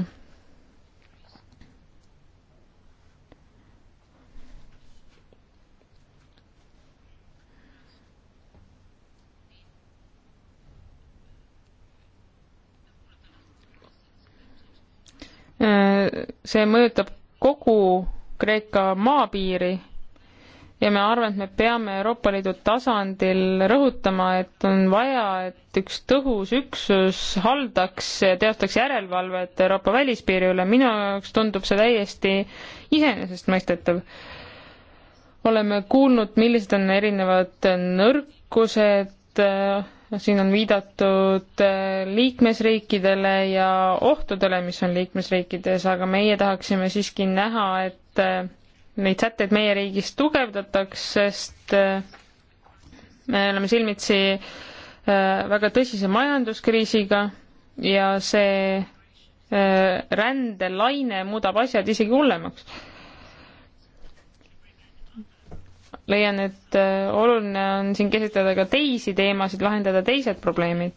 Speaker 4: see mõjutab kogu Kreeka maapiiri ja ma arvan, et me peame Euroopa Liidu tasandil rõhutama, et on vaja, et üks tõhus üksus haldaks ja teostaks järelevalvet Euroopa välispiiri üle, minu jaoks tundub see täiesti iseenesestmõistetav. oleme kuulnud, millised on erinevad nõrkused siin on viidatud äh, liikmesriikidele ja ohtudele, mis on liikmesriikides, aga meie tahaksime siiski näha, et äh, neid sätteid meie riigis tugevdataks, sest äh, me oleme silmitsi väga tõsise majanduskriisiga ja see rändelaine muudab asjad isegi hullemaks leian, et äh, oluline on siin käsitleda ka teisi teemasid, lahendada teised probleemid.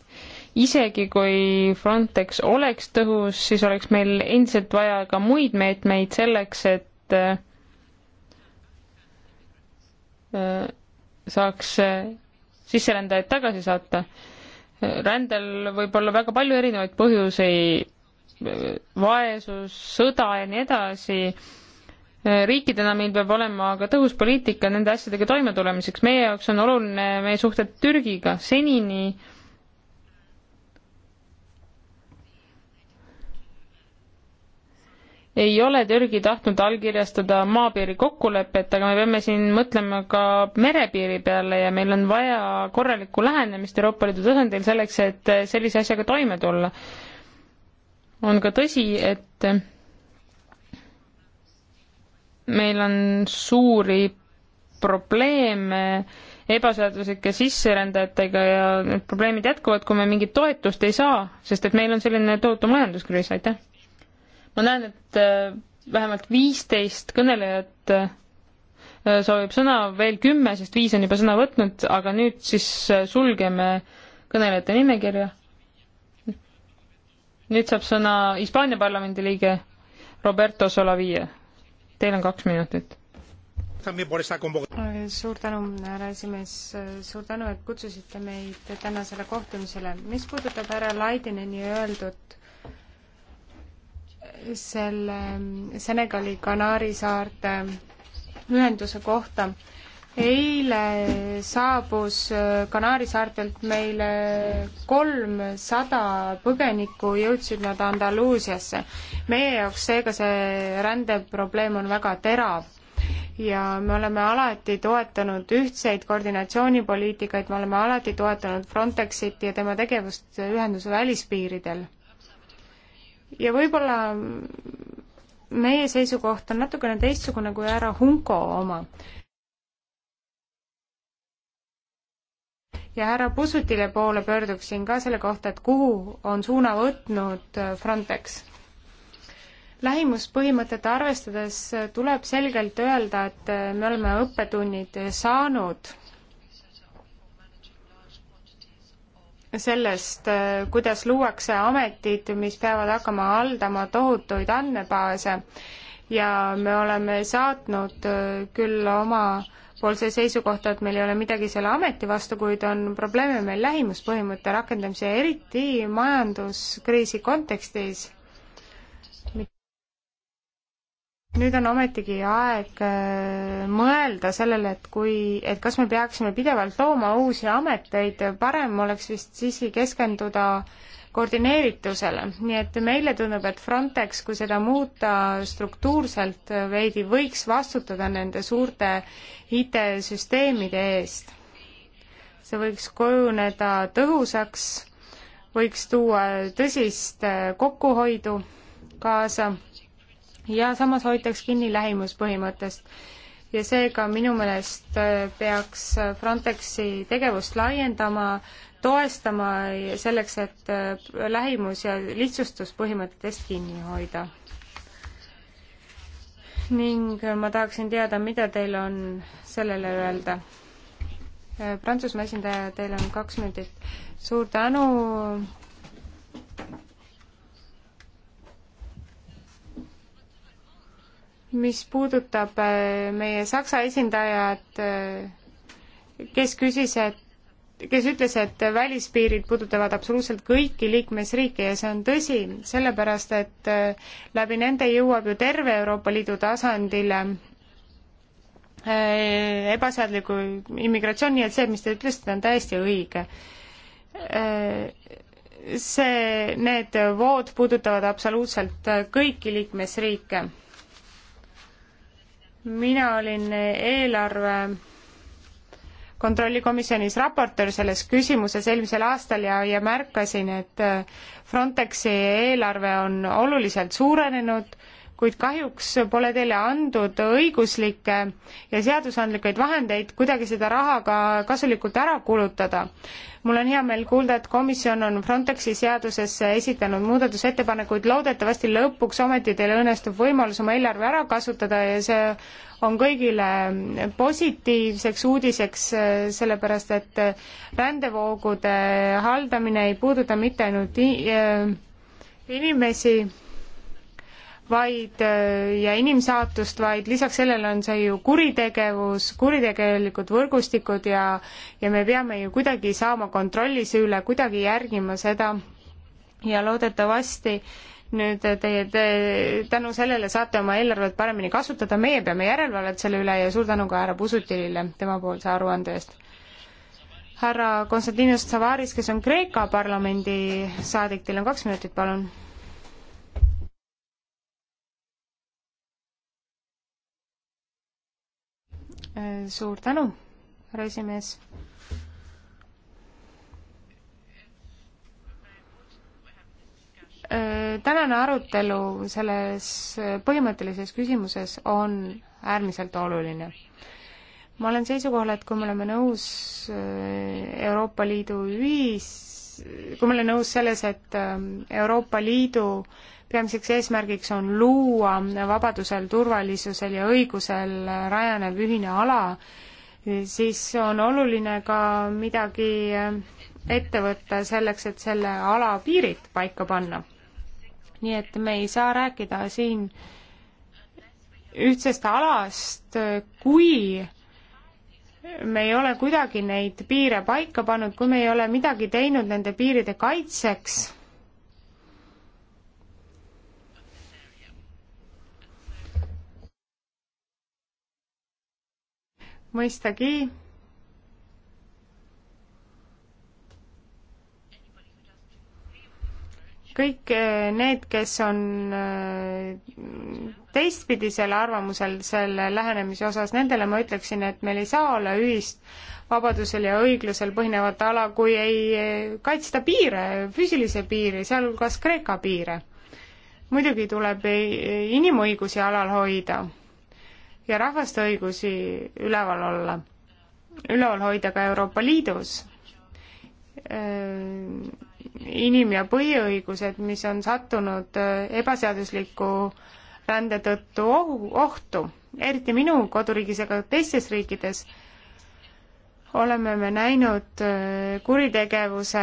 Speaker 4: isegi kui Frontex oleks tõhus, siis oleks meil endiselt vaja ka muid meetmeid selleks, et äh, äh, saaks sisserändajaid tagasi saata. rändel võib olla väga palju erinevaid põhjuseid, vaesus, sõda ja nii edasi riikidena meil peab olema ka tõhus poliitika nende asjadega toimetulemiseks. meie jaoks on oluline meie suhted Türgiga. senini ei ole Türgi tahtnud allkirjastada maapiiri kokkulepet, aga me peame siin mõtlema ka merepiiri peale ja meil on vaja korralikku lähenemist Euroopa Liidu tasandil selleks, et sellise asjaga toime tulla. on ka tõsi, et meil on suuri probleeme ebaseaduslike sisserändajatega ja need probleemid jätkuvad, kui me mingit toetust ei saa, sest et meil on selline tohutu majanduskriis, aitäh. ma näen, et äh, vähemalt viisteist kõnelejat äh, soovib sõna, veel kümme, sest viis on juba sõna võtnud, aga nüüd siis äh, sulgeme kõnelejate nimekirja. nüüd saab sõna Hispaania parlamendi liige Roberto Solavia Teil on kaks minutit.
Speaker 2: Äh,
Speaker 1: suur tänu, härra esimees, äh, suur tänu, et kutsusite meid tänasele kohtumisele. mis puudutab härra Laidineni öeldut selle ähm, Senegali Kanaari saarte ühenduse kohta, eile saabus äh, Kanaari saartelt meile kolmsada põgenikku, jõudsid nad Andaluusiasse. meie jaoks seega see rändeprobleem on väga terav ja me oleme alati toetanud ühtseid koordinatsioonipoliitikaid, me oleme alati toetanud Frontexit ja tema tegevust ühenduse välispiiridel. ja võib-olla meie seisukoht on natukene teistsugune kui härra Hunko oma. ja härra Pusutile poole pöörduksin ka selle kohta, et kuhu on suuna võtnud äh, Frontex. lähimuspõhimõtet arvestades äh, tuleb selgelt öelda, et äh, me oleme õppetunnid saanud sellest, kuidas luuakse ametid, mis peavad hakkama haldama tohutuid andmebaase ja me oleme saatnud küll oma äh, poolse seisukohta, et meil ei ole midagi selle ameti vastu, kuid on probleeme meil lähimuspõhimõtte rakendamise, eriti majanduskriisi kontekstis nüüd on ometigi aeg äh, mõelda sellele, et kui, et kas me peaksime pidevalt looma uusi ameteid, parem oleks vist siiski keskenduda koordineeritusele, nii et meile tundub, et Frontex, kui seda muuta struktuurselt äh, veidi, võiks vastutada nende suurte IT-süsteemide eest. see võiks kujuneda tõhusaks, võiks tuua tõsist äh, kokkuhoidu kaasa ja samas hoitaks kinni lähimuspõhimõttest. ja seega minu meelest äh, peaks äh, Frontexi tegevust laiendama, toestama selleks, et äh, lähimus- ja lihtsustuspõhimõtetest kinni hoida. ning ma tahaksin teada, mida teil on sellele öelda? Prantsusmaa esindaja, teil on kaks minutit. suur tänu mis puudutab äh, meie Saksa esindajat, äh, kes küsis, et kes ütles, et välispiirid puudutavad absoluutselt kõiki liikmesriike ja see on tõsi, sellepärast et äh, läbi nende jõuab ju terve Euroopa Liidu tasandile ebaseadliku immigratsiooni, nii et see, mis te ütlesite, on täiesti õige. see, need vood puudutavad absoluutselt kõiki liikmesriike mina olin eelarve kontrollikomisjonis raportöör selles küsimuses eelmisel aastal ja, ja märkasin, et Frontexi eelarve on oluliselt suurenenud kuid kahjuks pole teile andnud õiguslikke ja seadusandlikuid vahendeid kuidagi seda raha ka kasulikult ära kulutada. mul on hea meel kuulda, et komisjon on Frontexi seadusesse esitanud muudatusettepanekuid, loodetavasti lõpuks ometi teil õnnestub võimalus oma eelarve ära kasutada ja see on kõigile positiivseks uudiseks, sellepärast et rändevoogude haldamine ei puuduta mitte ainult äh, inimesi, vaid äh, ja inimsaatust, vaid lisaks sellele on see ju kuritegevus, kuritegelikud võrgustikud ja ja me peame ju kuidagi saama kontrolli see üle, kuidagi järgima seda ja loodetavasti nüüd teie te, tänu sellele saate oma eelarvet paremini kasutada, meie peame järelevalvet selle üle ja suur tänu ka härra Pusutilile temapoolse aruande eest. härra Konstantinos Tsavaris, kes on Kreeka parlamendi saadik, teil on kaks minutit, palun Äh, suur tänu, härra esimees. Äh, tänane arutelu selles põhimõttelises küsimuses on äärmiselt oluline ma olen seisukohal, et kui me oleme nõus äh, Euroopa Liidu ühis, kui me oleme nõus selles, et Euroopa Liidu peamiseks eesmärgiks on luua vabadusel, turvalisusel ja õigusel rajanev ühine ala, siis on oluline ka midagi ette võtta selleks, et selle ala piirid paika panna. nii et me ei saa rääkida siin ühtsest alast, kui me ei ole kuidagi neid piire paika pannud, kui me ei ole midagi teinud nende piiride kaitseks mõistagi kõik eh, need, kes on eh, teistpidisel arvamusel selle lähenemise osas, nendele ma ütleksin, et meil ei saa olla ühist vabadusel ja õiglusel põhinevat ala, kui ei eh, kaitsta piire, füüsilisi piiri, sealhulgas Kreeka piire. muidugi tuleb inimõigusi alal hoida ja rahvaste õigusi üleval olla, üleval hoida ka Euroopa Liidus inim- ja põhiõigused, mis on sattunud äh, ebaseadusliku rände tõttu ohu, ohtu, eriti minu koduriigis, aga teistes riikides, oleme me näinud äh, kuritegevuse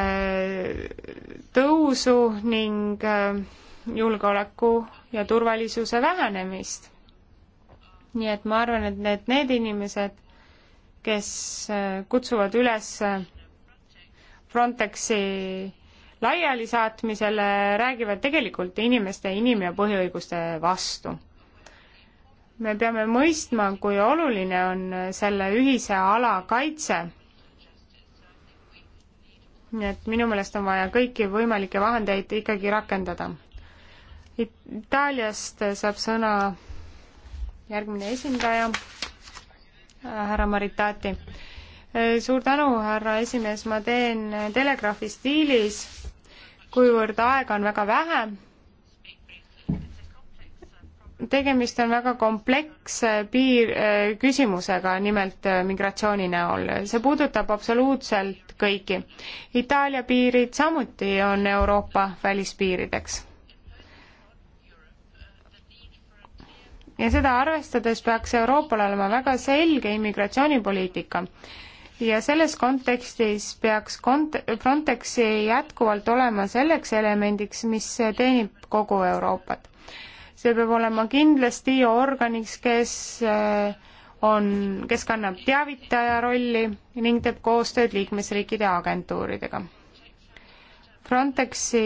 Speaker 1: tõusu ning äh, julgeoleku ja turvalisuse vähenemist nii et ma arvan, et need, need inimesed, kes äh, kutsuvad üles äh, Frontexi laialisaatmisele, räägivad tegelikult inimeste inim- ja põhiõiguste vastu. me peame mõistma, kui oluline on äh, selle ühise ala kaitse. nii et minu meelest on vaja kõiki võimalikke vahendeid ikkagi rakendada. Itaaliast saab sõna järgmine esindaja, härra Maritati. suur tänu, härra esimees, ma teen telegraafi stiilis, kuivõrd aega on väga vähe. tegemist on väga kompleksse piir, küsimusega, nimelt äh, migratsiooni näol. see puudutab absoluutselt kõiki. Itaalia piirid samuti on Euroopa välispiirideks ja seda arvestades peaks Euroopal olema väga selge immigratsioonipoliitika. ja selles kontekstis peaks kont-, Frontexi jätkuvalt olema selleks elemendiks, mis teenib kogu Euroopat. see peab olema kindlasti organiks, kes eh, on, kes kannab teavitaja rolli ning teeb koostööd liikmesriikide agentuuridega Frontexi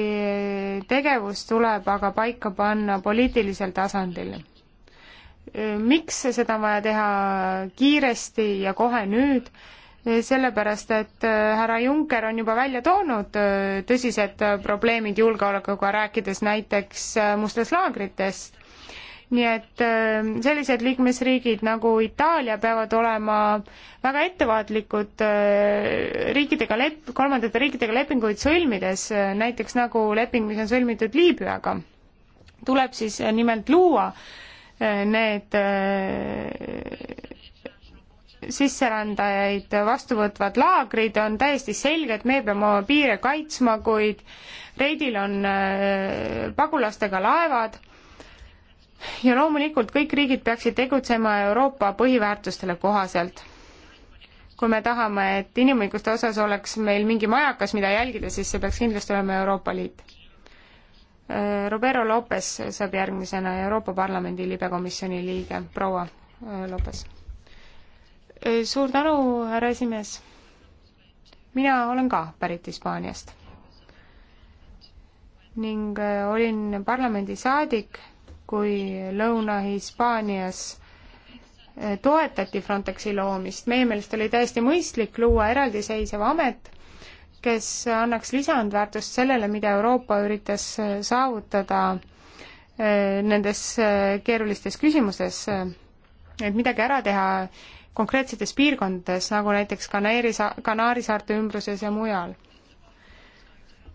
Speaker 1: tegevus tuleb aga paika panna poliitilisel tasandil miks seda on vaja teha kiiresti ja kohe nüüd? sellepärast, et äh, härra Juncker on juba välja toonud äh, tõsised äh, probleemid julgeolekuga, rääkides näiteks mustest laagritest. nii et sellised liikmesriigid nagu Itaalia peavad olema väga ettevaatlikud riikidega lep-, kolmandate riikidega lepinguid sõlmides, näiteks nagu leping, mis on sõlmitud Liibüaga. tuleb siis nimelt luua äh, need äh, sisserändajaid vastuvõtvad laagrid, on täiesti selge, et me peame oma piire kaitsma, kuid reidil on äh, pagulastega laevad ja loomulikult kõik riigid peaksid tegutsema Euroopa põhiväärtustele kohaselt. kui me tahame, et inimõiguste osas oleks meil mingi majakas, mida jälgida, siis see peaks kindlasti olema Euroopa Liit Äh, Roberto Lopes saab järgmisena Euroopa Parlamendi libekomisjoni liige, proua äh, Lopes. Äh, suur tänu, härra esimees. mina olen ka pärit Hispaaniast ning olin parlamendisaadik, kui Lõuna-Hispaanias toetati Frontexi loomist. meie meelest oli täiesti mõistlik luua eraldiseisev amet, kes annaks lisandväärtust sellele, mida Euroopa üritas äh, saavutada äh, nendes äh, keerulistes küsimustes, et midagi ära teha konkreetsetes piirkondades, nagu näiteks Kanaari, Kanaari saarte ümbruses ja mujal.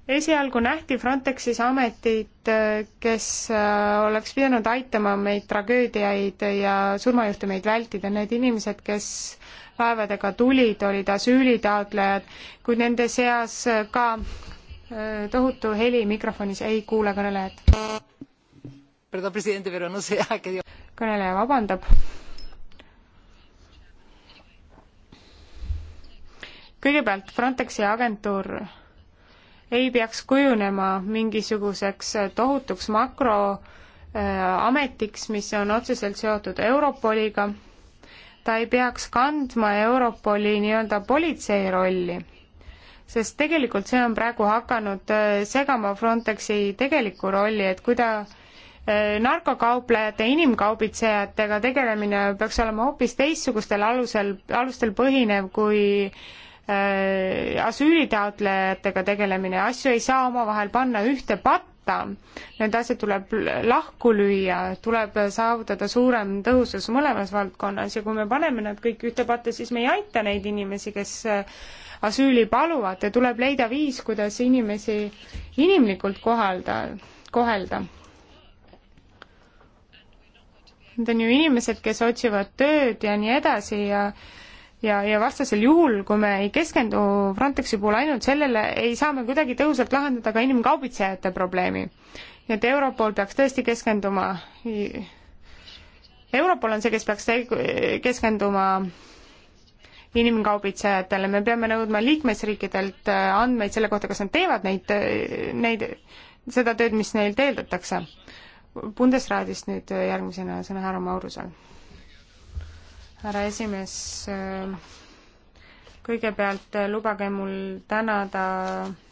Speaker 1: esialgu nähti Frontexis ametit, kes oleks pidanud aitama meid tragöödiaid ja surmajuhtumeid vältida, need inimesed, kes laevadega tulid, olid asüülitaotlejad, kuid nende seas ka äh, tohutu heli mikrofonis ei kuule kõnelejat. kõneleja vabandab. kõigepealt Frontexi agentuur ei peaks kujunema mingisuguseks tohutuks makroametiks, mis on otseselt seotud Europoliga ta ei peaks kandma Europoli nii-öelda politsei rolli, sest tegelikult see on praegu hakanud äh, segama Frontexi tegelikku rolli, et kui ta äh, narkokauplejate, inimkaubitsejatega tegelemine peaks olema hoopis teistsugustel alusel, alustel põhinev kui äh, asüülitaotlejatega tegelemine, asju ei saa omavahel panna ühte patta, võtta. Need asjad tuleb lahku lüüa, tuleb saavutada suurem tõhusus mõlemas valdkonnas ja kui me paneme nad kõik ühte patta, siis me ei aita neid inimesi, kes äh, asüüli paluvad ja tuleb leida viis, kuidas inimesi inimlikult kohalda, kohelda. Need on ju inimesed, kes otsivad tööd ja nii edasi ja ja, ja vastasel juhul, kui me ei keskendu Frontexi puhul ainult sellele, ei saa me kuidagi tõhusalt lahendada ka inimkaubitsejate probleemi. nii et Europol peaks tõesti keskenduma, Europol on see, kes peaks keskenduma inimkaubitsejatele, me peame nõudma liikmesriikidelt äh, andmeid selle kohta, kas nad teevad neid, äh, neid, seda tööd, mis neilt eeldatakse. Bundesraadist nüüd äh, järgmisena sõna härra Maurusel härra esimees, kõigepealt lubage mul tänada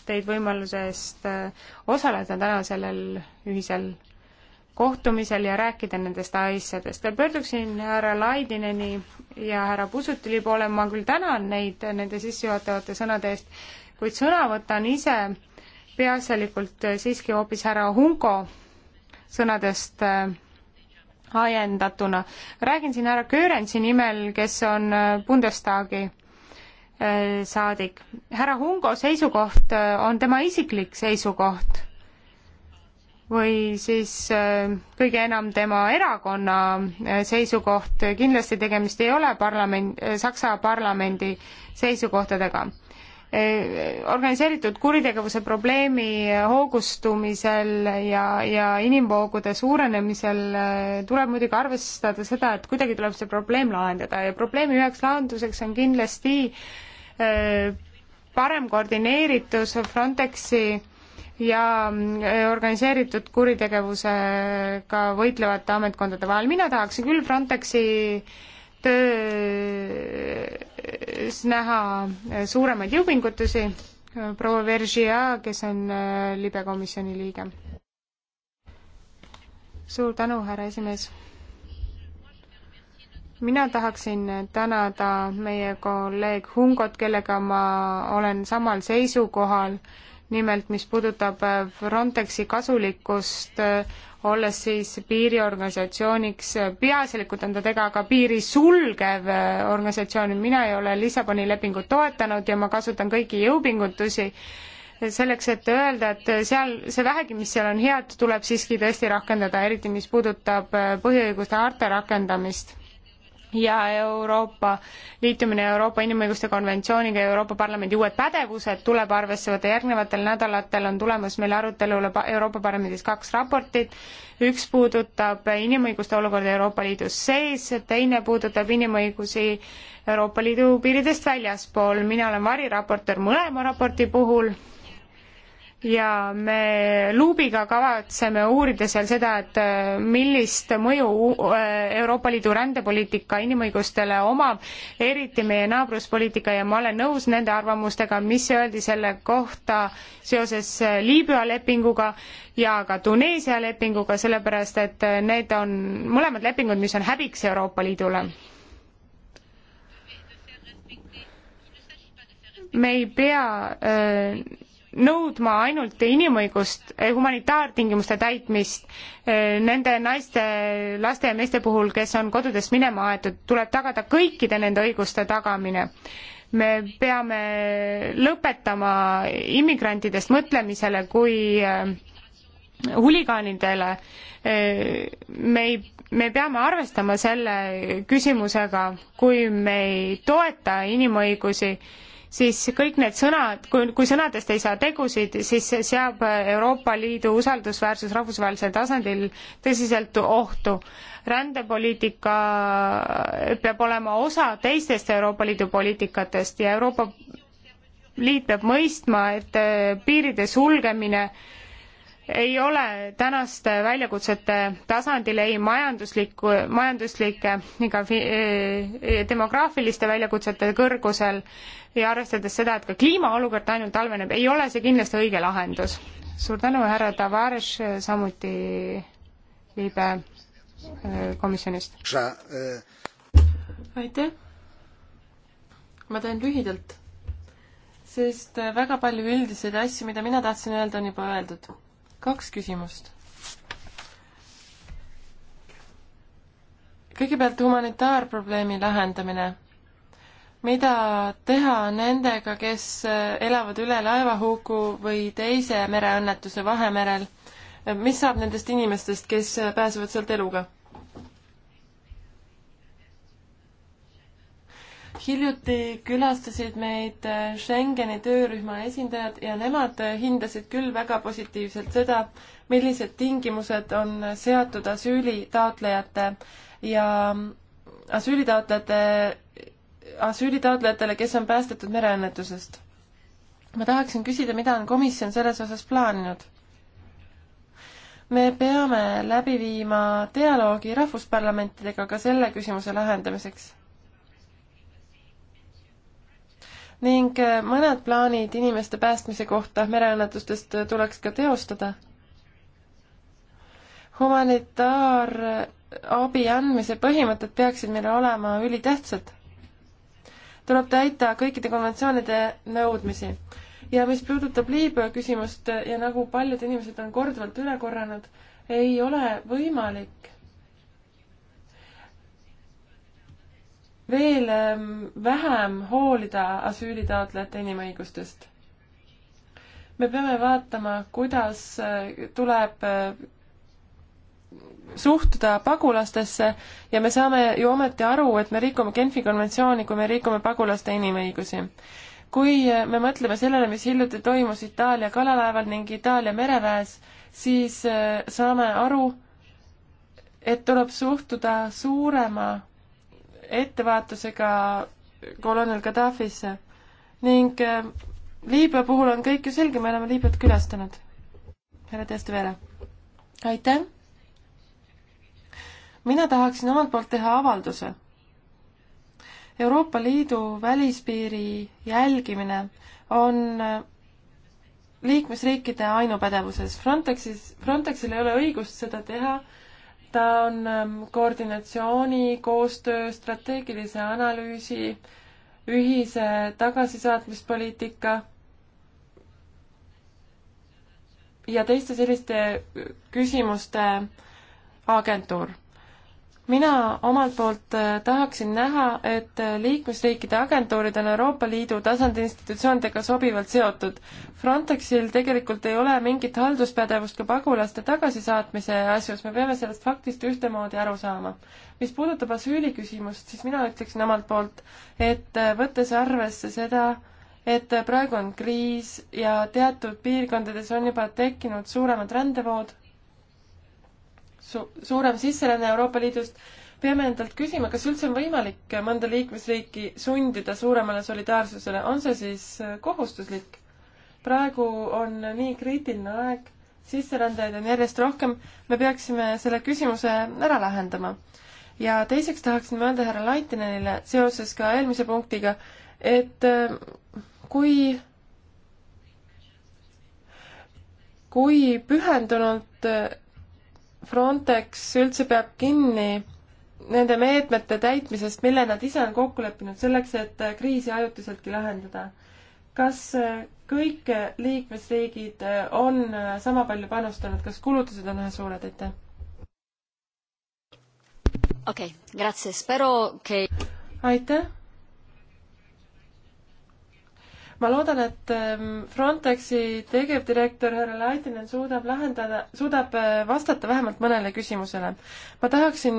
Speaker 1: teid võimaluse eest osaleda täna sellel ühisel kohtumisel ja rääkida nendest asjadest. ja pöörduksin härra Laidineni ja härra Pusutili poole, ma küll tänan neid nende sissejuhatavate sõnade eest, kuid sõna võtan ise peaasjalikult siiski hoopis härra Hunko sõnadest äh, ajendatuna. räägin siin härra Göransi nimel, kes on äh, Bundestagi äh, saadik. härra Hungo seisukoht äh, on tema isiklik seisukoht või siis kõige enam tema erakonna seisukoht, kindlasti tegemist ei ole parlament, Saksa parlamendi seisukohtadega Eh, organiseeritud kuritegevuse probleemi hoogustumisel ja, ja inimvoogude suurenemisel eh, tuleb muidugi arvestada seda, et kuidagi tuleb see probleem lahendada ja probleemi üheks lahenduseks on kindlasti eh, parem koordineeritus Frontexi ja organiseeritud kuritegevusega võitlevate ametkondade vahel. mina tahaksin küll Frontexi töö näha eh, suuremaid jõupingutusi, eh, proua Veržia, kes on eh, libe komisjoni liige. suur tänu, härra esimees! mina tahaksin tänada meie kolleeg Hungot, kellega ma olen samal seisukohal äh, nimelt mis puudutab äh, Frontexi kasulikkust, äh, olles siis piiriorganisatsiooniks, äh, peaasjalikult on ta tega aga piiri sulgev organisatsioon, mina ei ole Lissaboni lepingut toetanud ja ma kasutan kõiki jõupingutusi selleks, et öelda, et seal see vähegi, mis seal on head, tuleb siiski tõesti rakendada, eriti mis puudutab põhiõiguste harta rakendamist ja Euroopa liitumine Euroopa Inimõiguste Konventsiooniga ja Euroopa Parlamendi uued pädevused tuleb arvesse võtta. järgnevatel nädalatel on tulemas meil arutelule Euroopa Parlamendis kaks raportit. üks puudutab inimõiguste olukorda Euroopa Liidus sees, teine puudutab inimõigusi Euroopa Liidu piiridest väljaspool. mina olen variraportöör mõlema raporti puhul ja me luubiga kavatseme uurida seal seda, et äh, millist mõju äh, Euroopa Liidu rändepoliitika inimõigustele omab, eriti meie naabruspoliitika ja ma olen nõus nende arvamustega, mis öeldi selle kohta seoses äh, Liibüa lepinguga ja ka Tuneesia lepinguga, sellepärast et need on mõlemad lepingud, mis on häbiks Euroopa Liidule me ei pea öö, nõudma ainult inimõigust, eh, humanitaartingimuste täitmist eh, nende naiste, laste ja meeste puhul, kes on kodudest minema aetud, tuleb tagada kõikide nende õiguste tagamine. me peame lõpetama immigrantidest mõtlemisele kui eh, huligaanidele, me ei me peame arvestama selle küsimusega, kui me ei toeta inimõigusi, siis kõik need sõnad, kui, kui sõnadest ei saa tegusid, siis seab Euroopa Liidu usaldusväärsus rahvusvahelisel tasandil tõsiselt ohtu. rändepoliitika peab olema osa teistest Euroopa Liidu poliitikatest ja Euroopa Liit peab mõistma, et piiride sulgemine äh, ei ole tänaste väljakutsete tasandil ei majanduslikku, majanduslike ega eh, eh, demograafiliste väljakutsete kõrgusel ja arvestades seda, et ka kliimaolukord ainult halveneb, ei ole see kindlasti õige lahendus. suur tänu, härra Tavares, samuti
Speaker 3: viibe eh, komisjonist. aitäh! ma teen lühidalt, sest väga palju üldiseid asju, mida mina tahtsin öelda, on juba öeldud kaks küsimust. kõigepealt humanitaarprobleemi lahendamine. mida teha nendega, kes elavad üle laevahuku või teise mereõnnetuse Vahemerel? mis saab nendest inimestest, kes pääsevad sealt eluga? hiljuti külastasid meid äh, Schengeni töörühma esindajad ja nemad äh, hindasid küll väga positiivselt seda, millised tingimused on seatud asüülitaotlejate ja mm, asüülitaotlejate, asüülitaotlejatele, kes on päästetud mereõnnetusest. ma tahaksin küsida, mida on komisjon selles osas plaaninud? me peame läbi viima dialoogi rahvusparlamentidega ka selle küsimuse lahendamiseks ning äh, mõned plaanid inimeste päästmise kohta mereõnnetustest äh, tuleks ka teostada. humanitaarabi äh, andmise põhimõtted peaksid meil olema ülitähtsad. tuleb täita kõikide konventsioonide nõudmisi ja mis puudutab Liibüa küsimust ja nagu paljud inimesed on korduvalt üle korranud, ei ole võimalik veel ehm, vähem hoolida asüülitaotlejate inimõigustest. me peame vaatama, kuidas eh, tuleb eh, suhtuda pagulastesse ja me saame ju ometi aru, et me rikume Genfi konventsiooni, kui me rikume pagulaste inimõigusi. kui eh, me mõtleme sellele, mis hiljuti toimus Itaalia kalalaeval ning Itaalia mereväes, siis saame aru, et tuleb suhtuda suurema ettevaatusega kolonel Gaddafisse ning äh, Liibüa puhul on kõik ju selge, me oleme Liibüat külastanud. härra Testavere, aitäh! mina tahaksin omalt poolt teha avalduse. Euroopa Liidu välispiiri jälgimine on äh, liikmesriikide ainupädevuses. Frontexis, Frontexil ei ole õigust seda teha ta on ähm, koordinatsiooni, koostöö, strateegilise analüüsi, ühise tagasisaatmispoliitika ja teiste selliste äh, küsimuste agentuur mina omalt poolt äh, tahaksin näha, et äh, liikmesriikide agentuurid on Euroopa Liidu tasandi institutsioonidega sobivalt seotud. Frontexil tegelikult ei ole mingit halduspädevust ka pagulaste tagasisaatmise asjus, me peame sellest faktist ühtemoodi aru saama. mis puudutab asüüliküsimust, siis mina ütleksin omalt poolt, et äh, võttes arvesse seda, et praegu on kriis ja teatud piirkondades on juba tekkinud suuremad rändevood, su-, suurem sisseränne Euroopa Liidust, peame endalt küsima, kas üldse on võimalik mõnda liikmesriiki sundida suuremale solidaarsusele, on see siis äh, kohustuslik? praegu on nii kriitiline aeg, sisserändajaid on järjest rohkem, me peaksime selle küsimuse ära lahendama. ja teiseks tahaksin ma öelda härra Laitinenile seoses ka eelmise punktiga, et äh, kui kui pühendunult äh, Frontex üldse peab kinni nende meetmete täitmisest, mille nad ise on kokku leppinud selleks, et kriisi ajutiseltki lahendada. kas äh, kõik liikmesriigid äh, on äh, sama palju panustanud, kas kulutused on ühesuured, aitäh? okei okay,, grazie, spero che okay.. aitäh ma loodan, et ähm, Frontexi tegevdirektor härra Laitinen suudab lahendada, suudab äh, vastata vähemalt mõnele küsimusele. ma tahaksin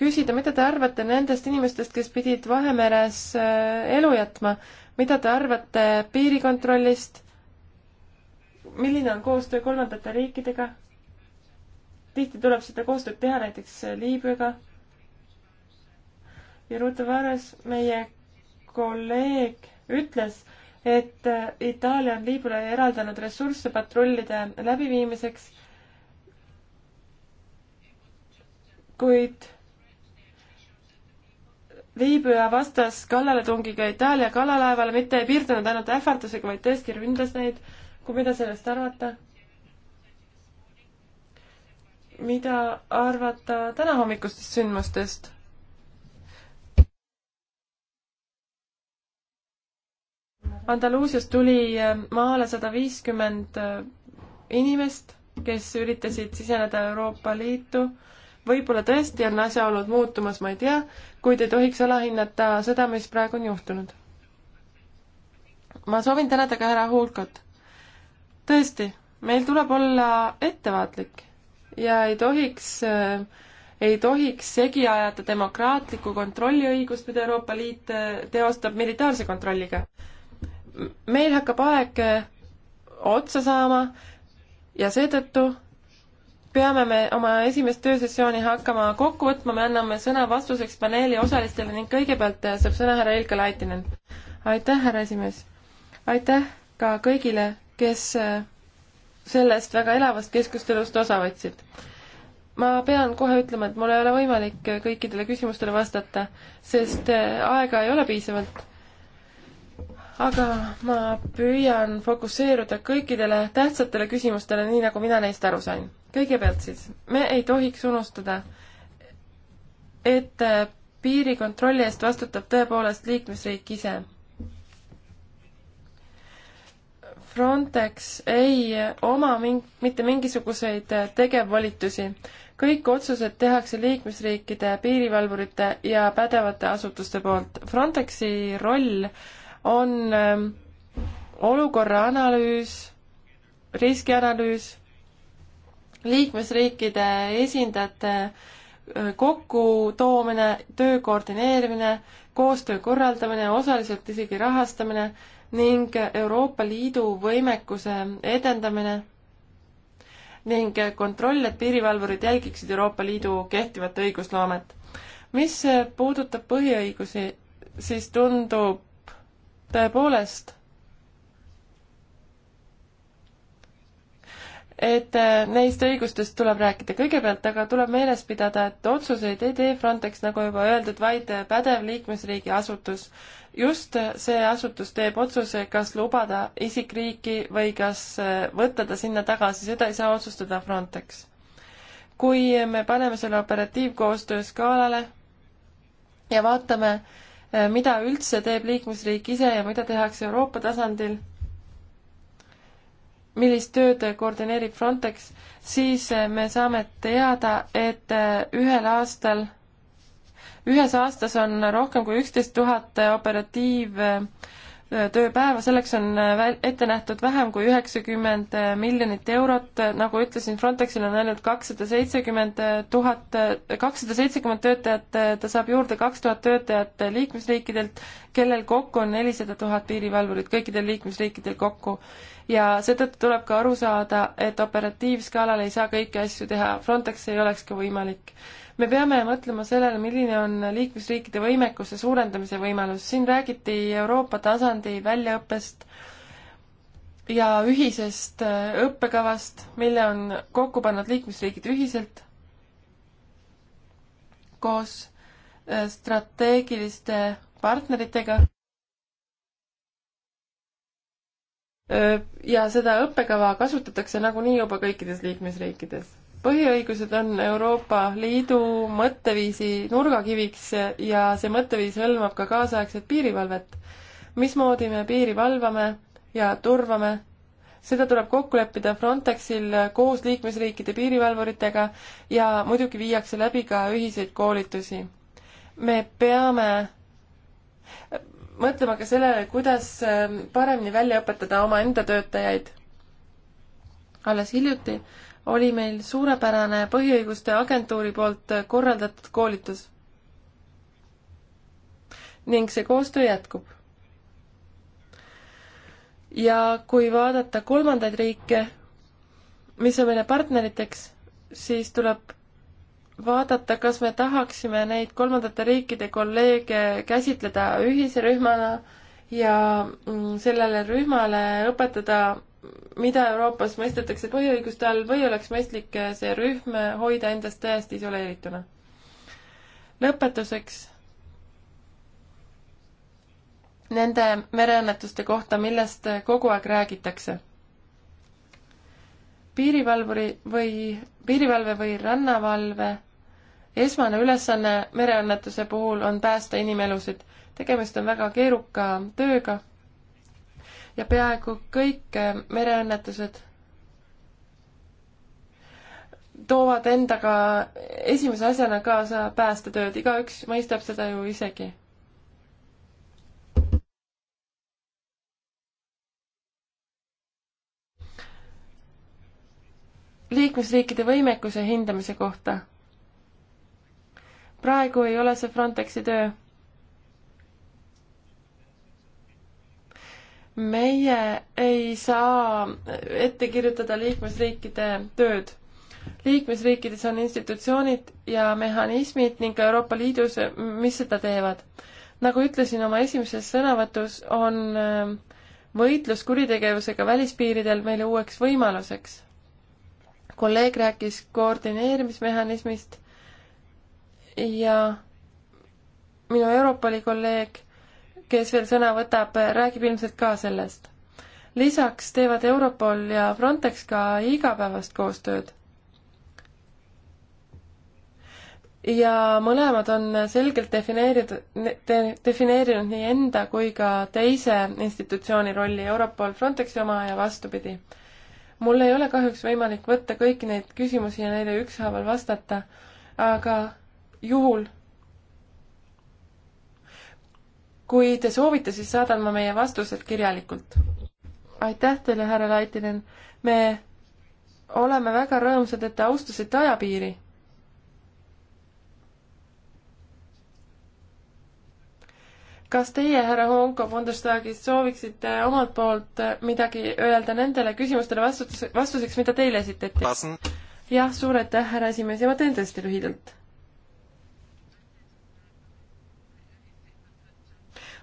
Speaker 3: küsida, mida te arvate nendest inimestest, kes pidid Vahemeres äh, elu jätma, mida te arvate piirikontrollist, milline on koostöö kolmandate riikidega? tihti tuleb seda koostööd teha näiteks äh, Liibüaga. ja Ruta Vares, meie kolleeg, ütles, et Itaalia on Liibüale eraldanud ressursse patrullide läbiviimiseks, kuid Liibüa vastas kallaletungiga Itaalia kalalaevale, mitte ei piirdunud ainult ähvardusega, vaid tõesti ründas neid, kui mida sellest arvata? mida arvata tänahommikustest sündmustest? Andaluusias tuli äh, maale sada viiskümmend äh, inimest, kes üritasid siseneda Euroopa Liitu. võib-olla tõesti on asjaolud muutumas, ma ei tea, kuid ei tohiks alahinnata seda, mis praegu on juhtunud. ma soovin tänada ka härra Hulkot. tõesti, meil tuleb olla ettevaatlik ja ei tohiks äh, ei tohiks segi ajada demokraatlikku kontrolliõigust, mida Euroopa Liit äh, teostab militaarse kontrolliga meil hakkab aeg äh, otsa saama ja seetõttu peame me oma esimest töösessiooni hakkama kokku võtma, me anname sõna vastuseks paneeli osalistele ning kõigepealt äh, saab sõna härra Ilka Laitinen. aitäh, härra esimees! aitäh ka kõigile, kes äh, sellest väga elavast keskustelust osa võtsid. ma pean kohe ütlema, et mul ei ole võimalik kõikidele küsimustele vastata, sest aega ei ole piisavalt aga ma püüan fokusseeruda kõikidele tähtsatele küsimustele, nii nagu mina neist aru sain. kõigepealt siis, me ei tohiks unustada, et äh, piirikontrolli eest vastutab tõepoolest liikmesriik ise. Frontex ei oma ming-, mitte mingisuguseid äh, tegevvolitusi. kõik otsused tehakse liikmesriikide piirivalvurite ja pädevate asutuste poolt. Frontexi roll äh, on ähm, olukorra analüüs, riskianalüüs, liikmesriikide esindajate äh, kokkutoomine, töö koordineerimine, koostöö korraldamine, osaliselt isegi rahastamine ning Euroopa Liidu võimekuse edendamine ning kontroll, et piirivalvurid jälgiksid Euroopa Liidu kehtivat õigusloomet. mis puudutab põhiõigusi, siis tundub tõepoolest, et äh, neist õigustest tuleb rääkida kõigepealt, aga tuleb meeles pidada, et otsuseid ei tee Frontex, nagu juba öeldud, vaid pädev liikmesriigi asutus. just see asutus teeb otsuse, kas lubada isik riiki või kas äh, võtta ta sinna tagasi, seda ei saa otsustada Frontex. kui me paneme selle operatiivkoostöö skaalale ja vaatame, Äh, mida üldse teeb liikmesriik ise ja mida tehakse Euroopa tasandil, millist tööd koordineerib Frontex, siis äh, me saame teada, et äh, ühel aastal, ühes aastas on rohkem kui üksteist tuhat operatiiv tööpäeva, selleks on ette nähtud vähem kui üheksakümmend äh, miljonit eurot, äh, nagu ütlesin, Frontexil on ainult kakssada seitsekümmend äh, tuhat, kakssada seitsekümmend töötajat, ta saab juurde kaks tuhat töötajat liikmesriikidelt, kellel kokku on nelisada tuhat piirivalvurit, kõikidel liikmesriikidel kokku. ja seetõttu tuleb ka aru saada, et operatiivskaalal ei saa kõiki asju teha, Frontex ei oleks ka võimalik me peame mõtlema sellele, milline on liikmesriikide võimekuse suurendamise võimalus. siin räägiti Euroopa tasandi väljaõppest ja ühisest äh, õppekavast, mille on kokku pannud liikmesriigid ühiselt koos äh, strateegiliste partneritega. Äh, ja seda õppekava kasutatakse nagunii juba kõikides liikmesriikides põhiõigused on Euroopa Liidu mõtteviisi nurgakiviks ja see mõtteviis hõlmab ka kaasaegset piirivalvet. mismoodi me piiri valvame ja turvame, seda tuleb kokku leppida Frontexil koos liikmesriikide piirivalvuritega ja muidugi viiakse läbi ka ühiseid koolitusi. me peame mõtlema ka sellele, kuidas paremini välja õpetada omaenda töötajaid. alles hiljuti äh, oli meil suurepärane Põhiõiguste Agentuuri poolt korraldatud koolitus. ning see koostöö jätkub. ja kui vaadata kolmandaid riike, mis on meile partneriteks, siis tuleb vaadata, kas me tahaksime neid kolmandate riikide kolleege käsitleda ühise rühmana ja mm, sellele rühmale õpetada mida Euroopas mõistetakse põhiõiguste all või oleks mõistlik äh, see rühm äh, hoida endast täiesti isoleerituna. lõpetuseks nende mereõnnetuste kohta, millest äh, kogu aeg räägitakse. piirivalvuri või, piirivalve või rannavalve esmane ülesanne mereõnnetuse puhul on päästa inimelusid. tegemist on väga keeruka tööga ja peaaegu kõik eh, mereõnnetused toovad endaga esimese asjana kaasa päästetööd, igaüks mõistab seda ju isegi. liikmesriikide võimekuse hindamise kohta. praegu ei ole see Frontexi töö meie ei saa ette kirjutada liikmesriikide tööd. liikmesriikides on institutsioonid ja mehhanismid ning ka Euroopa Liidus, mis seda teevad. nagu ütlesin oma esimeses sõnavõtus, on äh, võitlus kuritegevusega välispiiridel meile uueks võimaluseks. kolleeg rääkis koordineerimismehhanismist ja minu Europoli kolleeg kes veel sõna võtab, räägib ilmselt ka sellest. lisaks teevad Europol ja Frontex ka igapäevast koostööd. ja mõlemad on selgelt defineeritud de,, defineerinud nii enda kui ka teise institutsiooni rolli, Europol Frontexi oma ja vastupidi. mul ei ole kahjuks võimalik võtta kõiki neid küsimusi ja neile ükshaaval vastata, aga juhul, kui te soovite, siis saadan ma meie vastused kirjalikult. aitäh teile, härra Laitinen. me oleme väga rõõmsad, et te austasite ajapiiri. kas teie, härra Honko Bundestagist, sooviksite omalt poolt midagi öelda nendele küsimustele vastuseks, vastuseks, mida teile esitati? jah, suur aitäh, härra esimees, ja ma teen tõesti lühidalt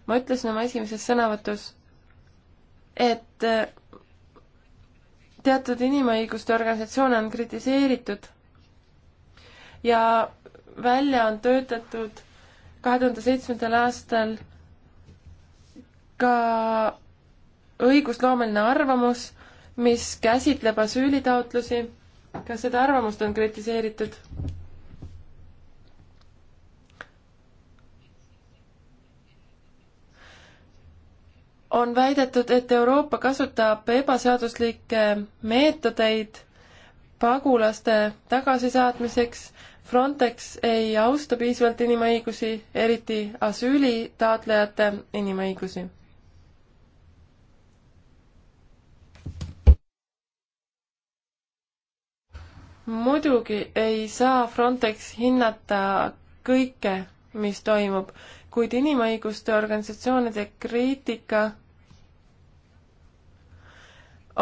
Speaker 3: ma ütlesin oma esimeses sõnavõtus, et eh, teatud inimõiguste organisatsioone on kritiseeritud ja välja on töötatud kahe tuhande seitsmendal aastal ka õigusloomeline arvamus, mis käsitleb asüülitaotlusi. ka seda arvamust on kritiseeritud on väidetud, et Euroopa kasutab ebaseaduslikke meetodeid pagulaste tagasisaatmiseks, Frontex ei austa piisavalt inimõigusi, eriti asüülitaotlejate inimõigusi muidugi ei saa Frontex hinnata kõike, mis toimub kuid inimõiguste organisatsioonide kriitika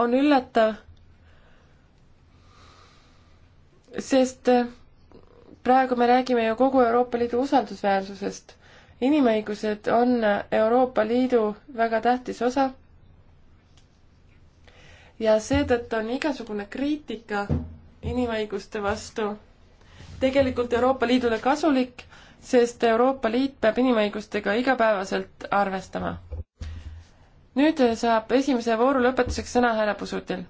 Speaker 3: on üllatav, sest praegu me räägime ju kogu Euroopa Liidu usaldusväärsusest. inimõigused on Euroopa Liidu väga tähtis osa ja seetõttu on igasugune kriitika inimõiguste vastu tegelikult Euroopa Liidule kasulik sest Euroopa Liit peab inimõigustega igapäevaselt arvestama. nüüd saab esimese vooru lõpetuseks sõna härra Pusutil.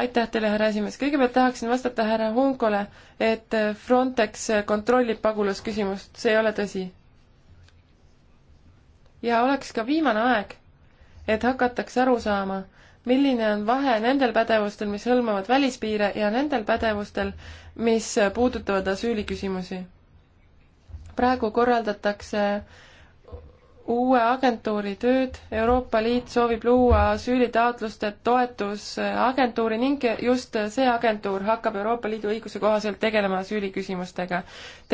Speaker 3: aitäh teile, härra esimees, kõigepealt tahaksin vastata härra Hunkole, et Frontex kontrollib pagulasküsimust, see ei ole tõsi. ja oleks ka viimane aeg, et hakataks aru saama, milline on vahe nendel pädevustel, mis hõlmavad välispiire ja nendel pädevustel, mis puudutavad asüüliküsimusi praegu korraldatakse uue agentuuri tööd, Euroopa Liit soovib luua asüülitaotluste toetusagentuuri ning just see agentuur hakkab Euroopa Liidu õiguse kohaselt tegelema asüüliküsimustega.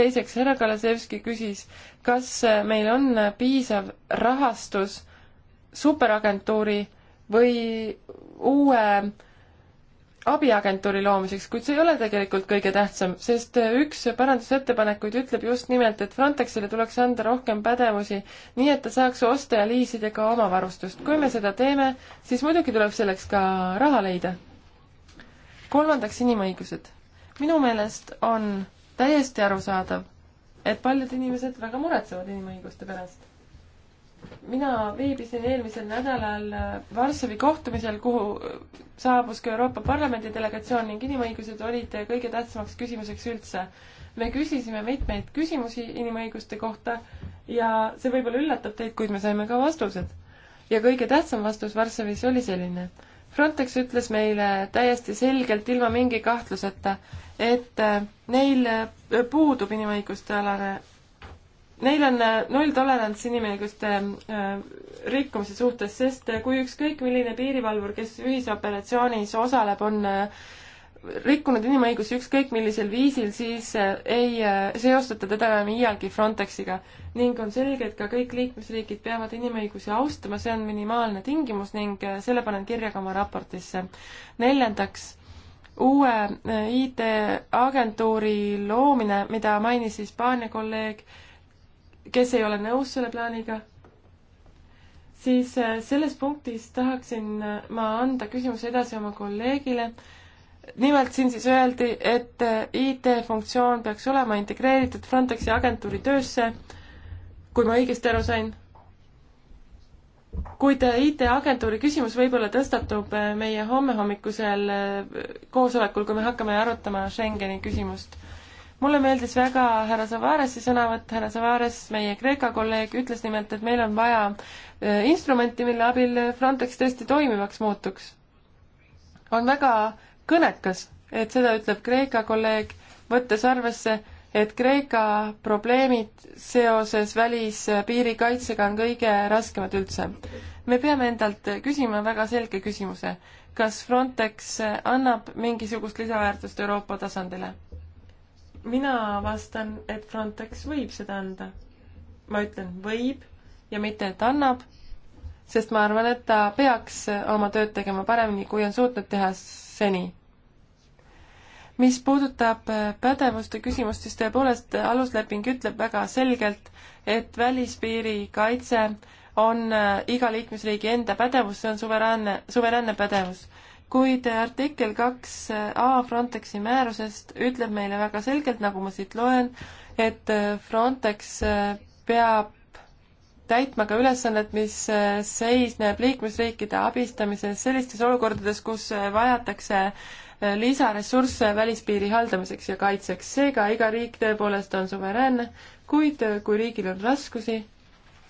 Speaker 3: teiseks, härra Kalasevski küsis, kas meil on piisav rahastus superagentuuri või uue abiagentuuri loomiseks, kuid see ei ole tegelikult kõige tähtsam, sest üks parandusettepanekuid ütleb just nimelt, et Frontexile tuleks anda rohkem pädevusi, nii et ta saaks osta ja liisida ka oma varustust. kui me seda teeme, siis muidugi tuleb selleks ka raha leida. kolmandaks, inimõigused. minu meelest on täiesti arusaadav, et paljud inimesed väga muretsevad inimõiguste pärast mina viibisin eelmisel nädalal äh, Varssavi kohtumisel, kuhu äh, saabus ka Euroopa Parlamendi delegatsioon ning inimõigused olid äh, kõige tähtsamaks küsimuseks üldse. me küsisime mitmeid küsimusi inimõiguste kohta ja see võib-olla üllatab teid, kuid me saime ka vastused. ja kõige tähtsam vastus Varssavis oli selline. Frontex ütles meile täiesti selgelt, ilma mingi kahtluseta, et neil puudub inimõiguste alane neil on äh, nulltolerants inimõiguste äh, rikkumise suhtes, sest äh, kui ükskõik milline piirivalvur, kes ühisoperatsioonis osaleb, on rikkunud inimõigusi ükskõik millisel viisil, siis ei seostata teda enam iialgi Frontexiga. ning on selge, et ka kõik liikmesriigid peavad inimõigusi austama, see on minimaalne tingimus ning selle panen kirja ka oma raportisse. neljandaks, uue IT-agentuuri loomine, mida mainis Hispaania kolleeg kes ei ole nõus selle plaaniga, siis äh, selles punktis tahaksin äh, ma anda küsimuse edasi oma kolleegile. nimelt siin siis öeldi, et äh, IT-funktsioon peaks olema integreeritud Frontexi agentuuri töösse, kui ma õigesti aru sain. kuid IT-agentuuri küsimus võib-olla tõstatub meie hommehommikusel koosolekul, kui me hakkame arutama Schengeni küsimust mulle meeldis väga härra Savaresi sõnavõtt, härra Savares, meie Kreeka kolleeg, ütles nimelt, et meil on vaja e, instrumenti, mille abil Frontex tõesti toimivaks muutuks. on väga kõnekas, et seda ütleb Kreeka kolleeg, võttes arvesse, et Kreeka probleemid seoses välispiiri kaitsega on kõige raskemad üldse. me peame endalt küsima väga selge küsimuse, kas Frontex annab mingisugust lisaväärtust Euroopa tasandile mina vastan, et Frontex võib seda anda. ma ütlen võib ja mitte, et annab, sest ma arvan, et ta peaks oma tööd tegema paremini, kui on suutnud teha seni. mis puudutab pädevuste küsimust, siis tõepoolest alusleping ütleb väga selgelt, et välispiiri kaitse on iga liikmesriigi enda pädevus, see on suveräänne, suveräänne pädevus kuid artikkel kaks A Frontexi määrusest ütleb meile väga selgelt, nagu ma siit loen, et Frontex peab täitma ka ülesannet, mis seisneb liikmesriikide abistamises sellistes olukordades, kus vajatakse lisaressursse välispiiri haldamiseks ja kaitseks. seega iga riik tõepoolest on suveräänne, kuid kui riigil on raskusi,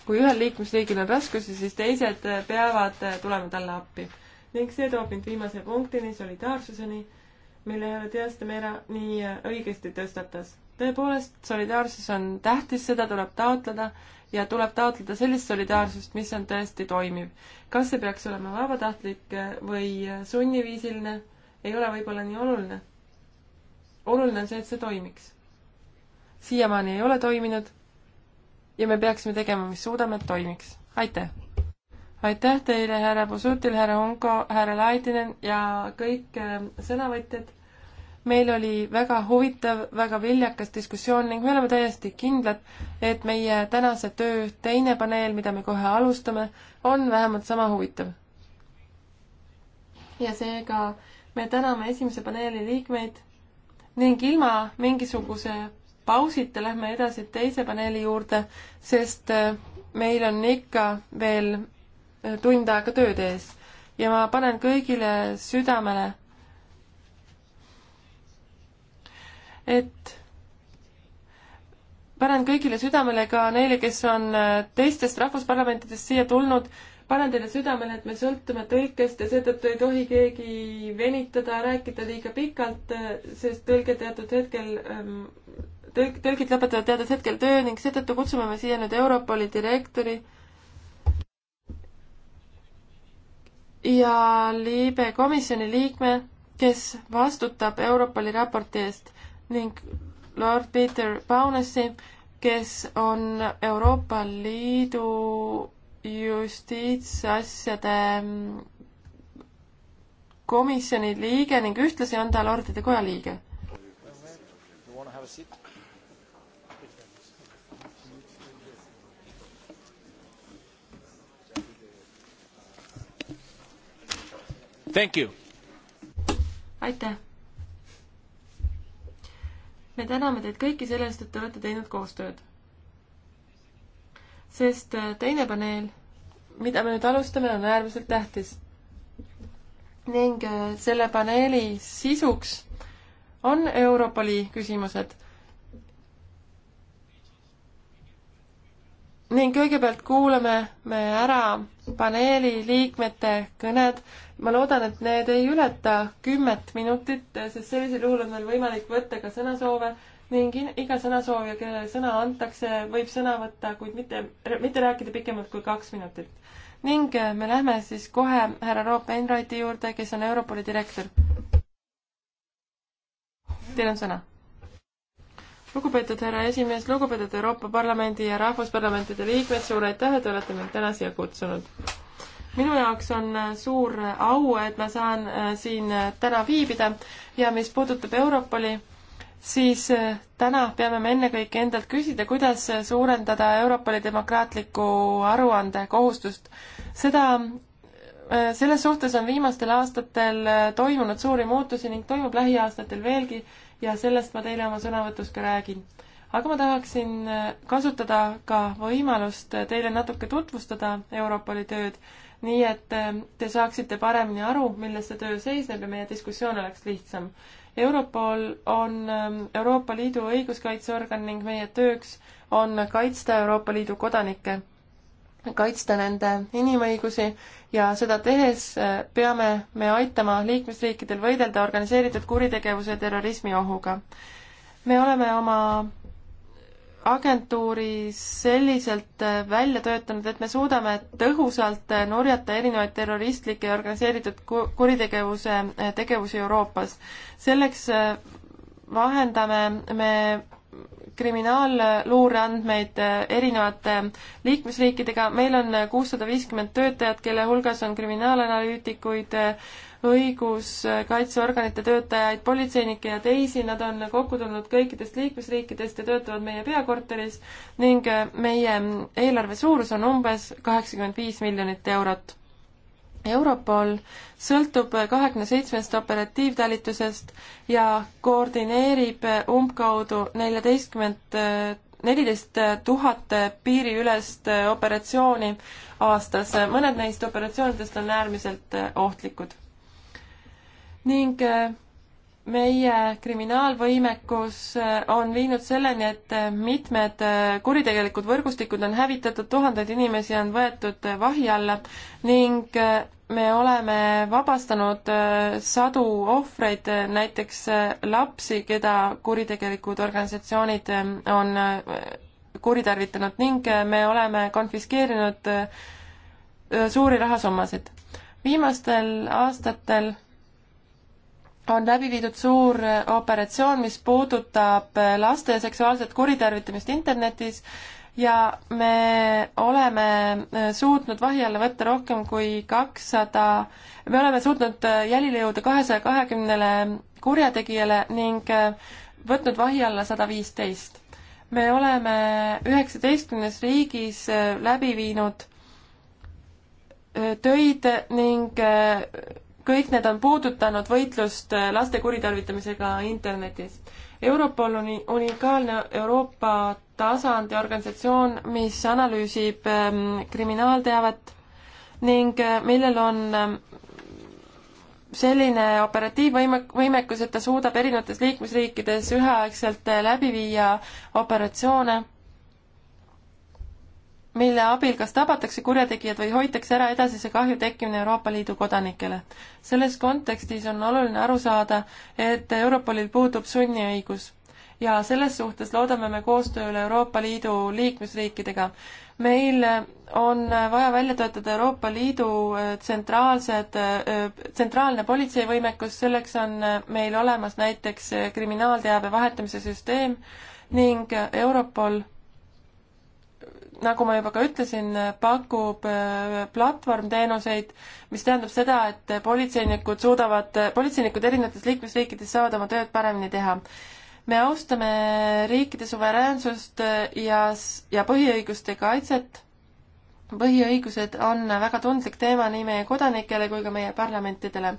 Speaker 3: kui ühel liikmesriigil on raskusi, siis teised peavad tulema talle appi ning see toob mind viimase punktini, solidaarsuseni, mille härra Diastemera nii äh, õigesti tõstatas. tõepoolest, solidaarsus on tähtis, seda tuleb taotleda ja tuleb taotleda sellist solidaarsust, mis on tõesti toimiv. kas see peaks olema vabatahtlik äh, või äh, sunniviisiline, ei ole võib-olla nii oluline. oluline on see, et see toimiks. siiamaani ei ole toiminud ja me peaksime tegema, mis suudame, et toimiks. aitäh! aitäh teile, härra Posutil, härra Honko, härra Laidinen ja kõik ähm, sõnavõtjad. meil oli väga huvitav, väga viljakas diskussioon ning me oleme täiesti kindlad, et meie tänase töö teine paneel, mida me kohe alustame, on vähemalt sama huvitav. ja seega me täname esimese paneeli liikmeid ning ilma mingisuguse pausita lähme edasi teise paneeli juurde, sest äh, meil on ikka veel tund aega tööd ees ja ma panen kõigile südamele, et panen kõigile südamele ka neile, kes on äh, teistest rahvusparlamentidest siia tulnud, panen teile südamele, et me sõltume tõlkest ja seetõttu ei tohi keegi venitada, rääkida liiga pikalt, äh, sest tõlge teatud hetkel, ähm, tõlk, tõlgid lõpetavad teatud hetkel töö ning seetõttu kutsume me siia nüüd Europoli direktori ja Liibe komisjoni liikme, kes vastutab Europoli raporti eest ning Lord Peter Bownesi, kes on Euroopa Liidu justiitsasjade mm, komisjoni liige ning ühtlasi on ta Lordide Koja liige. aitäh! me täname teid kõiki selle eest, et te olete teinud koostööd. sest äh, teine paneel, mida me nüüd alustame, on äärmiselt tähtis. ning äh, selle paneeli sisuks on Europoli küsimused ning kõigepealt kuulame me ära paneeli liikmete kõned. ma loodan, et need ei ületa kümmet minutit, sest sellisel juhul on meil võimalik võtta ka sõnasoove ning iga sõnasoovija, kellele sõna antakse, võib sõna võtta, kuid mitte, mitte rääkida pikemalt kui kaks minutit. ning me lähme siis kohe härra Roop Enrighti juurde, kes on Europoli direktor. Teil on sõna lugupeetud härra esimees, lugupeetud Euroopa Parlamendi ja Rahvusparlamentide liikmed, suur aitäh, et olete mind täna siia kutsunud. minu jaoks on äh, suur äh, au, et ma saan äh, siin täna viibida ja mis puudutab Europoli, siis täna peame me ennekõike endalt küsida, kuidas suurendada Europoli demokraatlikku aruandekohustust. seda selles suhtes on viimastel aastatel toimunud suuri muutusi ning toimub lähiaastatel veelgi ja sellest ma teile oma sõnavõtus ka räägin. aga ma tahaksin äh, kasutada ka võimalust äh, teile natuke tutvustada Europoli tööd, nii et äh, te saaksite paremini aru, milles see töö seisneb ja meie diskussioon oleks lihtsam. Europol on ähm, Euroopa Liidu õiguskaitseorgan ning meie tööks on kaitsta Euroopa Liidu kodanikke kaitsta nende inimõigusi ja seda tehes äh, peame me aitama liikmesriikidel võidelda organiseeritud kuritegevuse ja terrorismi ohuga. me oleme oma agentuuri selliselt äh, välja töötanud, et me suudame tõhusalt äh, nurjata erinevaid terroristlikke ja organiseeritud kuritegevuse tegevusi Euroopas. selleks vahendame me kriminaalluureandmeid äh, erinevate liikmesriikidega, meil on äh, kuussada viiskümmend töötajat, kelle hulgas on kriminaalanalüütikuid, äh, õiguskaitseorganite töötajaid, politseinikke ja teisi, nad on kokku tulnud kõikidest liikmesriikidest ja töötavad meie peakorteris ning meie eelarve suurus on umbes kaheksakümmend viis miljonit eurot Europol sõltub kahekümne seitsmest operatiivtalitusest ja koordineerib umbkaudu neljateistkümmend, neliteist tuhat piiriülest operatsiooni aastas. mõned neist operatsioonidest on äärmiselt ohtlikud. ning meie kriminaalvõimekus on viinud selleni, et mitmed kuritegelikud võrgustikud on hävitatud, tuhandeid inimesi on võetud vahi alla ning me oleme vabastanud äh, sadu ohvreid, äh, näiteks äh, lapsi, keda kuritegelikud organisatsioonid ähm, on kuritarvitanud ning me oleme konfiskeerinud suuri rahasummasid. viimastel aastatel on läbi viidud suur operatsioon, mis puudutab laste seksuaalset kuritarvitamist internetis ja me oleme äh, suutnud vahi alla võtta rohkem kui kakssada, me oleme suutnud äh, jälile jõuda kahesaja kahekümnele kurjategijale ning äh, võtnud vahi alla sada viisteist. me oleme üheksateistkümnes riigis läbi viinud töid ning kõik need on puudutanud võitlust laste kuritarvitamisega internetis. Europol on unikaalne Euroopa tasandi organisatsioon, mis analüüsib ähm, kriminaalteavet ning äh, millel on ähm, selline operatiivvõimekus, et ta suudab erinevates liikmesriikides üheaegselt äh, läbi viia operatsioone, mille abil kas tabatakse kurjategijad või hoitakse ära edasise kahju tekkimine Euroopa Liidu kodanikele. selles kontekstis on oluline aru saada, et Europolil puudub sunniõigus ja selles suhtes loodame me koostööle Euroopa Liidu liikmesriikidega. meil on vaja välja töötada Euroopa Liidu äh, tsentraalsed, äh, tsentraalne politseivõimekus, selleks on äh, meil olemas näiteks kriminaalteabe vahetamise süsteem ning Europol nagu ma juba ka ütlesin, pakub platvormteenuseid, mis tähendab seda, et politseinikud suudavad, politseinikud erinevates liikmesriikides saavad oma tööd paremini teha me austame riikide suveräänsust ja, ja põhiõiguste kaitset. põhiõigused on väga tundlik teema nii meie kodanikele kui ka meie parlamentidele.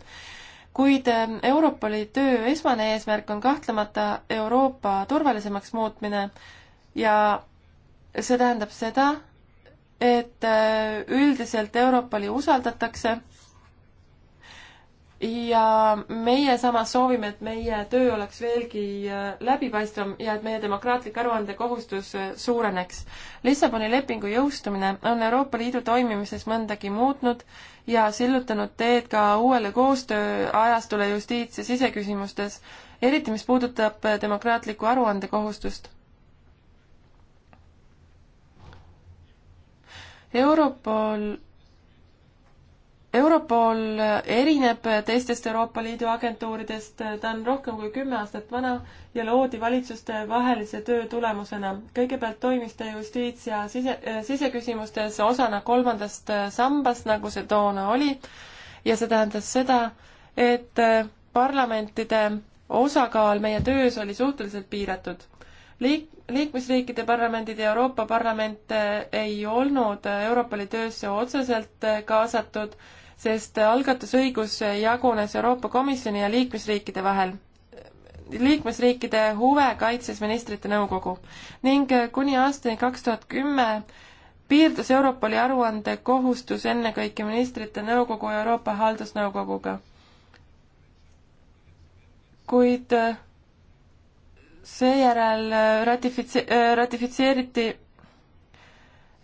Speaker 3: kuid ehm, Europoli töö esmane eesmärk on kahtlemata Euroopa turvalisemaks muutmine ja see tähendab seda, et ehm, üldiselt Europoli usaldatakse ja meie samas soovime, et meie töö oleks veelgi äh, läbipaistvam ja et meie demokraatlik aruandekohustus äh, suureneks. Lissaboni lepingu jõustumine on Euroopa Liidu toimimises mõndagi muutnud ja sillutanud teed ka uuele koostööajastule justiits- ja siseküsimustes, eriti mis puudutab äh, demokraatlikku aruandekohustust. Europol Europol erineb teistest Euroopa Liidu agentuuridest, ta on rohkem kui kümme aastat vana ja loodi valitsuste vahelise töö tulemusena. kõigepealt toimis ta justiits- ja sise, siseküsimustes osana kolmandast sambast, nagu see toona oli, ja see tähendas seda, et parlamentide osakaal meie töös oli suhteliselt piiratud. liik-, liikmesriikide parlamendid ja Euroopa Parlament ei olnud Europoli töösse otseselt kaasatud sest algatusõigus jagunes Euroopa Komisjoni ja liikmesriikide vahel. liikmesriikide huve kaitses ministrite nõukogu ning kuni aastani kaks tuhat kümme piirdus Europoli aruande kohustus ennekõike ministrite nõukogu ja Euroopa Haldusnõukoguga. kuid äh, seejärel ratifitse-, äh, ratifitseeriti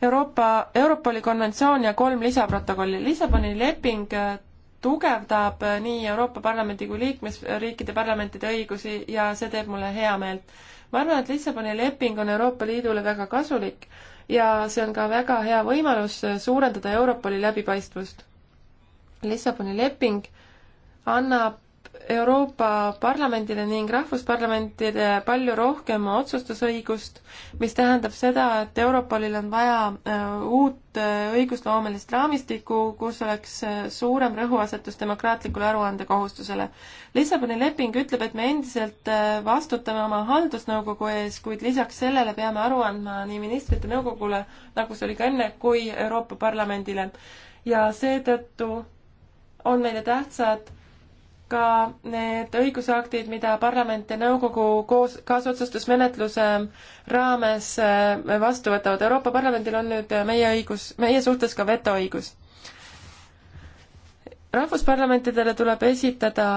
Speaker 3: Euroopa, Europoli konventsioon ja kolm lisaprotokolli. Lissaboni leping äh, tugevdab äh, nii Euroopa Parlamendi kui liikmesriikide parlamentide õigusi ja see teeb mulle hea meelt. ma arvan, et Lissaboni leping on Euroopa Liidule väga kasulik ja see on ka väga hea võimalus äh, suurendada Europoli läbipaistvust. Lissaboni leping annab Euroopa Parlamendile ning rahvusparlamentidele palju rohkem otsustusõigust, mis tähendab seda, et Europolil on vaja äh, uut äh, õigusloomelist raamistikku, kus oleks äh, suurem rõhuasetus demokraatlikule aruandekohustusele. Lissaboni leping ütleb, et me endiselt vastutame oma haldusnõukogu ees, kuid lisaks sellele peame aru andma nii ministrite nõukogule, nagu see oli ka enne, kui Euroopa Parlamendile. ja seetõttu on meile tähtsad ka need õigusaktid, mida parlament ja nõukogu koos, kaasotsustusmenetluse raames äh, vastu võtavad. Euroopa Parlamendil on nüüd meie õigus, meie suhtes ka vetoõigus. rahvusparlamentidele tuleb esitada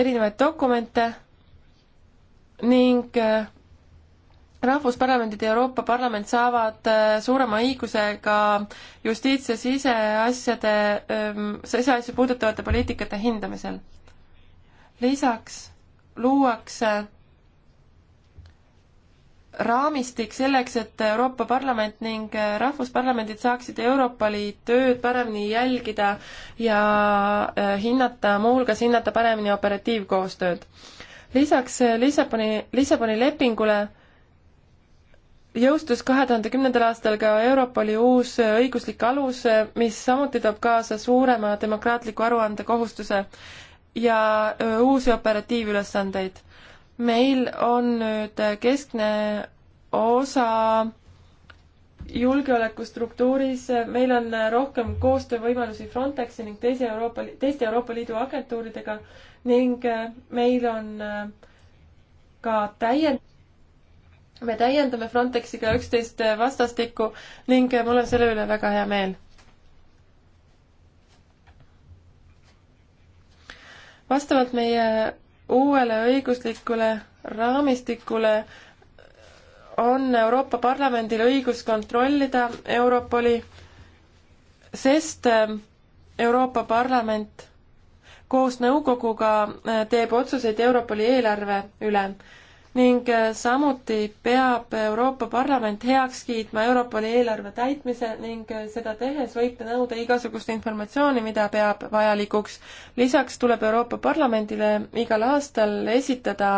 Speaker 3: erinevaid dokumente ning äh, rahvusparlamendid ja Euroopa Parlament saavad äh, suurema õigusega justiits- ja siseasjade, ähm, siseasju puudutavate poliitikate hindamisel lisaks luuakse raamistik selleks, et Euroopa Parlament ning rahvusparlamendid saaksid Euroopa Liidu tööd paremini jälgida ja äh, hinnata, muuhulgas hinnata paremini operatiivkoostööd. lisaks äh, Lissaboni, Lissaboni lepingule jõustus kahe tuhande kümnendal aastal ka Europoli uus äh, õiguslik alus, mis samuti toob kaasa suurema demokraatliku aruande kohustuse ja uusi operatiivülesandeid. meil on nüüd keskne osa julgeolekustruktuuris, meil on rohkem koostöövõimalusi Frontexi ning teise Euroopa, teiste Euroopa Liidu agentuuridega ning meil on ka täiend-, me täiendame Frontexiga üksteist vastastikku ning mul on selle üle väga hea meel vastavalt meie uuele õiguslikule raamistikule on Euroopa Parlamendil õigus kontrollida Europoli, sest ähm, Euroopa Parlament koos nõukoguga äh, teeb otsuseid Europoli eelarve üle ning äh, samuti peab Euroopa Parlament heaks kiitma Europoli eelarve täitmise ning äh, seda tehes võib ta nõuda igasugust informatsiooni, mida peab vajalikuks. lisaks tuleb Euroopa Parlamendile igal aastal esitada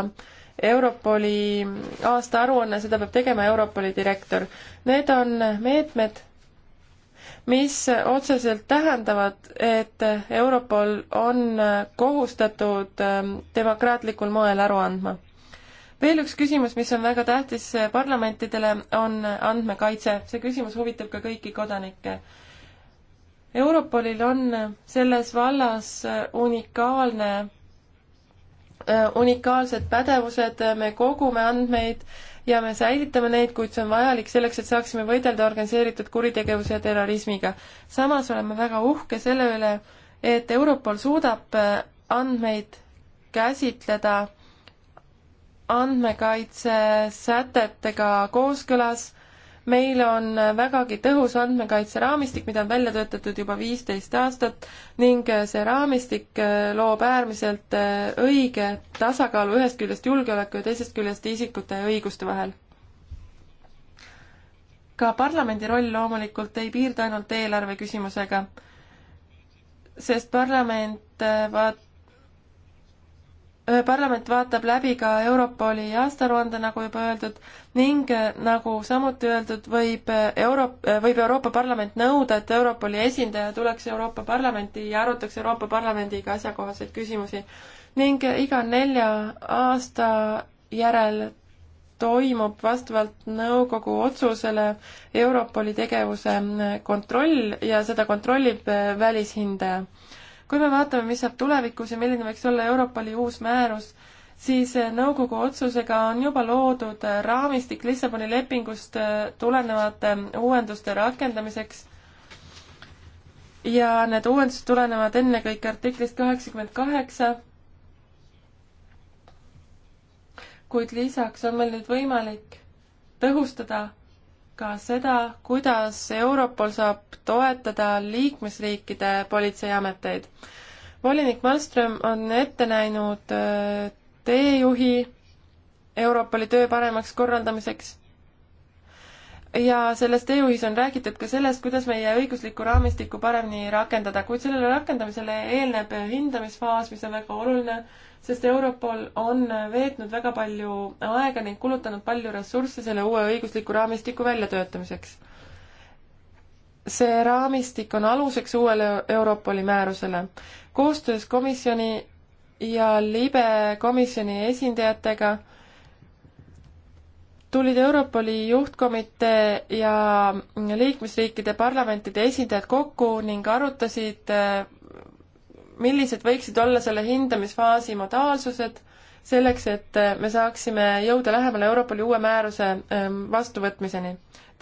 Speaker 3: Europoli aastaaruanne, seda peab tegema Europoli direktor. Need on meetmed, mis otseselt tähendavad, et Europol on kohustatud äh, demokraatlikul moel aru andma veel üks küsimus, mis on väga tähtis eh, parlamentidele, on andmekaitse. see küsimus huvitab ka kõiki kodanikke. Europolil on selles vallas eh, unikaalne, eh, unikaalsed pädevused, me kogume andmeid ja me säilitame neid, kuid see on vajalik selleks, et saaksime võidelda organiseeritud kuritegevuse ja terrorismiga. samas oleme väga uhke selle üle, et Europol suudab andmeid käsitleda andmekaitsesätetega kooskõlas. meil on vägagi tõhus andmekaitseraamistik, mida on välja töötatud juba viisteist aastat ning see raamistik äh, loob äärmiselt äh, õige tasakaalu ühest küljest julgeoleku ja teisest küljest isikute õiguste vahel ka parlamendi roll loomulikult ei piirdu ainult eelarve küsimusega, sest parlament äh, vaat-, parlament vaatab läbi ka Europoli aastaruande, nagu juba öeldud, ning nagu samuti öeldud, võib Euro-, võib Euroopa Parlament nõuda, et Europoli esindaja tuleks Euroopa Parlamenti ja arutaks Euroopa Parlamendiga asjakohaseid küsimusi. ning iga nelja aasta järel toimub vastavalt nõukogu otsusele Europoli tegevuse kontroll ja seda kontrollib välishindaja kui me vaatame, mis saab tulevikus ja milline võiks olla Euroopa Liidu uus määrus, siis eh, nõukogu otsusega on juba loodud eh, raamistik Lissaboni lepingust eh, tulenevate uuenduste rakendamiseks ja need uuendused tulenevad ennekõike artiklist kaheksakümmend kaheksa, kuid lisaks on meil nüüd võimalik tõhustada ka seda, kuidas Europol saab toetada liikmesriikide politseiameteid. volinik Malmström on ette näinud äh, teejuhi Europoli töö paremaks korraldamiseks ja selles tööjuhis e on räägitud ka sellest, kuidas meie õiguslikku raamistikku paremini rakendada, kuid sellele rakendamisele eelneb hindamisfaas, mis on väga oluline, sest Europol on veetnud väga palju aega ning kulutanud palju ressursse selle uue õigusliku raamistiku väljatöötamiseks. see raamistik on aluseks uuele Europoli määrusele. koostöös komisjoni ja libe komisjoni esindajatega äh, tulid Europoli juhtkomitee ja liikmesriikide parlamentide esindajad kokku ning arutasid, millised võiksid olla selle hindamisfaasi modaalsused, selleks, et me saaksime jõuda lähemale Europoli uue määruse ehm, vastuvõtmiseni.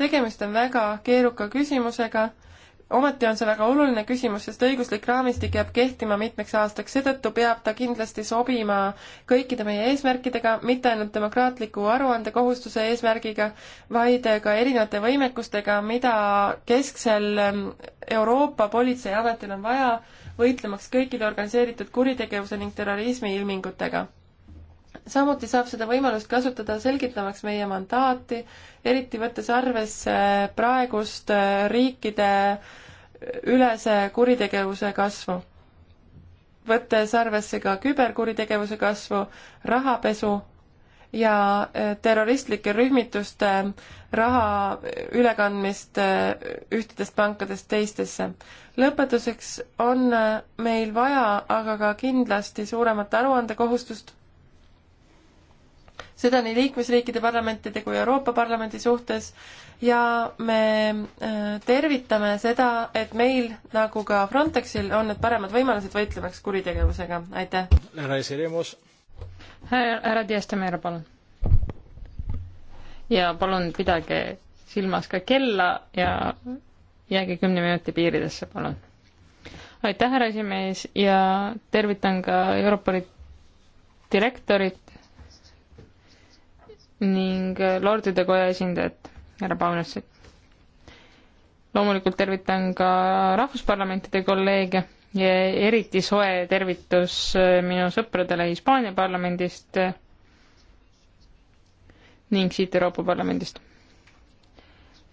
Speaker 3: tegemist on väga keeruka küsimusega ometi on see väga oluline küsimus, sest õiguslik raamistik jääb kehtima mitmeks aastaks, seetõttu peab ta kindlasti sobima kõikide meie eesmärkidega, mitte ainult demokraatliku aruandekohustuse eesmärgiga, vaid ka erinevate võimekustega, mida kesksel ähm, Euroopa Politseiametil on vaja, võitlemaks kõikide organiseeritud kuritegevuse ning terrorismi ilmingutega samuti saab seda võimalust kasutada selgitamaks meie mandaati, eriti võttes arvesse praegust äh, riikide äh, ülese kuritegevuse kasvu. võttes arvesse ka küberkuritegevuse kasvu, rahapesu ja äh, terroristlike rühmituste raha ülekandmist ühtedest pankadest teistesse. lõpetuseks on meil vaja aga ka kindlasti suuremat aruandekohustust seda nii liikmesriikide parlamentide kui Euroopa Parlamendi suhtes ja me äh, tervitame seda, et meil nagu ka Frontexil on need paremad võimalused võitlemaks kuritegevusega, aitäh. härra Diestamere, palun.
Speaker 4: ja palun pidage silmas ka kella ja jääge kümne minuti piiridesse, palun. aitäh, härra esimees ja tervitan ka Europoli direktorit ning Lordide Koja esindajat, härra Paunessit. loomulikult tervitan ka rahvusparlamentide kolleege ja eriti soe tervitus äh, minu sõpradele Hispaania parlamendist äh, ning siit Euroopa Parlamendist.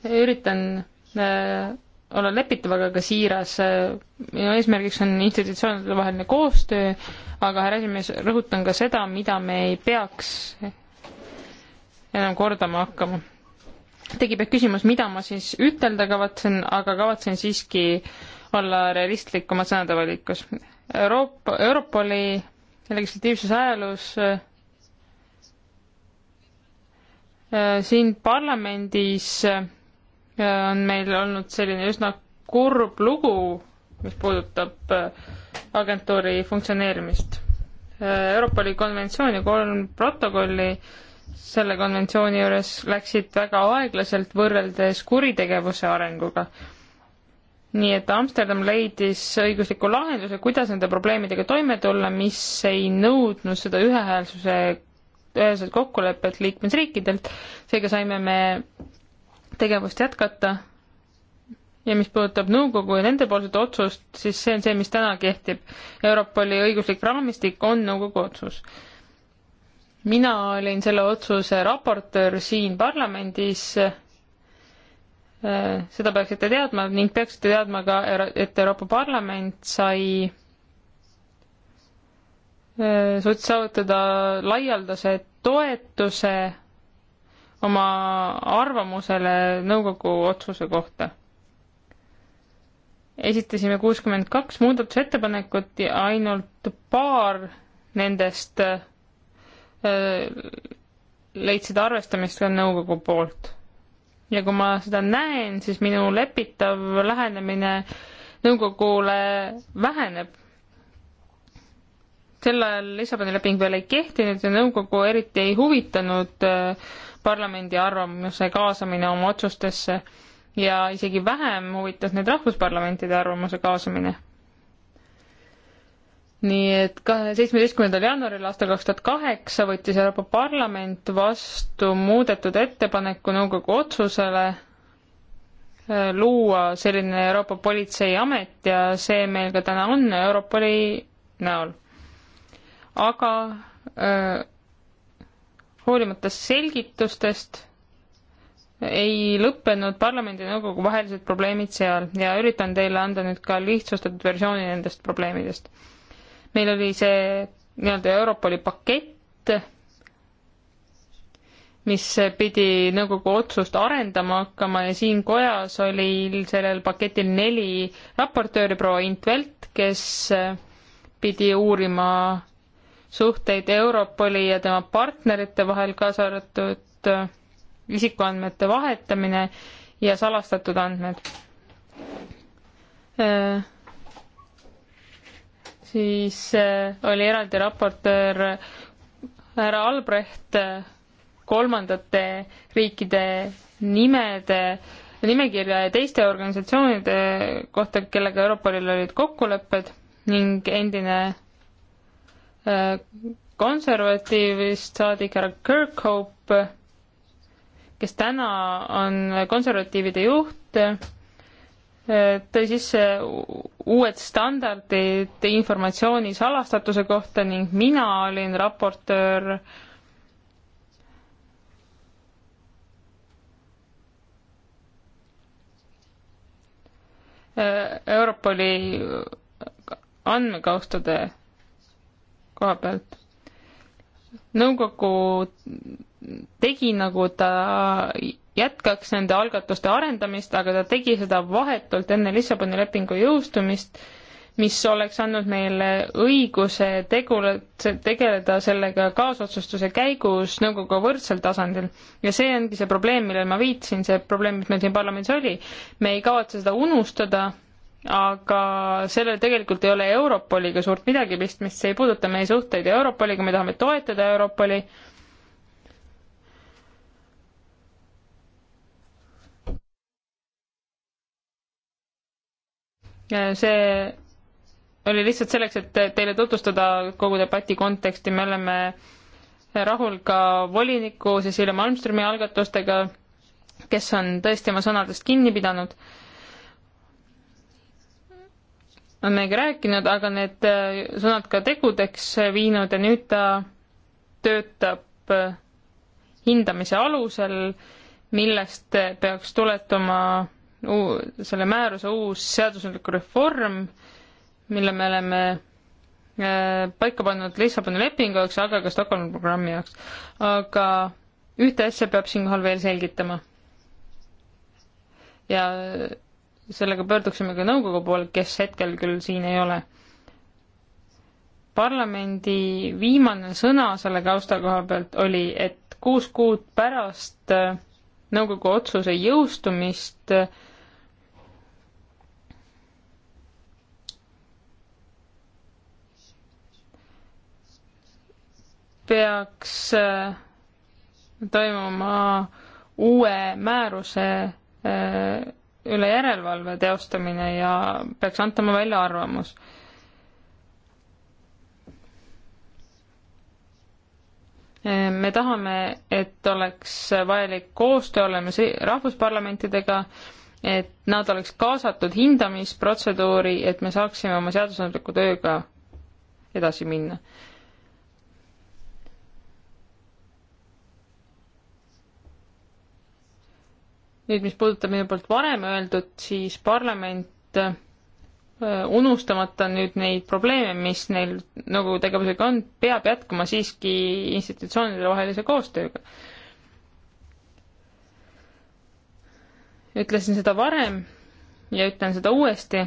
Speaker 4: üritan äh, olla lepitav, aga ka siiras äh,. minu eesmärgiks on institutsioonide vaheline koostöö, aga härra esimees, rõhutan ka seda, mida me ei peaks enam kordama hakkama. tekib ehk küsimus, mida ma siis ütelda kavatsen, aga kavatsen siiski olla realistlik oma sõnade valikus. Euroopa, Europoli legislatiivses ajaloos äh, siin parlamendis äh, on meil olnud selline üsna kurb lugu, mis puudutab äh, agentuuri funktsioneerimist. Europoli konventsioon ja kolm protokolli selle konventsiooni juures läksid väga aeglaselt võrreldes kuritegevuse arenguga. nii et Amsterdam leidis õigusliku lahenduse, kuidas nende probleemidega toime tulla, mis ei nõudnud seda ühehäälsuse, üheselt kokkulepet liikmesriikidelt, seega saime me tegevust jätkata ja mis puudutab nõukogu ja nendepoolset otsust, siis see on see, mis täna kehtib. Europoli õiguslik raamistik on nõukogu otsus mina olin selle otsuse raportöör siin parlamendis, seda peaksite teadma ning peaksite teadma ka, et Euroopa Parlament sai suutis saavutada laialdase toetuse oma arvamusele nõukogu otsuse kohta. esitasime kuuskümmend kaks muudatusettepanekut ja ainult paar nendest leidsid arvestamist ka nõukogu poolt. ja kui ma seda näen, siis minu lepitav lähenemine nõukogule väheneb. sel ajal Lissaboni leping veel ei kehtinud ja nõukogu eriti ei huvitanud parlamendi arvamuse kaasamine oma otsustesse ja isegi vähem huvitas neid rahvusparlamentide arvamuse kaasamine nii et kahe, seitsmeteistkümnendal jaanuaril aastal kaks tuhat kaheksa võttis Euroopa Parlament vastu muudetud ettepaneku nõukogu otsusele äh, luua selline Euroopa Politseiamet ja see meil ka täna on Europoli näol. aga äh, hoolimata selgitustest ei lõppenud parlamendi ja nõukogu vahelised probleemid seal ja üritan teile anda nüüd ka lihtsustatud versiooni nendest probleemidest meil oli see nii-öelda Europoli pakett, mis pidi nõukogu otsust arendama hakkama ja siin kojas oli sellel paketil neli raportööri, proua Int Velt, kes pidi uurima suhteid Europoli ja tema partnerite vahel, kaasa arvatud isikuandmete vahetamine ja salastatud andmed siis äh, oli eraldi raportöör äh, härra Albrecht äh, kolmandate riikide nimede nimekirja ja teiste organisatsioonide kohta, kellega Europolil olid kokkulepped ning endine konservatiivist saadik härra Kirkhope, kes täna on konservatiivide juht, tõi sisse uued standardid informatsiooni salastatuse kohta ning mina olin raportöör Europoli andmekaustade koha pealt. nõukogu tegi nagu ta jätkaks nende algatuste arendamist, aga ta tegi seda vahetult enne Lissaboni lepingu jõustumist, mis oleks andnud meile õiguse tegule, tegeleda sellega kaasotsustuse käigus nõukoguga võrdsel tasandil. ja see ongi see probleem, millele ma viitasin, see probleem, mis meil siin parlamendis oli. me ei kavatse seda unustada, aga sellel tegelikult ei ole Europoliga suurt midagi pistmist, see ei puuduta meie suhteid Europoliga, me tahame toetada Europoli, see oli lihtsalt selleks, et teile tutvustada kogu debati konteksti, me oleme rahul ka voliniku Cecilia Malmströmi algatustega, kes on tõesti oma sõnadest kinni pidanud. on meiega rääkinud, aga need sõnad ka tegudeks viinud ja nüüd ta töötab hindamise alusel, millest peaks tuletuma selle määruse uus seadusandlik reform, mille me oleme äh, paika pannud Lissaboni lepingu jaoks, aga ka Stockholmi programmi jaoks. aga ühte asja peab siinkohal veel selgitama. ja sellega pöörduksime ka nõukogu poole, kes hetkel küll siin ei ole. parlamendi viimane sõna selle tausta koha pealt oli, et kuus kuud pärast äh, nõukogu otsuse jõustumist äh, peaks äh, toimuma uue määruse äh, üle järelevalve teostamine ja peaks antama välja arvamus. Äh, me tahame, et oleks vajalik koostöö, oleme rahvusparlamentidega, et nad oleks kaasatud hindamisprotseduuri, et me saaksime oma seadusandliku tööga edasi minna nüüd, mis puudutab minu poolt varem öeldut, siis parlament äh, unustamata nüüd neid probleeme, mis neil nõukogu tegevusega on, peab jätkama siiski institutsioonide vahelise koostööga. ütlesin seda varem ja ütlen seda uuesti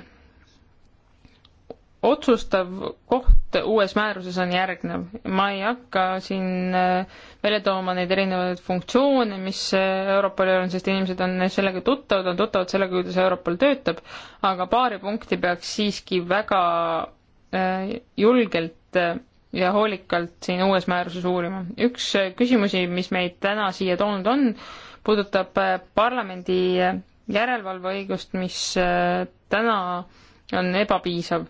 Speaker 4: otsustav koht uues määruses on järgnev. ma ei hakka siin äh, välja tooma neid erinevaid funktsioone, mis äh, Europolil on, sest inimesed on sellega tuttavad, on tuttavad sellega, kuidas Europol töötab, aga paari punkti peaks siiski väga äh, julgelt ja hoolikalt siin uues määruses uurima. üks küsimusi, mis meid täna siia toonud on, puudutab parlamendi järelevalveõigust, mis täna on ebapiisav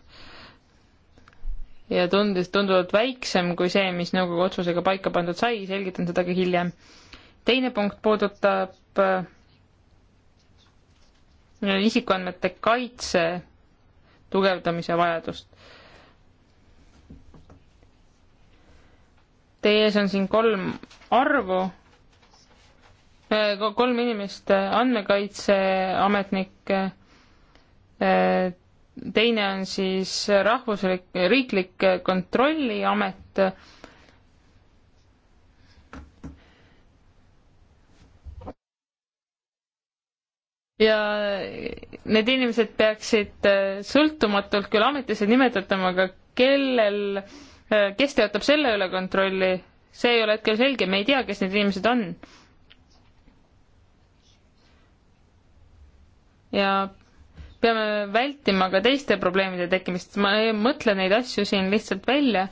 Speaker 4: ja tundus tunduvalt väiksem kui see, mis nõukogu otsusega paika pandud sai, selgitan seda ka hiljem. teine punkt puudutab äh, isikuandmete kaitse tugevdamise vajadust. Teie ees on siin kolm arvu, äh, kolm inimest, äh, andmekaitseametnik, teine on siis rahvuslik, riiklik kontrolliamet. ja need inimesed peaksid äh, sõltumatult küll ametisse nimetatama, aga kellel, äh, kes teatab selle üle kontrolli, see ei ole hetkel selge, me ei tea, kes need inimesed on. ja peame vältima ka teiste probleemide tekkimist, ma ei mõtle neid asju siin lihtsalt välja.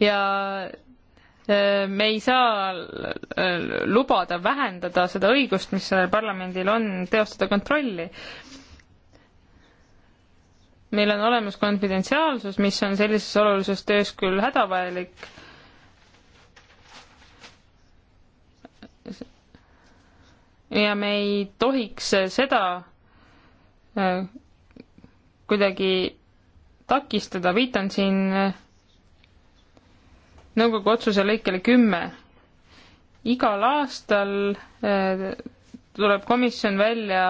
Speaker 4: ja äh, me ei saa äh, lubada vähendada seda õigust, mis sellel parlamendil on teostada kontrolli meil on olemas konfidentsiaalsus, mis on sellises olulises töös küll hädavajalik ja me ei tohiks seda äh, kuidagi takistada, viitan siin äh, nõukogu otsuse lõikele kümme. igal aastal äh, tuleb komisjon välja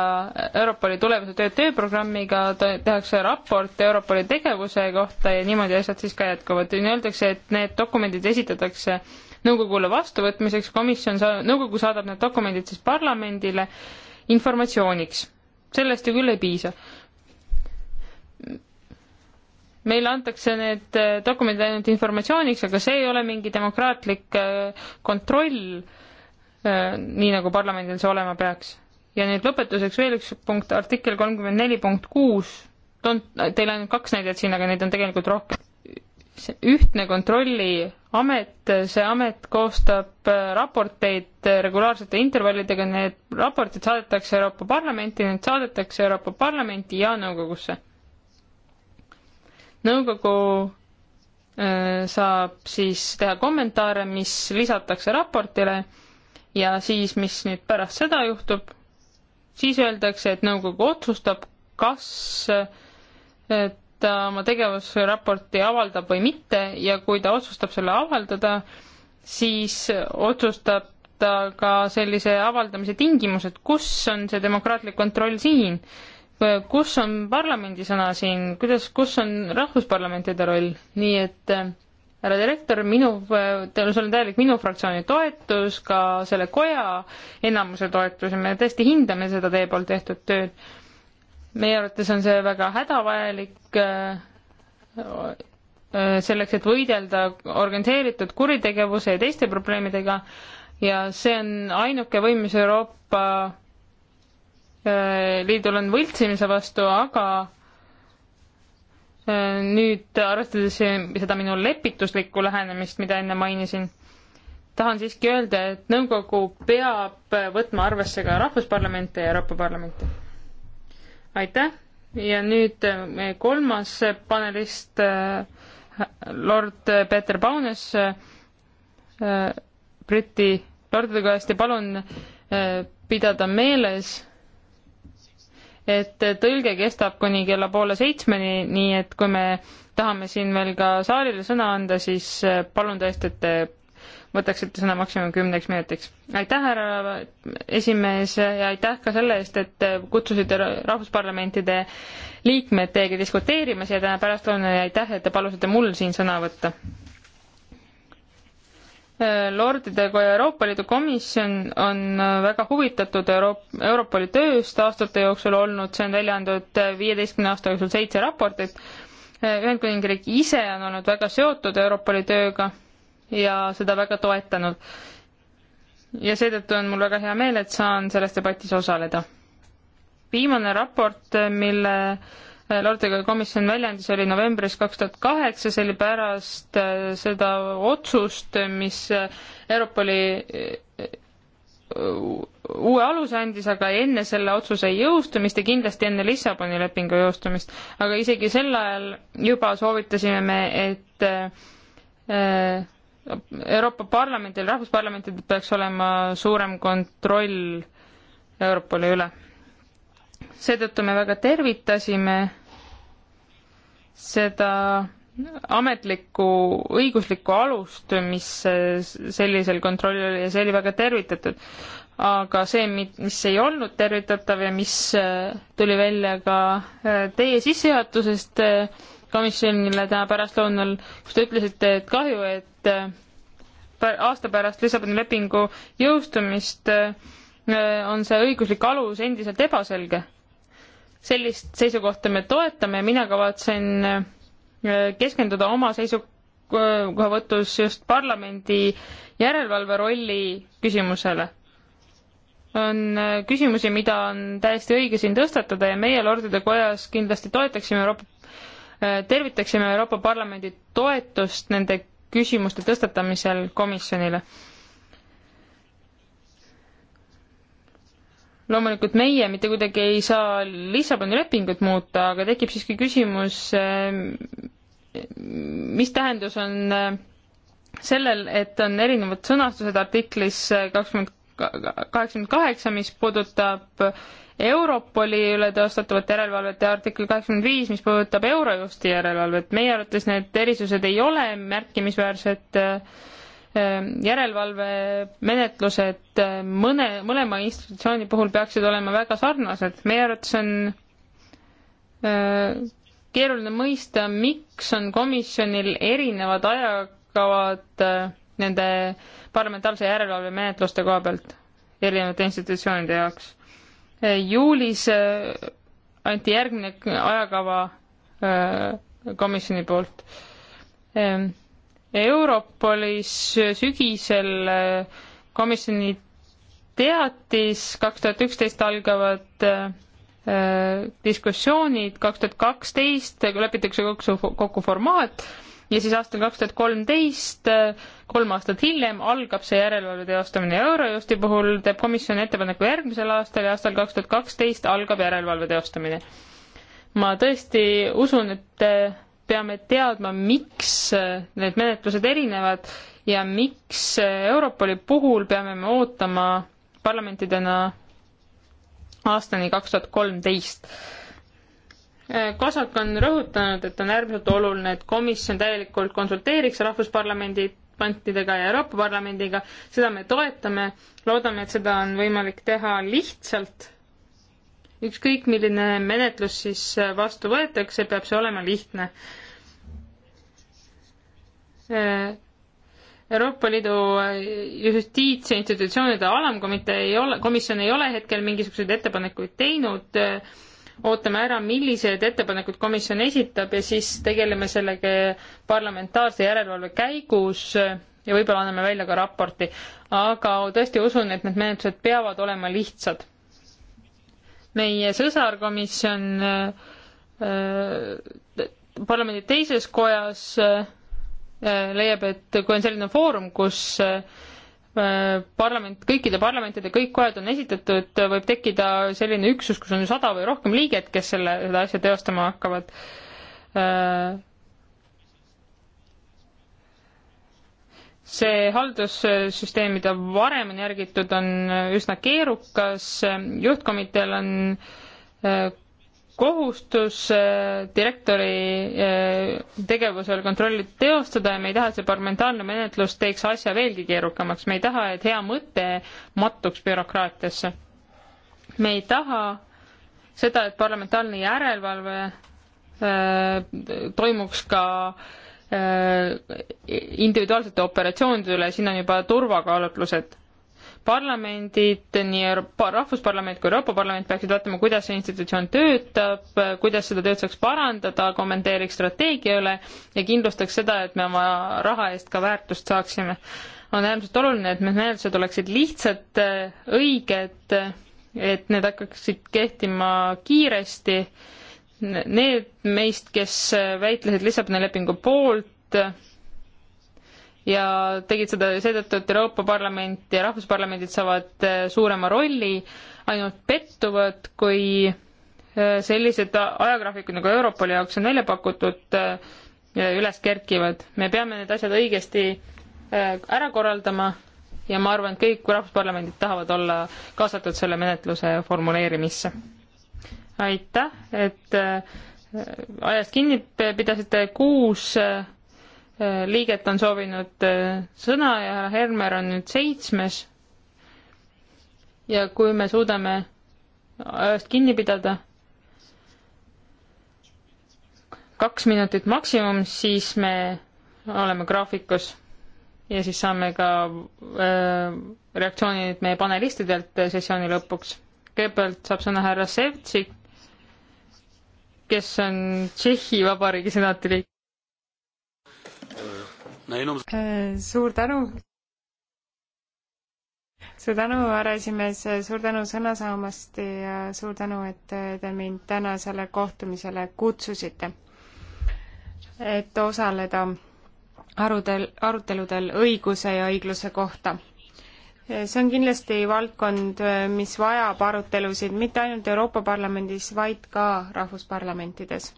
Speaker 4: Europoli tulevase töö tööprogrammiga, tehakse raport Europoli tegevuse kohta ja niimoodi asjad siis ka jätkuvad. nii öeldakse, et need dokumendid esitatakse äh, nõukogule vastuvõtmiseks, komisjon sa-, nõukogu saadab need dokumendid siis parlamendile informatsiooniks. sellest ju küll ei piisa. meile antakse need äh, dokumendid ainult informatsiooniks, aga see ei ole mingi demokraatlik äh, kontroll, äh, nii nagu parlamendil see olema peaks. ja nüüd lõpetuseks veel üks punkt, artikkel kolmkümmend neli punkt kuus, toon teile ainult kaks näidet siin, aga neid on tegelikult rohkem. ühtne kontrolli amet, see amet koostab äh, raporteid äh, regulaarsete intervallidega, need raportid saadetakse Euroopa Parlamenti, need saadetakse Euroopa Parlamenti ja nõukogusse. nõukogu äh, saab siis teha kommentaare, mis lisatakse raportile ja siis, mis nüüd pärast seda juhtub, siis öeldakse, et nõukogu otsustab, kas ta oma tegevusraporti avaldab või mitte ja kui ta otsustab selle avaldada, siis otsustab ta ka sellise avaldamise tingimused, kus on see demokraatlik kontroll siin, kus on parlamendi sõna siin, kuidas, kus on rahvusparlamentide roll, nii et äh, härra direktor, minu, teil, äh, sul on täielik minu fraktsiooni toetus, ka selle koja enamuse toetus ja me tõesti hindame seda teie poolt tehtud tööd meie arvates on see väga hädavajalik äh, äh, selleks, et võidelda organiseeritud kuritegevuse ja teiste probleemidega ja see on ainuke võim, mis Euroopa äh, Liidul on võltsimise vastu, aga nüüd arvestades seda minu lepituslikku lähenemist, mida enne mainisin, tahan siiski öelda, et nõukogu peab võtma arvesse ka rahvusparlamente ja Euroopa Parlamenti aitäh ja nüüd äh, meie kolmas äh, panelist, äh, lord Peeter Paunes Briti lordide käest ja palun pidada meeles, et tõlge kestab kuni kella poole seitsmeni, nii et kui me tahame siin veel ka saalile sõna anda, siis palun tõesti, et te võtaksite sõna maksimum kümneks minutiks. aitäh, härra esimees ja aitäh ka selle eest, et kutsusite rahvusparlamentide liikmed teiega diskuteerima siia täna pärastlõunal ja aitäh, et te palusite mul siin sõna võtta. Lordide Koja Euroopa Liidu komisjon on väga huvitatud Euroop-, Europoli tööst aastate jooksul olnud, see on välja antud viieteistkümne aasta jooksul seitse raportit, Ühendkuningriik ise on olnud väga seotud Europoli tööga ja seda väga toetanud. ja seetõttu on mul väga hea meel, et saan selles debatis osaleda. viimane raport, mille eh, Lordega komisjon välja andis, oli novembris kaks tuhat kaheksa, see oli pärast eh, seda otsust, mis eh, Europoli uue aluse andis, aga enne selle otsuse jõustumist ja kindlasti enne Lissaboni lepingu jõustumist. aga isegi sel ajal juba soovitasime me, et Euroopa Parlamendil, rahvusparlamentidel peaks olema suurem kontroll Europoli üle. seetõttu me väga tervitasime seda ametlikku õiguslikku alust, mis sellisel kontrollil oli ja see oli väga tervitatud. aga see, mis ei olnud tervitatav ja mis tuli välja ka äh, teie sissejuhatusest, äh, komisjonile täna pärastlõunal, kus te ütlesite, et kahju, et äh, aasta pärast Lissaboni lepingu jõustumist äh, on see õiguslik alus endiselt ebaselge. sellist seisukohta me toetame ja mina kavatsen äh, keskenduda oma seisukohavõtus just parlamendi järelevalve rolli küsimusele on küsimusi, mida on täiesti õige siin tõstatada ja meie Lordide Kojas kindlasti toetaksime Euroopa Äh, tervitaksime Euroopa Parlamendi toetust nende küsimuste tõstatamisel komisjonile. loomulikult meie mitte kuidagi ei saa Lissaboni lepingut muuta, aga tekib siiski küsimus, äh, mis tähendus on äh, sellel, et on erinevad sõnastused artiklis kakskümmend kaheksakümmend kaheksa, mis puudutab Europoli üle teostatavat järelevalvet ja artikkel kaheksakümmend viis, mis puudutab Eurojusti järelevalvet. meie arvates need erisused ei ole märkimisväärsed ähm, järelevalvemenetlused ähm, mõne, mõlema institutsiooni puhul peaksid olema väga sarnased. meie arvates on äh, keeruline mõista, miks on komisjonil erinevad ajakavad äh, nende parlamentaarse järelevalve menetluste koha pealt erinevate institutsioonide jaoks juulis äh, anti järgmine ajakava äh, komisjoni poolt. Ähm, Europolis sügisel äh, komisjoni teatis kaks tuhat üksteist algavad diskussioonid, kaks tuhat kaksteist lepitakse kokku, kokku formaat ja siis aastal kaks tuhat kolmteist, kolm aastat hiljem, algab see järelevalve teostamine Eurojusti puhul, teeb komisjon ettepaneku järgmisel aastal ja aastal kaks tuhat kaksteist algab järelevalve teostamine. ma tõesti usun, et peame teadma, miks need menetlused erinevad ja miks Europoli puhul peame me ootama parlamentidena aastani kaks tuhat kolmteist Kosak on rõhutanud, et on äärmiselt oluline, et komisjon täielikult konsulteeriks rahvusparlamendi pantidega ja Euroopa Parlamendiga, seda me toetame, loodame, et seda on võimalik teha lihtsalt. ükskõik, milline menetlus siis vastu võetakse, peab see olema lihtne. Euroopa Liidu justiitsinstitutsioonide alamkomitee ei ole, komisjon ei ole hetkel mingisuguseid ettepanekuid teinud ootame ära, millised ettepanekud komisjon esitab ja siis tegeleme sellega parlamentaarse järelevalve käigus ja võib-olla anname välja ka raporti. aga tõesti usun, et need menetlused peavad olema lihtsad. meie sõsarkomisjon äh, äh parlamendi teises kojas äh, leiab, et kui on selline foorum, kus äh, Äh, parlament, kõikide parlamentide kõik kojad on esitatud, võib tekkida selline üksus, kus on sada või rohkem liiget, kes selle, seda asja teostama hakkavad. Äh, see haldussüsteem, mida varem on järgitud, on üsna keerukas, juhtkomiteel on äh, kohustus äh, direktori äh, tegevusel kontrolli teostada ja me ei taha, et see parlamentaarne menetlus teeks asja veelgi keerukamaks, me ei taha, et hea mõte mattuks bürokraatiasse. me ei taha seda, et parlamentaarne järelevalve äh, toimuks ka individuaalsete operatsioonide üle, siin on juba turvakaalutlused parlamendid, nii Euroopa, Rahvusparlament kui Euroopa Parlament peaksid vaatama, kuidas see institutsioon töötab, kuidas seda tööd saaks parandada, kommenteeriks strateegia üle ja kindlustaks seda, et me oma raha eest ka väärtust saaksime. on äärmiselt oluline, et need menetlused oleksid lihtsad, õiged, et need hakkaksid kehtima kiiresti. Need meist, kes väitlesid Lissaboni lepingu poolt, ja tegid seda seetõttu, et Euroopa Parlament ja rahvusparlamendid saavad äh, suurema rolli, ainult pettuvad, kui äh, sellised ajagraafikud nagu Europoli jaoks on välja pakutud, äh, üles kerkivad. me peame need asjad õigesti ära korraldama ja ma arvan, et kõik rahvusparlamendid tahavad olla kaasatud selle menetluse formuleerimisse. aitäh, et ajast kinni pidasite kuus liiget on soovinud äh, sõna ja härra Helmer on nüüd seitsmes. ja kui me suudame ajast kinni pidada, kaks minutit maksimum, siis me oleme graafikus ja siis saame ka äh, reaktsioonid meie panelistidelt sessiooni lõpuks. kõigepealt saab sõna härra Sevtšik, kes on Tšehhi Vabariigi senati liige.
Speaker 2: Jenom...
Speaker 1: Äh, suur tänu. suur tänu, härra esimees, suur tänu sõna saamast ja suur tänu, et te mind tänasele kohtumisele kutsusite, et osaleda arutel, aruteludel õiguse ja õigluse kohta see on kindlasti valdkond, mis vajab arutelusid mitte ainult Euroopa Parlamendis, vaid ka rahvusparlamentides.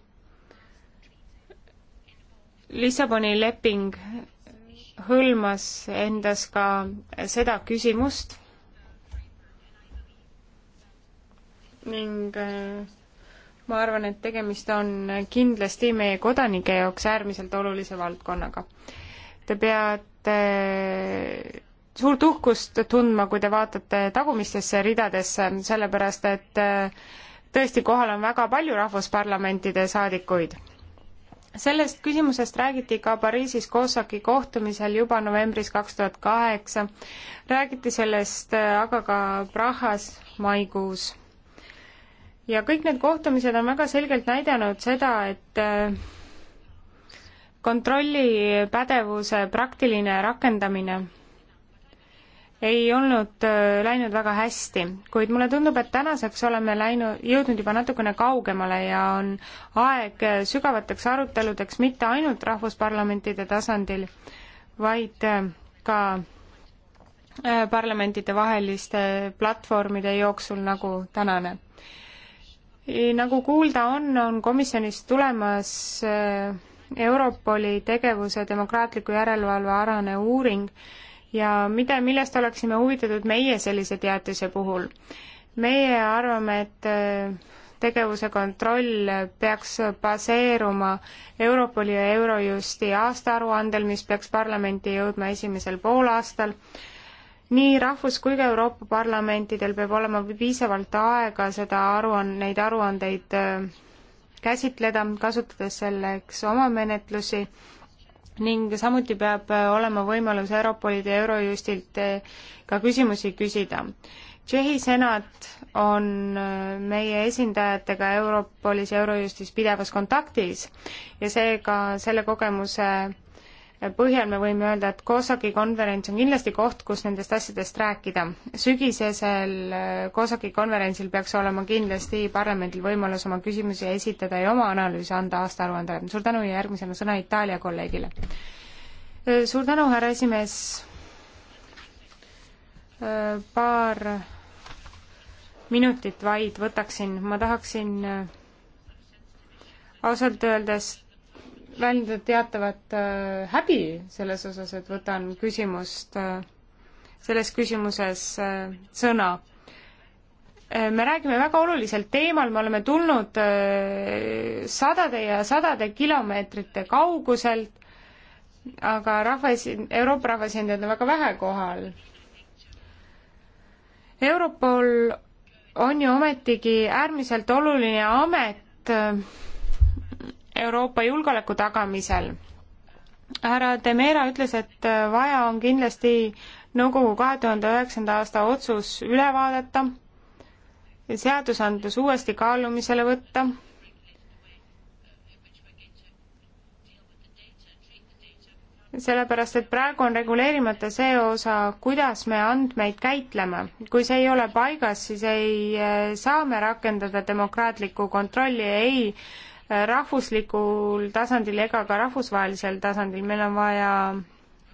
Speaker 1: Lissaboni leping hõlmas endas ka seda küsimust ning äh, ma arvan, et tegemist on kindlasti meie kodanike jaoks äärmiselt olulise valdkonnaga. Te peate äh, suurt uhkust tundma, kui te vaatate tagumistesse ridadesse, sellepärast et äh, tõesti, kohal on väga palju rahvusparlamentide saadikuid sellest küsimusest räägiti ka Pariisis Kosaki kohtumisel juba novembris kaks tuhat kaheksa. räägiti sellest äh, aga ka Prahas maikuus. ja kõik need kohtumised on väga selgelt näidanud seda, et äh, kontrollipädevuse praktiline rakendamine ei olnud äh, läinud väga hästi, kuid mulle tundub, et tänaseks oleme läinud, jõudnud juba natukene kaugemale ja on aeg äh, sügavateks aruteludeks mitte ainult rahvusparlamentide tasandil, vaid äh, ka parlamentidevaheliste platvormide jooksul, nagu tänane. nagu kuulda on, on komisjonist tulemas Europoli tegevuse demokraatliku järelevalve alane uuring, ja mida, millest oleksime huvitatud meie sellise teatise puhul. meie arvame, et äh, tegevuse kontroll peaks baseeruma Europoli ja Eurojusti aastaaruandel, mis peaks parlamenti jõudma esimesel poolaastal. nii rahvus- kui ka Euroopa parlamentidel peab olema piisavalt aega seda aruan-, neid aruandeid äh, käsitleda, kasutades selleks oma menetlusi ning samuti peab äh, olema võimalus Europolilt ja Eurojustilt äh, ka küsimusi küsida. Tšehhi senat on äh, meie esindajatega Europolis ja Eurojustis pidevas kontaktis ja seega selle kogemuse põhjal me võime öelda, et COSAC-i konverents on kindlasti koht, kus nendest asjadest rääkida. sügisesel COSAC-i äh, konverentsil peaks olema kindlasti parlamendil võimalus oma küsimusi esitada ja oma analüüse anda aastaaruandele. suur tänu ja järgmisena sõna Itaalia kolleegile. Äh, suur tänu, härra esimees. Äh, paar minutit vaid võtaksin, ma tahaksin ausalt öeldes väljendada teatavat äh, häbi selles osas, et võtan küsimust äh,, selles küsimuses äh, sõna äh,. me räägime väga olulisel teemal, me oleme tulnud äh, sadade ja sadade kilomeetrite kauguselt, aga rahvaesin-, Euroopa rahvaesindajaid on väga vähe kohal. Europol on ju ometigi äärmiselt oluline amet äh,, Euroopa julgeoleku tagamisel. härra Demera ütles, et vaja on kindlasti nõukogu kahe tuhande üheksanda aasta otsus üle vaadata, seadusandlus uuesti kaalumisele võtta sellepärast, et praegu on reguleerimata see osa, kuidas me andmeid käitleme. kui see ei ole paigas, siis ei eh, saa me rakendada demokraatlikku kontrolli ei rahvuslikul tasandil ega ka rahvusvahelisel tasandil, meil on vaja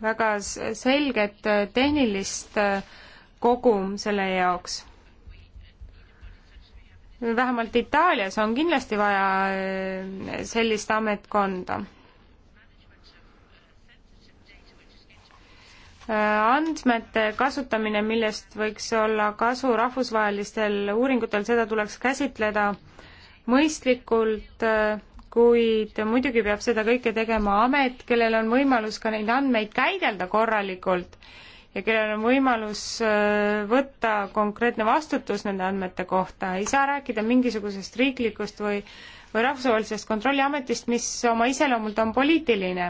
Speaker 1: väga selget äh, tehnilist äh, kogum selle jaoks. vähemalt Itaalias on kindlasti vaja äh, sellist ametkonda. andmete kasutamine, millest võiks olla kasu rahvusvahelistel uuringutel, seda tuleks käsitleda mõistlikult, kuid muidugi peab seda kõike tegema amet, kellel on võimalus ka neid andmeid käidelda korralikult ja kellel on võimalus äh, võtta konkreetne vastutus nende andmete kohta, ei saa rääkida mingisugusest riiklikust või või rahvusvahelisest kontrolliametist, mis oma iseloomult on poliitiline.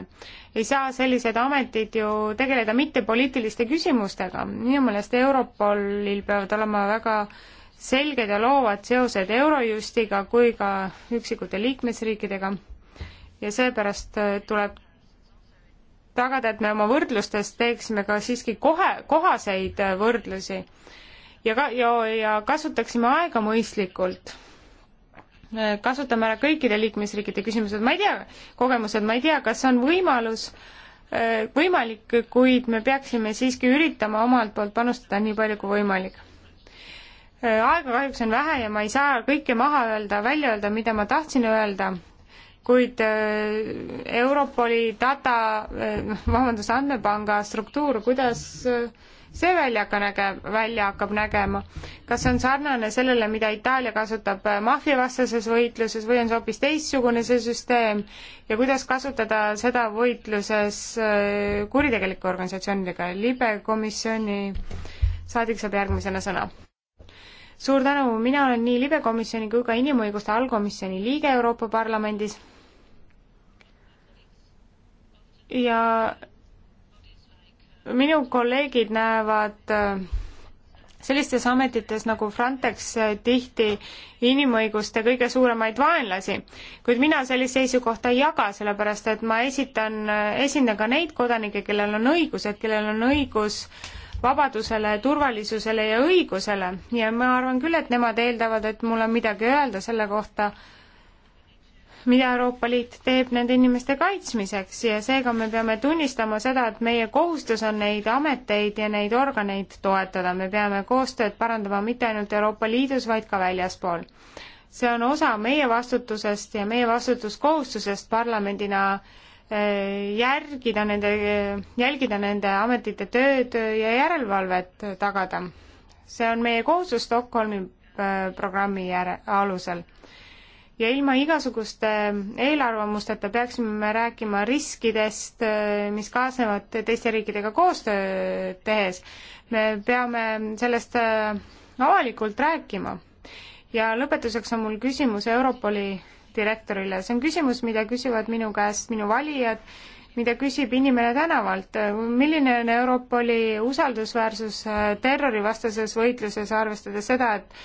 Speaker 1: ei saa sellised ametid ju tegeleda mittepoliitiliste küsimustega, minu meelest Europolil peavad olema väga äh, selged ja loovad seosed Eurojustiga kui ka üksikute liikmesriikidega ja seepärast äh, tuleb tagada, et me oma võrdlustes teeksime ka siiski kohe, kohaseid äh, võrdlusi ja ka, ja, ja kasutaksime aega mõistlikult. kasutame ära kõikide liikmesriikide küsimused, ma ei tea, kogemused, ma ei tea, kas on võimalus äh, võimalik, kuid me peaksime siiski üritama omalt poolt panustada nii palju kui võimalik aega kahjuks on vähe ja ma ei saa kõike maha öelda, välja öelda, mida ma tahtsin öelda, kuid äh, Europoli data, äh, vabandust, andmepanga struktuur, kuidas äh, see välja ka näge-, välja hakkab nägema, kas see on sarnane sellele, mida Itaalia kasutab maffiavastases võitluses või on see hoopis teistsugune, see süsteem, ja kuidas kasutada seda võitluses kuritegelike organisatsioonidega, libekomisjoni saadik saab järgmisena sõna suur tänu, mina olen nii libekomisjoni kui ka inimõiguste allkomisjoni liige Euroopa Parlamendis. ja minu kolleegid näevad äh, sellistes ametites nagu Frontex äh, tihti inimõiguste kõige suuremaid vaenlasi, kuid mina sellist seisukohta ei jaga, sellepärast et ma esitan, äh, esindan ka neid kodanikke, kellel on õigused, kellel on õigus äh, vabadusele, turvalisusele ja õigusele ja ma arvan küll, et nemad eeldavad, et mul on midagi öelda selle kohta, mida Euroopa Liit teeb nende inimeste kaitsmiseks ja seega me peame tunnistama seda, et meie kohustus on neid ameteid ja neid organeid toetada, me peame koostööd parandama mitte ainult Euroopa Liidus, vaid ka väljaspool. see on osa meie vastutusest ja meie vastutuskohustusest parlamendina äh, järgida nende, jälgida nende ametite tööd ja järelevalvet tagada. see on meie kohustus Stockholmi äh, programmi järe-, alusel. ja ilma igasuguste eelarvamusteta peaksime me rääkima riskidest, äh, mis kaasnevad teiste riikidega koostöö tehes. me peame sellest äh, avalikult rääkima. ja lõpetuseks on mul küsimus Europoli direktorile, see on küsimus, mida küsivad minu käest minu valijad, mida küsib inimene tänavalt, milline on Europoli usaldusväärsus äh, terrorivastases võitluses, arvestades seda, et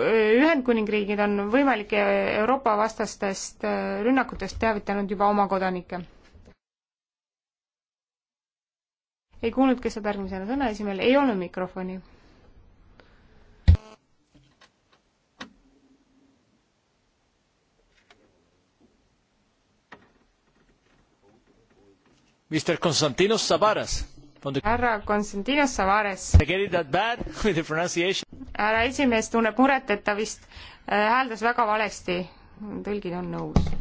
Speaker 1: Ühendkuningriigid on võimalike Euroopa vastastest äh, rünnakutest teavitanud juba oma kodanikke. ei kuulnud, kes saab järgmisena sõna, esimene, ei olnud mikrofoni Mr Konstantinos Savaras. härra Konstantinos Savares. härra esimees tunneb muret, et ta vist äh, hääldas väga valesti. tõlgid on nõus.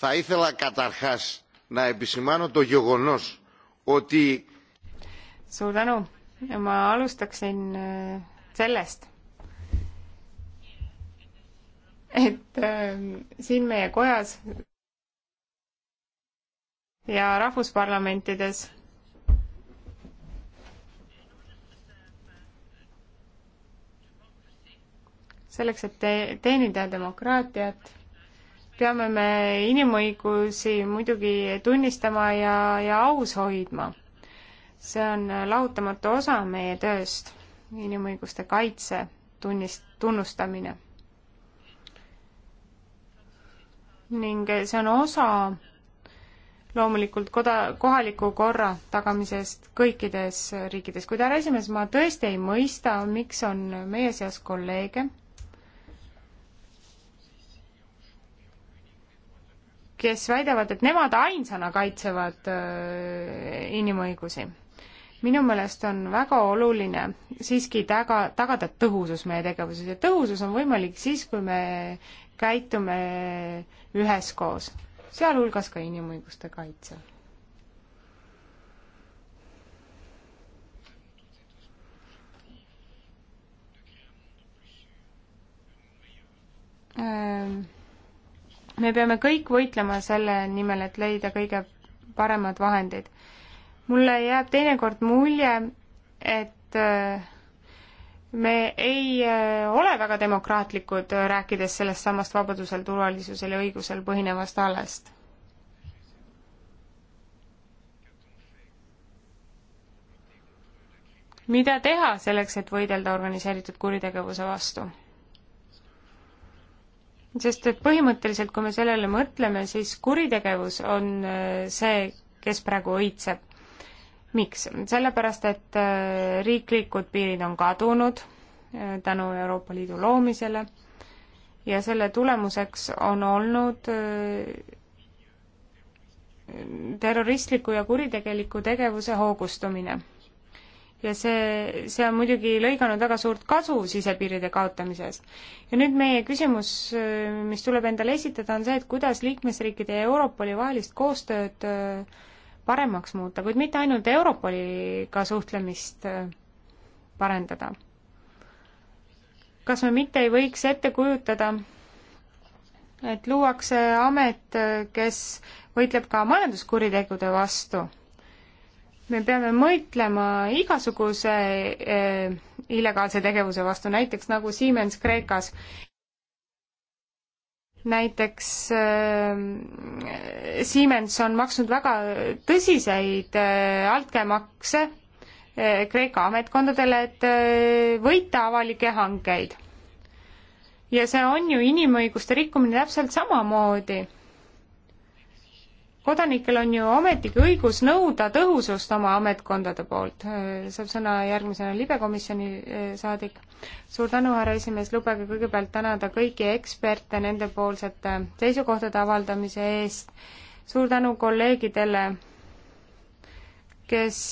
Speaker 2: Θα ήθελα καταρχάς να επισημάνω το γεγονός ότι...
Speaker 1: Suur tänu. Ma alustaksin äh, sellest, et äh, siin meie kojas ja rahvusparlamentides selleks, et te teenida demokraatiat, peame me inimõigusi muidugi tunnistama ja, ja aus hoidma. see on lahutamatu osa meie tööst, inimõiguste kaitse tunnist, tunnustamine. ning see on osa loomulikult koda, kohaliku korra tagamisest kõikides riikides. kuid härra esimees, ma tõesti ei mõista, miks on meie seas kolleege, kes väidavad, et nemad ainsana kaitsevad äh, inimõigusi. minu meelest on väga oluline siiski taga, tagada tõhusus meie tegevuses ja tõhusus on võimalik siis, kui me käitume üheskoos sealhulgas ka inimõiguste kaitse. Ehm, me peame kõik võitlema selle nimel, et leida kõige paremad vahendid. mulle jääb teinekord mulje, et äh, me ei äh, ole väga demokraatlikud, äh, rääkides sellest samast vabadusel, turvalisusel ja õigusel põhinevast alast. mida teha selleks, et võidelda organiseeritud kuritegevuse vastu? sest et põhimõtteliselt, kui me sellele mõtleme, siis kuritegevus on äh, see, kes praegu õitseb miks? sellepärast, et äh, riiklikud piirid on kadunud äh, tänu Euroopa Liidu loomisele ja selle tulemuseks on olnud äh, terroristliku ja kuritegeliku tegevuse hoogustumine. ja see, see on muidugi lõiganud väga suurt kasu sisepiiride kaotamisest. ja nüüd meie küsimus, mis tuleb endale esitada, on see, et kuidas liikmesriikide ja Europoli vahelist koostööd äh, paremaks muuta, kuid mitte ainult Europoliga suhtlemist äh, parendada. kas me mitte ei võiks ette kujutada, et luuakse amet, äh, kes võitleb ka majanduskuritegude vastu? me peame mõtlema igasuguse äh, illegaalse tegevuse vastu, näiteks nagu Siemens Kreekas näiteks äh, Siemens on maksnud väga tõsiseid äh, altkäemakse äh, Kreeka ametkondadele, et äh, võita avalikke hankeid. ja see on ju inimõiguste rikkumine täpselt samamoodi kodanikel on ju ometigi õigus nõuda tõhusust oma ametkondade poolt. saab sõna järgmisena libekomisjoni eh, saadik. suur tänu, härra esimees, lubage kõigepealt tänada kõiki eksperte nendepoolsete seisukohtade avaldamise eest. suur tänu kolleegidele, kes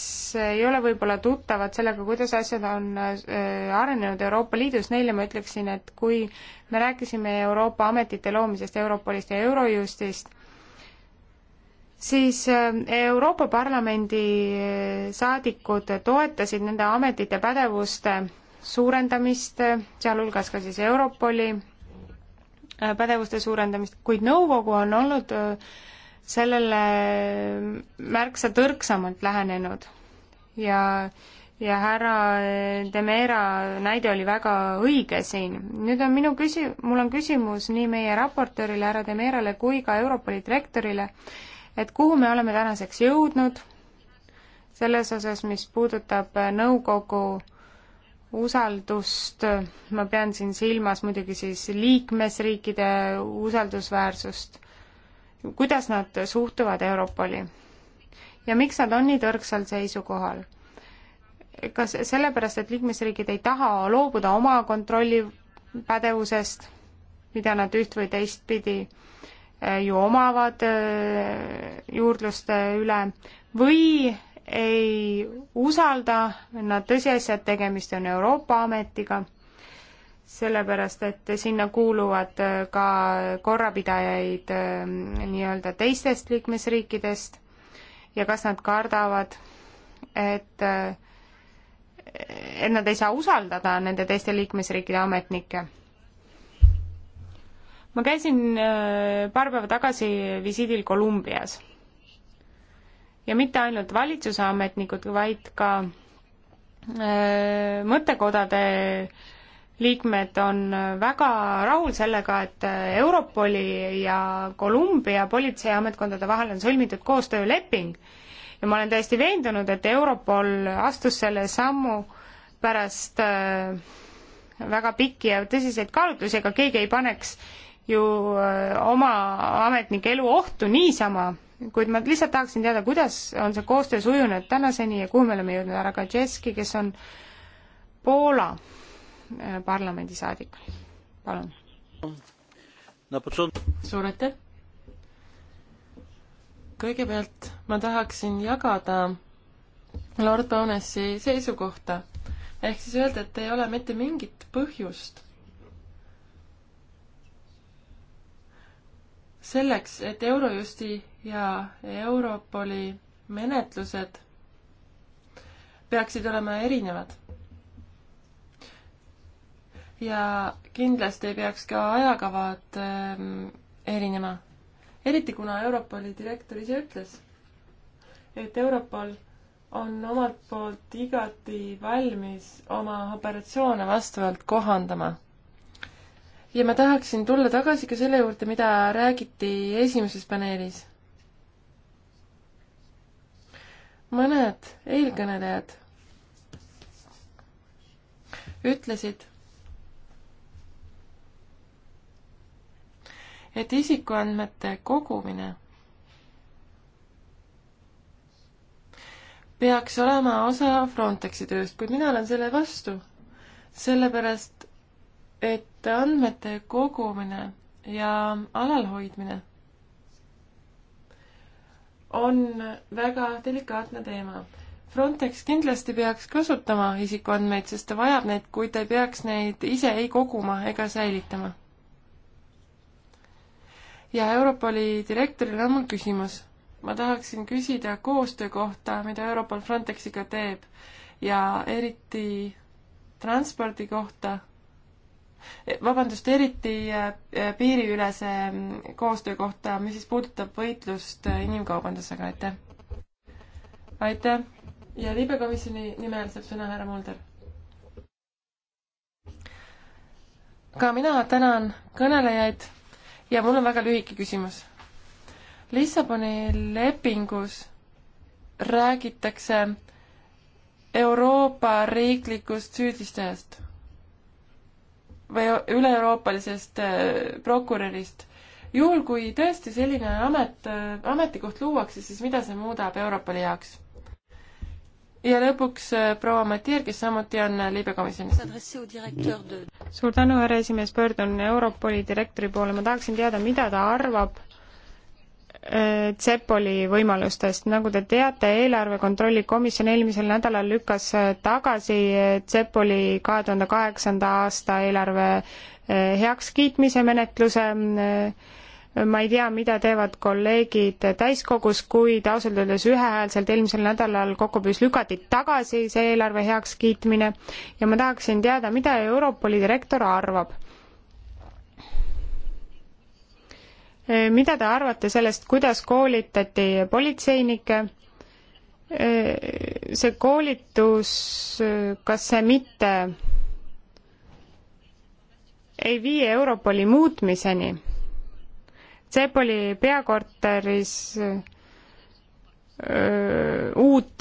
Speaker 1: ei ole võib-olla tuttavad sellega, kuidas asjad on eh, arenenud Euroopa Liidus, neile ma ütleksin, et kui me rääkisime Euroopa ametite loomisest Europolist ja Eurojustist, siis äh, Euroopa Parlamendi äh, saadikud toetasid nende ametite pädevuste suurendamist, äh, sealhulgas ka siis Europoli pädevuste suurendamist, kuid nõukogu on olnud sellele märksa tõrksamalt lähenenud ja ja härra Demera näide oli väga õige siin. nüüd on minu küsi-, mul on küsimus nii meie raportöörile härra Demerale kui ka Europoli direktorile, et kuhu me oleme tänaseks jõudnud selles osas, mis puudutab nõukogu usaldust, ma pean siin silmas muidugi siis liikmesriikide usaldusväärsust, kuidas nad suhtuvad Europoli ja miks nad on nii tõrksal seisukohal? kas sellepärast, et liikmesriigid ei taha loobuda oma kontrollipädevusest, mida nad üht või teistpidi Äh, ju omavad äh, juurdluste üle või ei usalda nad tõsiasja, et tegemist on Euroopa ametiga, sellepärast et sinna kuuluvad äh, ka korrapidajaid nii-öelda teistest liikmesriikidest ja kas nad kardavad, et et nad ei saa usaldada nende teiste liikmesriikide ametnikke ma käisin äh, paar päeva tagasi visiidil Kolumbias ja mitte ainult valitsuse ametnikud, vaid ka öö, äh, mõttekodade liikmed on väga rahul sellega, et äh, Europoli ja Kolumbia politseiametkondade vahel on sõlmitud koostööleping ja ma olen täiesti veendunud, et Europol astus selle sammu pärast öö, väga pikki ja tõsiseid kaalutlusi, ega keegi ei paneks ju äh, oma ametnike elu ohtu niisama, kuid ma lihtsalt tahaksin teada, kuidas on see koostöö sujunud tänaseni ja kuhu me oleme jõudnud, härra Kaczewski, kes on Poola äh, parlamendisaadik, palun. suur
Speaker 3: aitäh! kõigepealt ma tahaksin jagada Lord Bonessi seisukohta, ehk siis öelda, et ei ole mitte mingit põhjust selleks, et Eurojusti ja Europoli menetlused peaksid olema erinevad. ja kindlasti peaks ka ajakavad ähm, erinema. eriti kuna Europoli direktor ise ütles, et Europol on omalt poolt igati valmis oma operatsioone vastavalt kohandama ja ma tahaksin tulla tagasi ka selle juurde, mida räägiti esimeses paneelis. mõned eelkõnelejad ütlesid, et isikuandmete kogumine peaks olema osa Frontexi tööst, kuid mina olen selle vastu, sellepärast et et andmete kogumine ja alalhoidmine on väga delikaatne teema. Frontex kindlasti peaks kasutama isikuandmeid, sest ta vajab neid, kuid ta ei peaks neid ise ei koguma ega säilitama. ja Europoli direktoril on mul küsimus. ma tahaksin küsida koostöö kohta, mida Europol Frontexiga teeb ja eriti transpordi kohta vabandust, eriti äh, piiriülese mm, koostöö kohta, mis siis puudutab võitlust äh, inimkaubandusega, aitäh! aitäh ja libekomisjoni nimel saab sõna härra Mulder. ka mina tänan kõnelejaid ja mul on väga lühike küsimus. Lissaboni lepingus räägitakse Euroopa riiklikust süüdistajast või üle-euroopalisest äh, prokurörist. juhul, kui tõesti selline amet, äh, ametikoht luuakse, siis mida see muudab Europoli jaoks? ja lõpuks äh, proua Matier, kes samuti on liibekomisjonis. suur tänu, härra esimees, pöördun Europoli direktori poole, ma tahaksin
Speaker 1: teada, mida ta arvab Äh, Tsepoli võimalustest. nagu te teate, eelarve kontrolli komisjon eelmisel nädalal lükkas äh, tagasi äh, Tsepoli kahe tuhande kaheksanda aasta eelarve heakskiitmise menetluse. ma ei tea, mida teevad kolleegid täiskogus, kuid ausalt öeldes ühehäälselt eelmisel nädalal kokkupüüs lükati tagasi see eelarve heakskiitmine ja ma tahaksin teada, mida Europoli direktor arvab Eh, mida te arvate sellest, kuidas koolitati politseinikke? Eh, see koolitus, eh, kas see mitte ei vii Europoli muutmiseni? Cepoli peakorteris öö, uut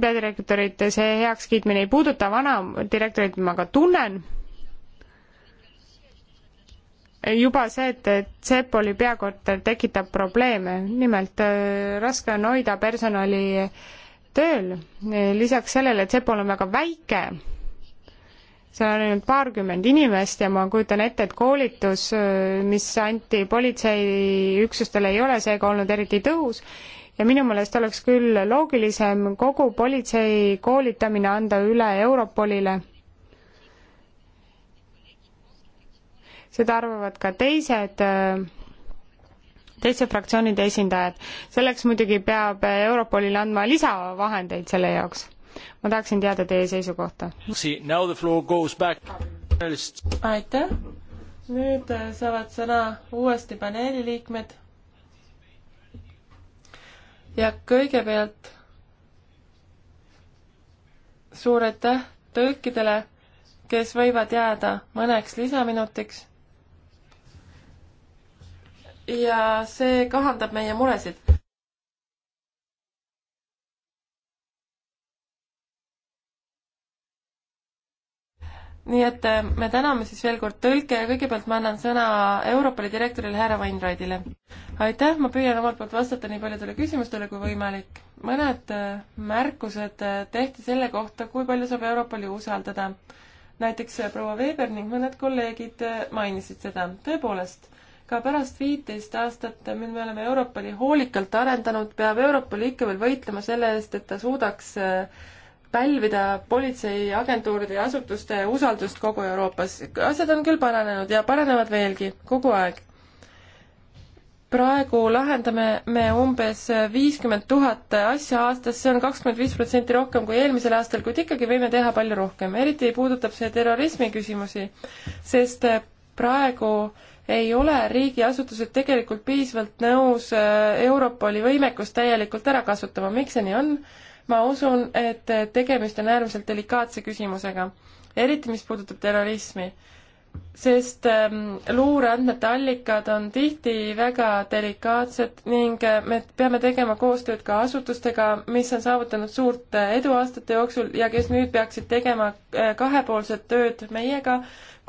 Speaker 1: peadirektorit see heakskiitmine ei puuduta, vana direktorit ma ka tunnen juba see, et, et Sepoli peakorter tekitab probleeme, nimelt äh, raske on hoida personali tööl, lisaks sellele, et Sepol on väga väike, seal on ainult paarkümmend inimest ja ma kujutan ette, et koolitus, äh, mis anti politseiüksustele, ei ole seega olnud eriti tõhus ja minu meelest oleks küll loogilisem kogu politsei koolitamine anda üle Europolile seda arvavad ka teised äh, teiste fraktsioonide esindajad. selleks muidugi peab Europolile andma lisavahendeid selle jaoks. ma tahaksin teada teie seisukohta.
Speaker 3: aitäh. nüüd äh, saavad sõna uuesti paneeli liikmed. ja kõigepealt suur aitäh tõlkidele, kes võivad jääda mõneks lisaminutiks ja see kahandab meie muresid. nii et äh, me täname siis veel kord tõlke ja kõigepealt ma annan sõna Europoli direktorile härra Weinreidile. aitäh, ma püüan omalt poolt vastata nii paljudele küsimustele kui võimalik. mõned äh, märkused äh, tehti selle kohta, kui palju saab Europoli usaldada. näiteks proua Weber ning mõned kolleegid mainisid seda, tõepoolest ka pärast viiteist aastat, mil me oleme Europoli hoolikalt arendanud, peab Europol ikka veel võitlema selle eest, et ta suudaks äh, pälvida politseiagentuuride ja asutuste usaldust kogu Euroopas. asjad on küll paranenud ja paranevad veelgi, kogu aeg. praegu lahendame me umbes viiskümmend tuhat asja aastas, see on kakskümmend viis protsenti rohkem kui eelmisel aastal, kuid ikkagi võime teha palju rohkem, eriti puudutab see terrorismi küsimusi, sest praegu äh, ei ole riigiasutused tegelikult piisavalt nõus äh, Europoli võimekust täielikult ära kasutama. miks see nii on? ma usun, et tegemist on äärmiselt delikaatse küsimusega, eriti mis puudutab terrorismi sest ähm, luureandmete allikad on tihti väga delikaatsed ning äh, me peame tegema koostööd ka asutustega, mis on saavutanud suurt äh, edu aastate jooksul ja kes nüüd peaksid tegema äh, kahepoolset tööd meiega,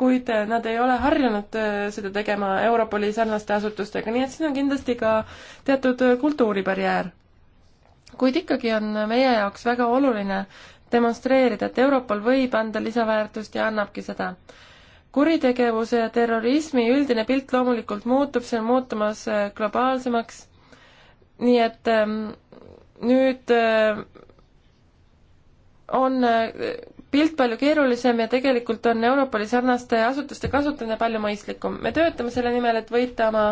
Speaker 3: kuid nad ei ole harjunud seda tegema Europoli sarnaste asutustega, nii et siin on kindlasti ka teatud kultuuribarjäär. kuid ikkagi on meie jaoks väga oluline demonstreerida, et Europol võib anda lisaväärtust ja annabki seda kuritegevuse ja terrorismi üldine pilt loomulikult muutub, see on muutumas äh, globaalsemaks, nii et ähm, nüüd äh, on äh, pilt palju keerulisem ja tegelikult on Europoli sarnaste asutuste kasutamine palju mõistlikum. me töötame selle nimel, et võita oma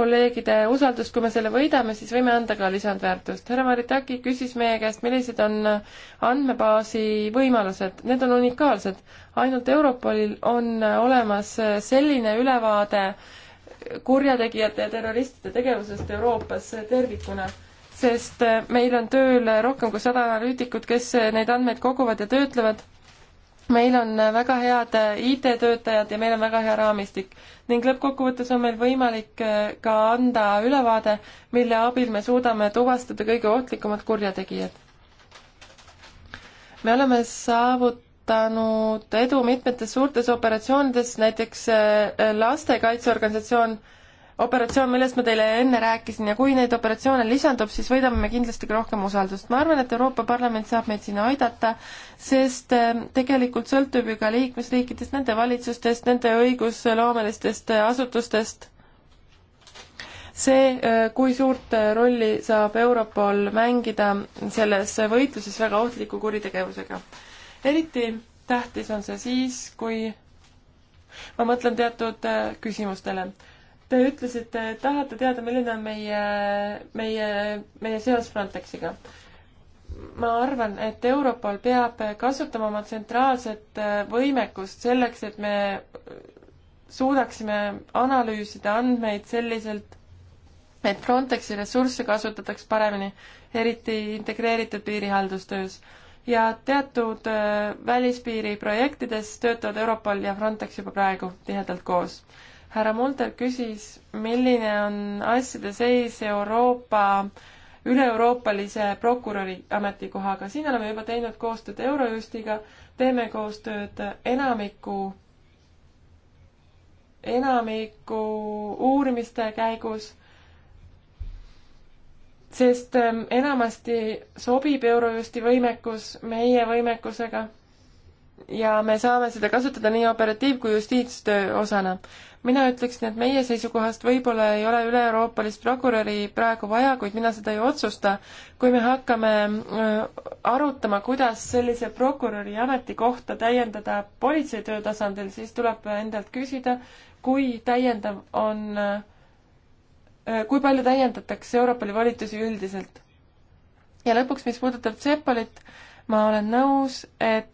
Speaker 3: kolleegide usaldust, kui me selle võidame, siis võime anda ka lisandväärtust. härra Maritaki küsis meie käest, millised on andmebaasi võimalused, need on unikaalsed. ainult Europolil on olemas selline ülevaade kurjategijate ja terroristide tegevusest Euroopas tervikuna sest meil on tööl rohkem kui sada analüütikut, kes neid andmeid koguvad ja töötlevad meil on väga head äh, IT-töötajad ja meil on väga hea raamistik ning lõppkokkuvõttes on meil võimalik äh, ka anda ülevaade, mille abil me suudame tuvastada kõige ohtlikumad kurjategijad. me oleme saavutanud edu mitmetes suurtes operatsioonides, näiteks äh, lastekaitseorganisatsioon äh, operatsioon, millest ma teile enne rääkisin ja kui neid operatsioone lisandub, siis võidame me kindlasti ka rohkem usaldust. ma arvan, et Euroopa Parlament saab meid siin aidata, sest äh, tegelikult sõltub ju ka liikmesriikidest, nende valitsustest, nende õigusloomelistest äh, asutustest see, äh, kui suurt rolli saab Europol mängida selles võitluses väga ohtliku kuritegevusega. eriti tähtis on see siis, kui ma mõtlen teatud küsimustele Te ütlesite, et tahate teada, milline on meie, meie, meie seos Frontexiga. ma arvan, et Europol peab kasutama oma tsentraalset äh, võimekust selleks, et me suudaksime analüüsida andmeid selliselt, et Frontexi ressursse kasutataks paremini, eriti integreeritud piirihaldustöös. ja teatud äh, välispiiri projektides töötavad Europol ja Frontex juba praegu tihedalt koos härra Mulder küsis, milline on asjade seis Euroopa, üle-euroopalise prokuröri ametikohaga. siin oleme juba teinud koostööd Eurojustiga, teeme koostööd enamiku, enamiku uurimiste käigus, sest ähm, enamasti sobib Eurojusti võimekus meie võimekusega ja me saame seda kasutada nii operatiiv- kui justiitstöö osana. mina ütleksin, et meie seisukohast võib-olla ei ole üle-euroopalist prokuröri praegu vaja, kuid mina seda ei otsusta. kui me hakkame arutama, kuidas sellise prokuröri ametikohta täiendada politseitöö tasandil, siis tuleb endalt küsida, kui täiendav on, kui palju täiendatakse Europoli volitusi üldiselt. ja lõpuks, mis puudutab Tsepolit, ma olen nõus, et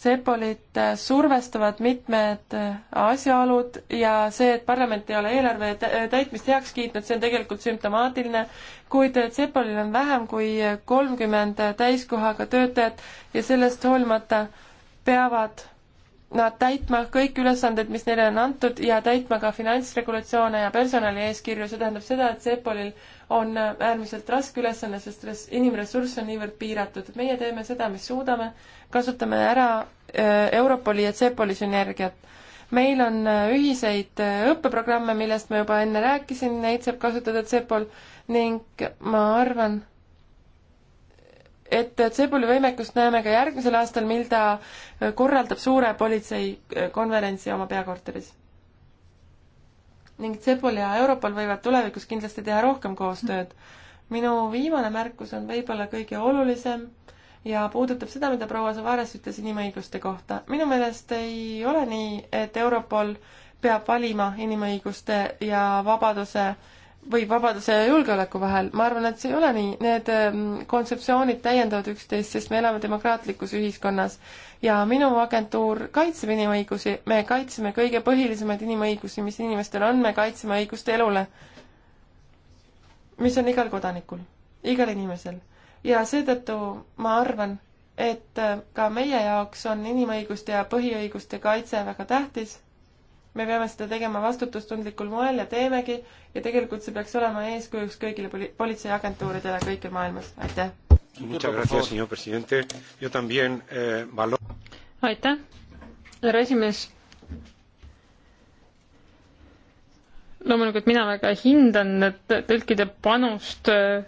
Speaker 3: Sepolit survestavad mitmed asjaolud ja see, et parlament ei ole eelarve täitmist heaks kiitnud, see on tegelikult sümptomaatiline, kuid Sepolil on vähem kui kolmkümmend täiskohaga töötajat ja sellest hoolimata peavad nad täitma kõik ülesanded, mis neile on antud ja täitma ka finantsregulatsioone ja personalieeskirju, see tähendab seda, et Sepolil on äärmiselt raske ülesanne, sest res-, inimressurss on niivõrd piiratud. meie teeme seda, mis suudame, kasutame ära Europoli ja Sepoli sünergiat. meil on ühiseid õppeprogramme, millest ma juba enne rääkisin, neid saab kasutada Sepol ning ma arvan, et Tsebuli võimekust näeme ka järgmisel aastal, mil ta korraldab suure politseikonverentsi oma peakorteris. ning Tsebul ja Europol võivad tulevikus kindlasti teha rohkem koostööd. minu viimane märkus on võib-olla kõige olulisem ja puudutab seda, mida proua Savares ütles inimõiguste kohta. minu meelest ei ole nii, et Europol peab valima inimõiguste ja vabaduse äh, või vabaduse ja julgeoleku vahel, ma arvan, et see ei ole nii, need ähm, kontseptsioonid täiendavad üksteist, sest me elame demokraatlikus ühiskonnas ja minu agentuur kaitseb inimõigusi, me kaitseme kõige põhilisemaid inimõigusi, mis inimestel on, me kaitseme õigust elule, mis on igal kodanikul, igal inimesel. ja seetõttu ma arvan, et äh, ka meie jaoks on inimõiguste ja põhiõiguste kaitse väga tähtis me peame seda tegema vastutustundlikul moel ja teemegi ja tegelikult see peaks olema eeskujuks kõigile poli politseiagentuuridele kõikjal maailmas, aitäh! Eh, aitäh,
Speaker 4: härra esimees! loomulikult mina väga hindan tõlkide panust eh,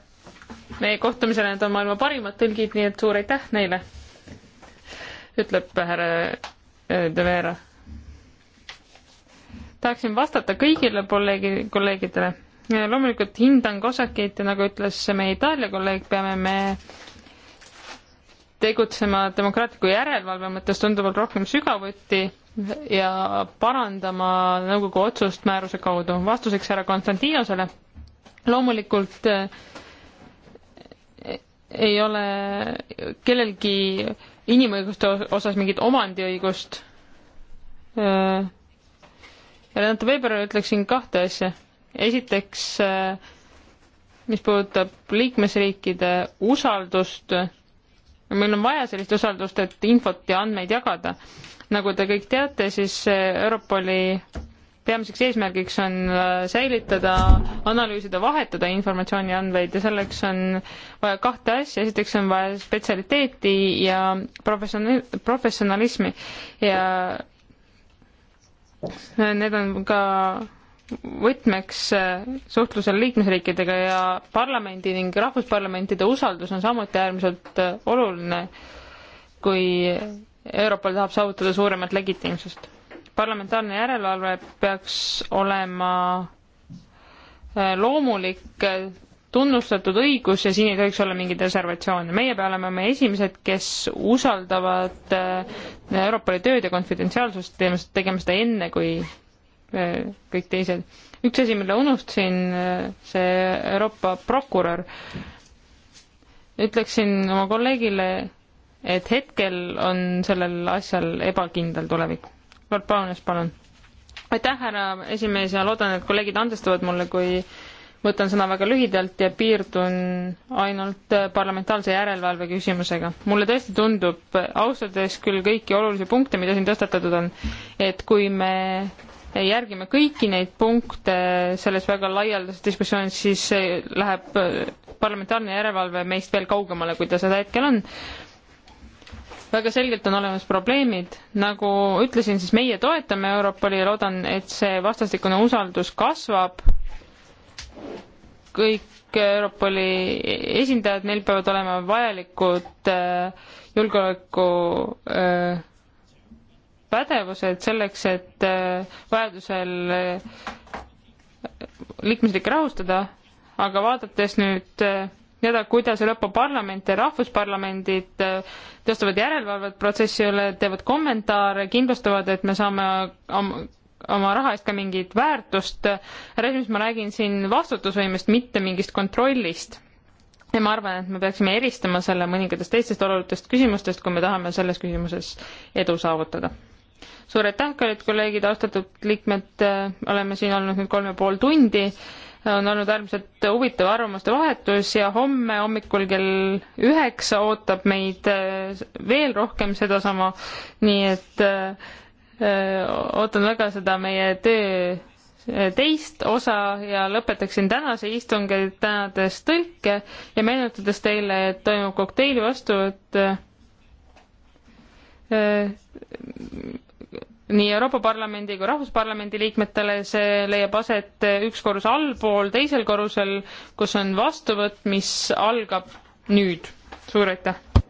Speaker 4: meie kohtumisele, need on maailma parimad tõlgid, nii et suur aitäh neile, ütleb härra eh, De Vera tahaksin vastata kõigile kolleegi, kolleegidele. loomulikult hindan Kosakit ja nagu ütles meie Itaalia kolleeg, peame me tegutsema demokraatliku järelevalve mõttes tunduvalt rohkem sügavuti ja parandama nõukogu otsust määruse kaudu. vastuseks härra Konstantinosele, loomulikult eh, ei ole kellelgi inimõiguste osas mingit omandiõigust eh, Renate Veberile ütleksin kahte asja. esiteks, äh, mis puudutab liikmesriikide usaldust, meil on vaja sellist usaldust, et infot ja andmeid jagada. nagu te kõik teate, siis äh, Europoli peamiseks eesmärgiks on äh, säilitada, analüüsida, vahetada informatsiooni andmeid ja selleks on vaja kahte asja, esiteks on vaja spetsialiteeti ja profession-, professionalismi ja Need on ka võtmeks äh, suhtlusel liikmesriikidega ja parlamendi ning rahvusparlamentide usaldus on samuti äärmiselt äh, oluline, kui Euroopal tahab saavutada suuremat legitiimsust. parlamentaarne järelevalve peaks olema äh, loomulik tunnustatud õigus ja siin ei tohiks olla mingeid reservatsioone. meie peame olema me esimesed, kes usaldavad äh, Europoli tööd ja konfidentsiaalsust, teeme, tegema seda enne kui äh, kõik teised. üks asi, mille unustasin, äh, see Euroopa prokurör. ütleksin oma kolleegile, et hetkel on sellel asjal ebakindel tulevik. Lord Paunes, palun. aitäh, härra esimees ja loodan, et kolleegid andestavad mulle, kui äh, võtan sõna väga lühidalt ja piirdun ainult parlamentaarse järelevalve küsimusega. mulle tõesti tundub, austades küll kõiki olulisi punkte, mida siin tõstatatud on, et kui me järgime kõiki neid punkte selles väga laialdases diskussioonis, siis läheb parlamentaarne järelevalve meist veel kaugemale, kui ta seda hetkel on. väga selgelt on olemas probleemid, nagu ütlesin, siis meie toetame Europoli ja loodan, et see vastastikune usaldus kasvab kõik Europoli esindajad, neil peavad olema vajalikud äh, julgeoleku äh, pädevused selleks, et äh, vajadusel liikmesriike rahustada, aga vaadates nüüd seda, kuidas Euroopa Parlament ja rahvusparlamendid teostavad järelevalvet protsessi üle, teevad kommentaare, kindlustavad, et me saame oma raha eest ka mingit väärtust. režiimis ma räägin siin vastutusvõimest, mitte mingist kontrollist. ja ma arvan, et me peaksime eristama selle mõningatest teistest olulistest küsimustest, kui me tahame selles küsimuses edu saavutada. suur aitäh, kallid kolleegid, austatud liikmed, oleme siin olnud nüüd kolm ja pool tundi on olnud äärmiselt huvitav arvamuste vahetus ja homme hommikul kell üheksa ootab meid veel rohkem sedasama, nii et äh, ootan väga seda meie töö teist osa ja lõpetaksin tänase istungi tänades tõlke ja meenutades teile, et toimub kokteili vastuvõtt nii Euroopa Parlamendi kui Rahvusparlamendi liikmetele, see leiab aset üks korrus allpool, teisel korrusel, kus on vastuvõtt, mis algab nüüd.
Speaker 2: suur aitäh!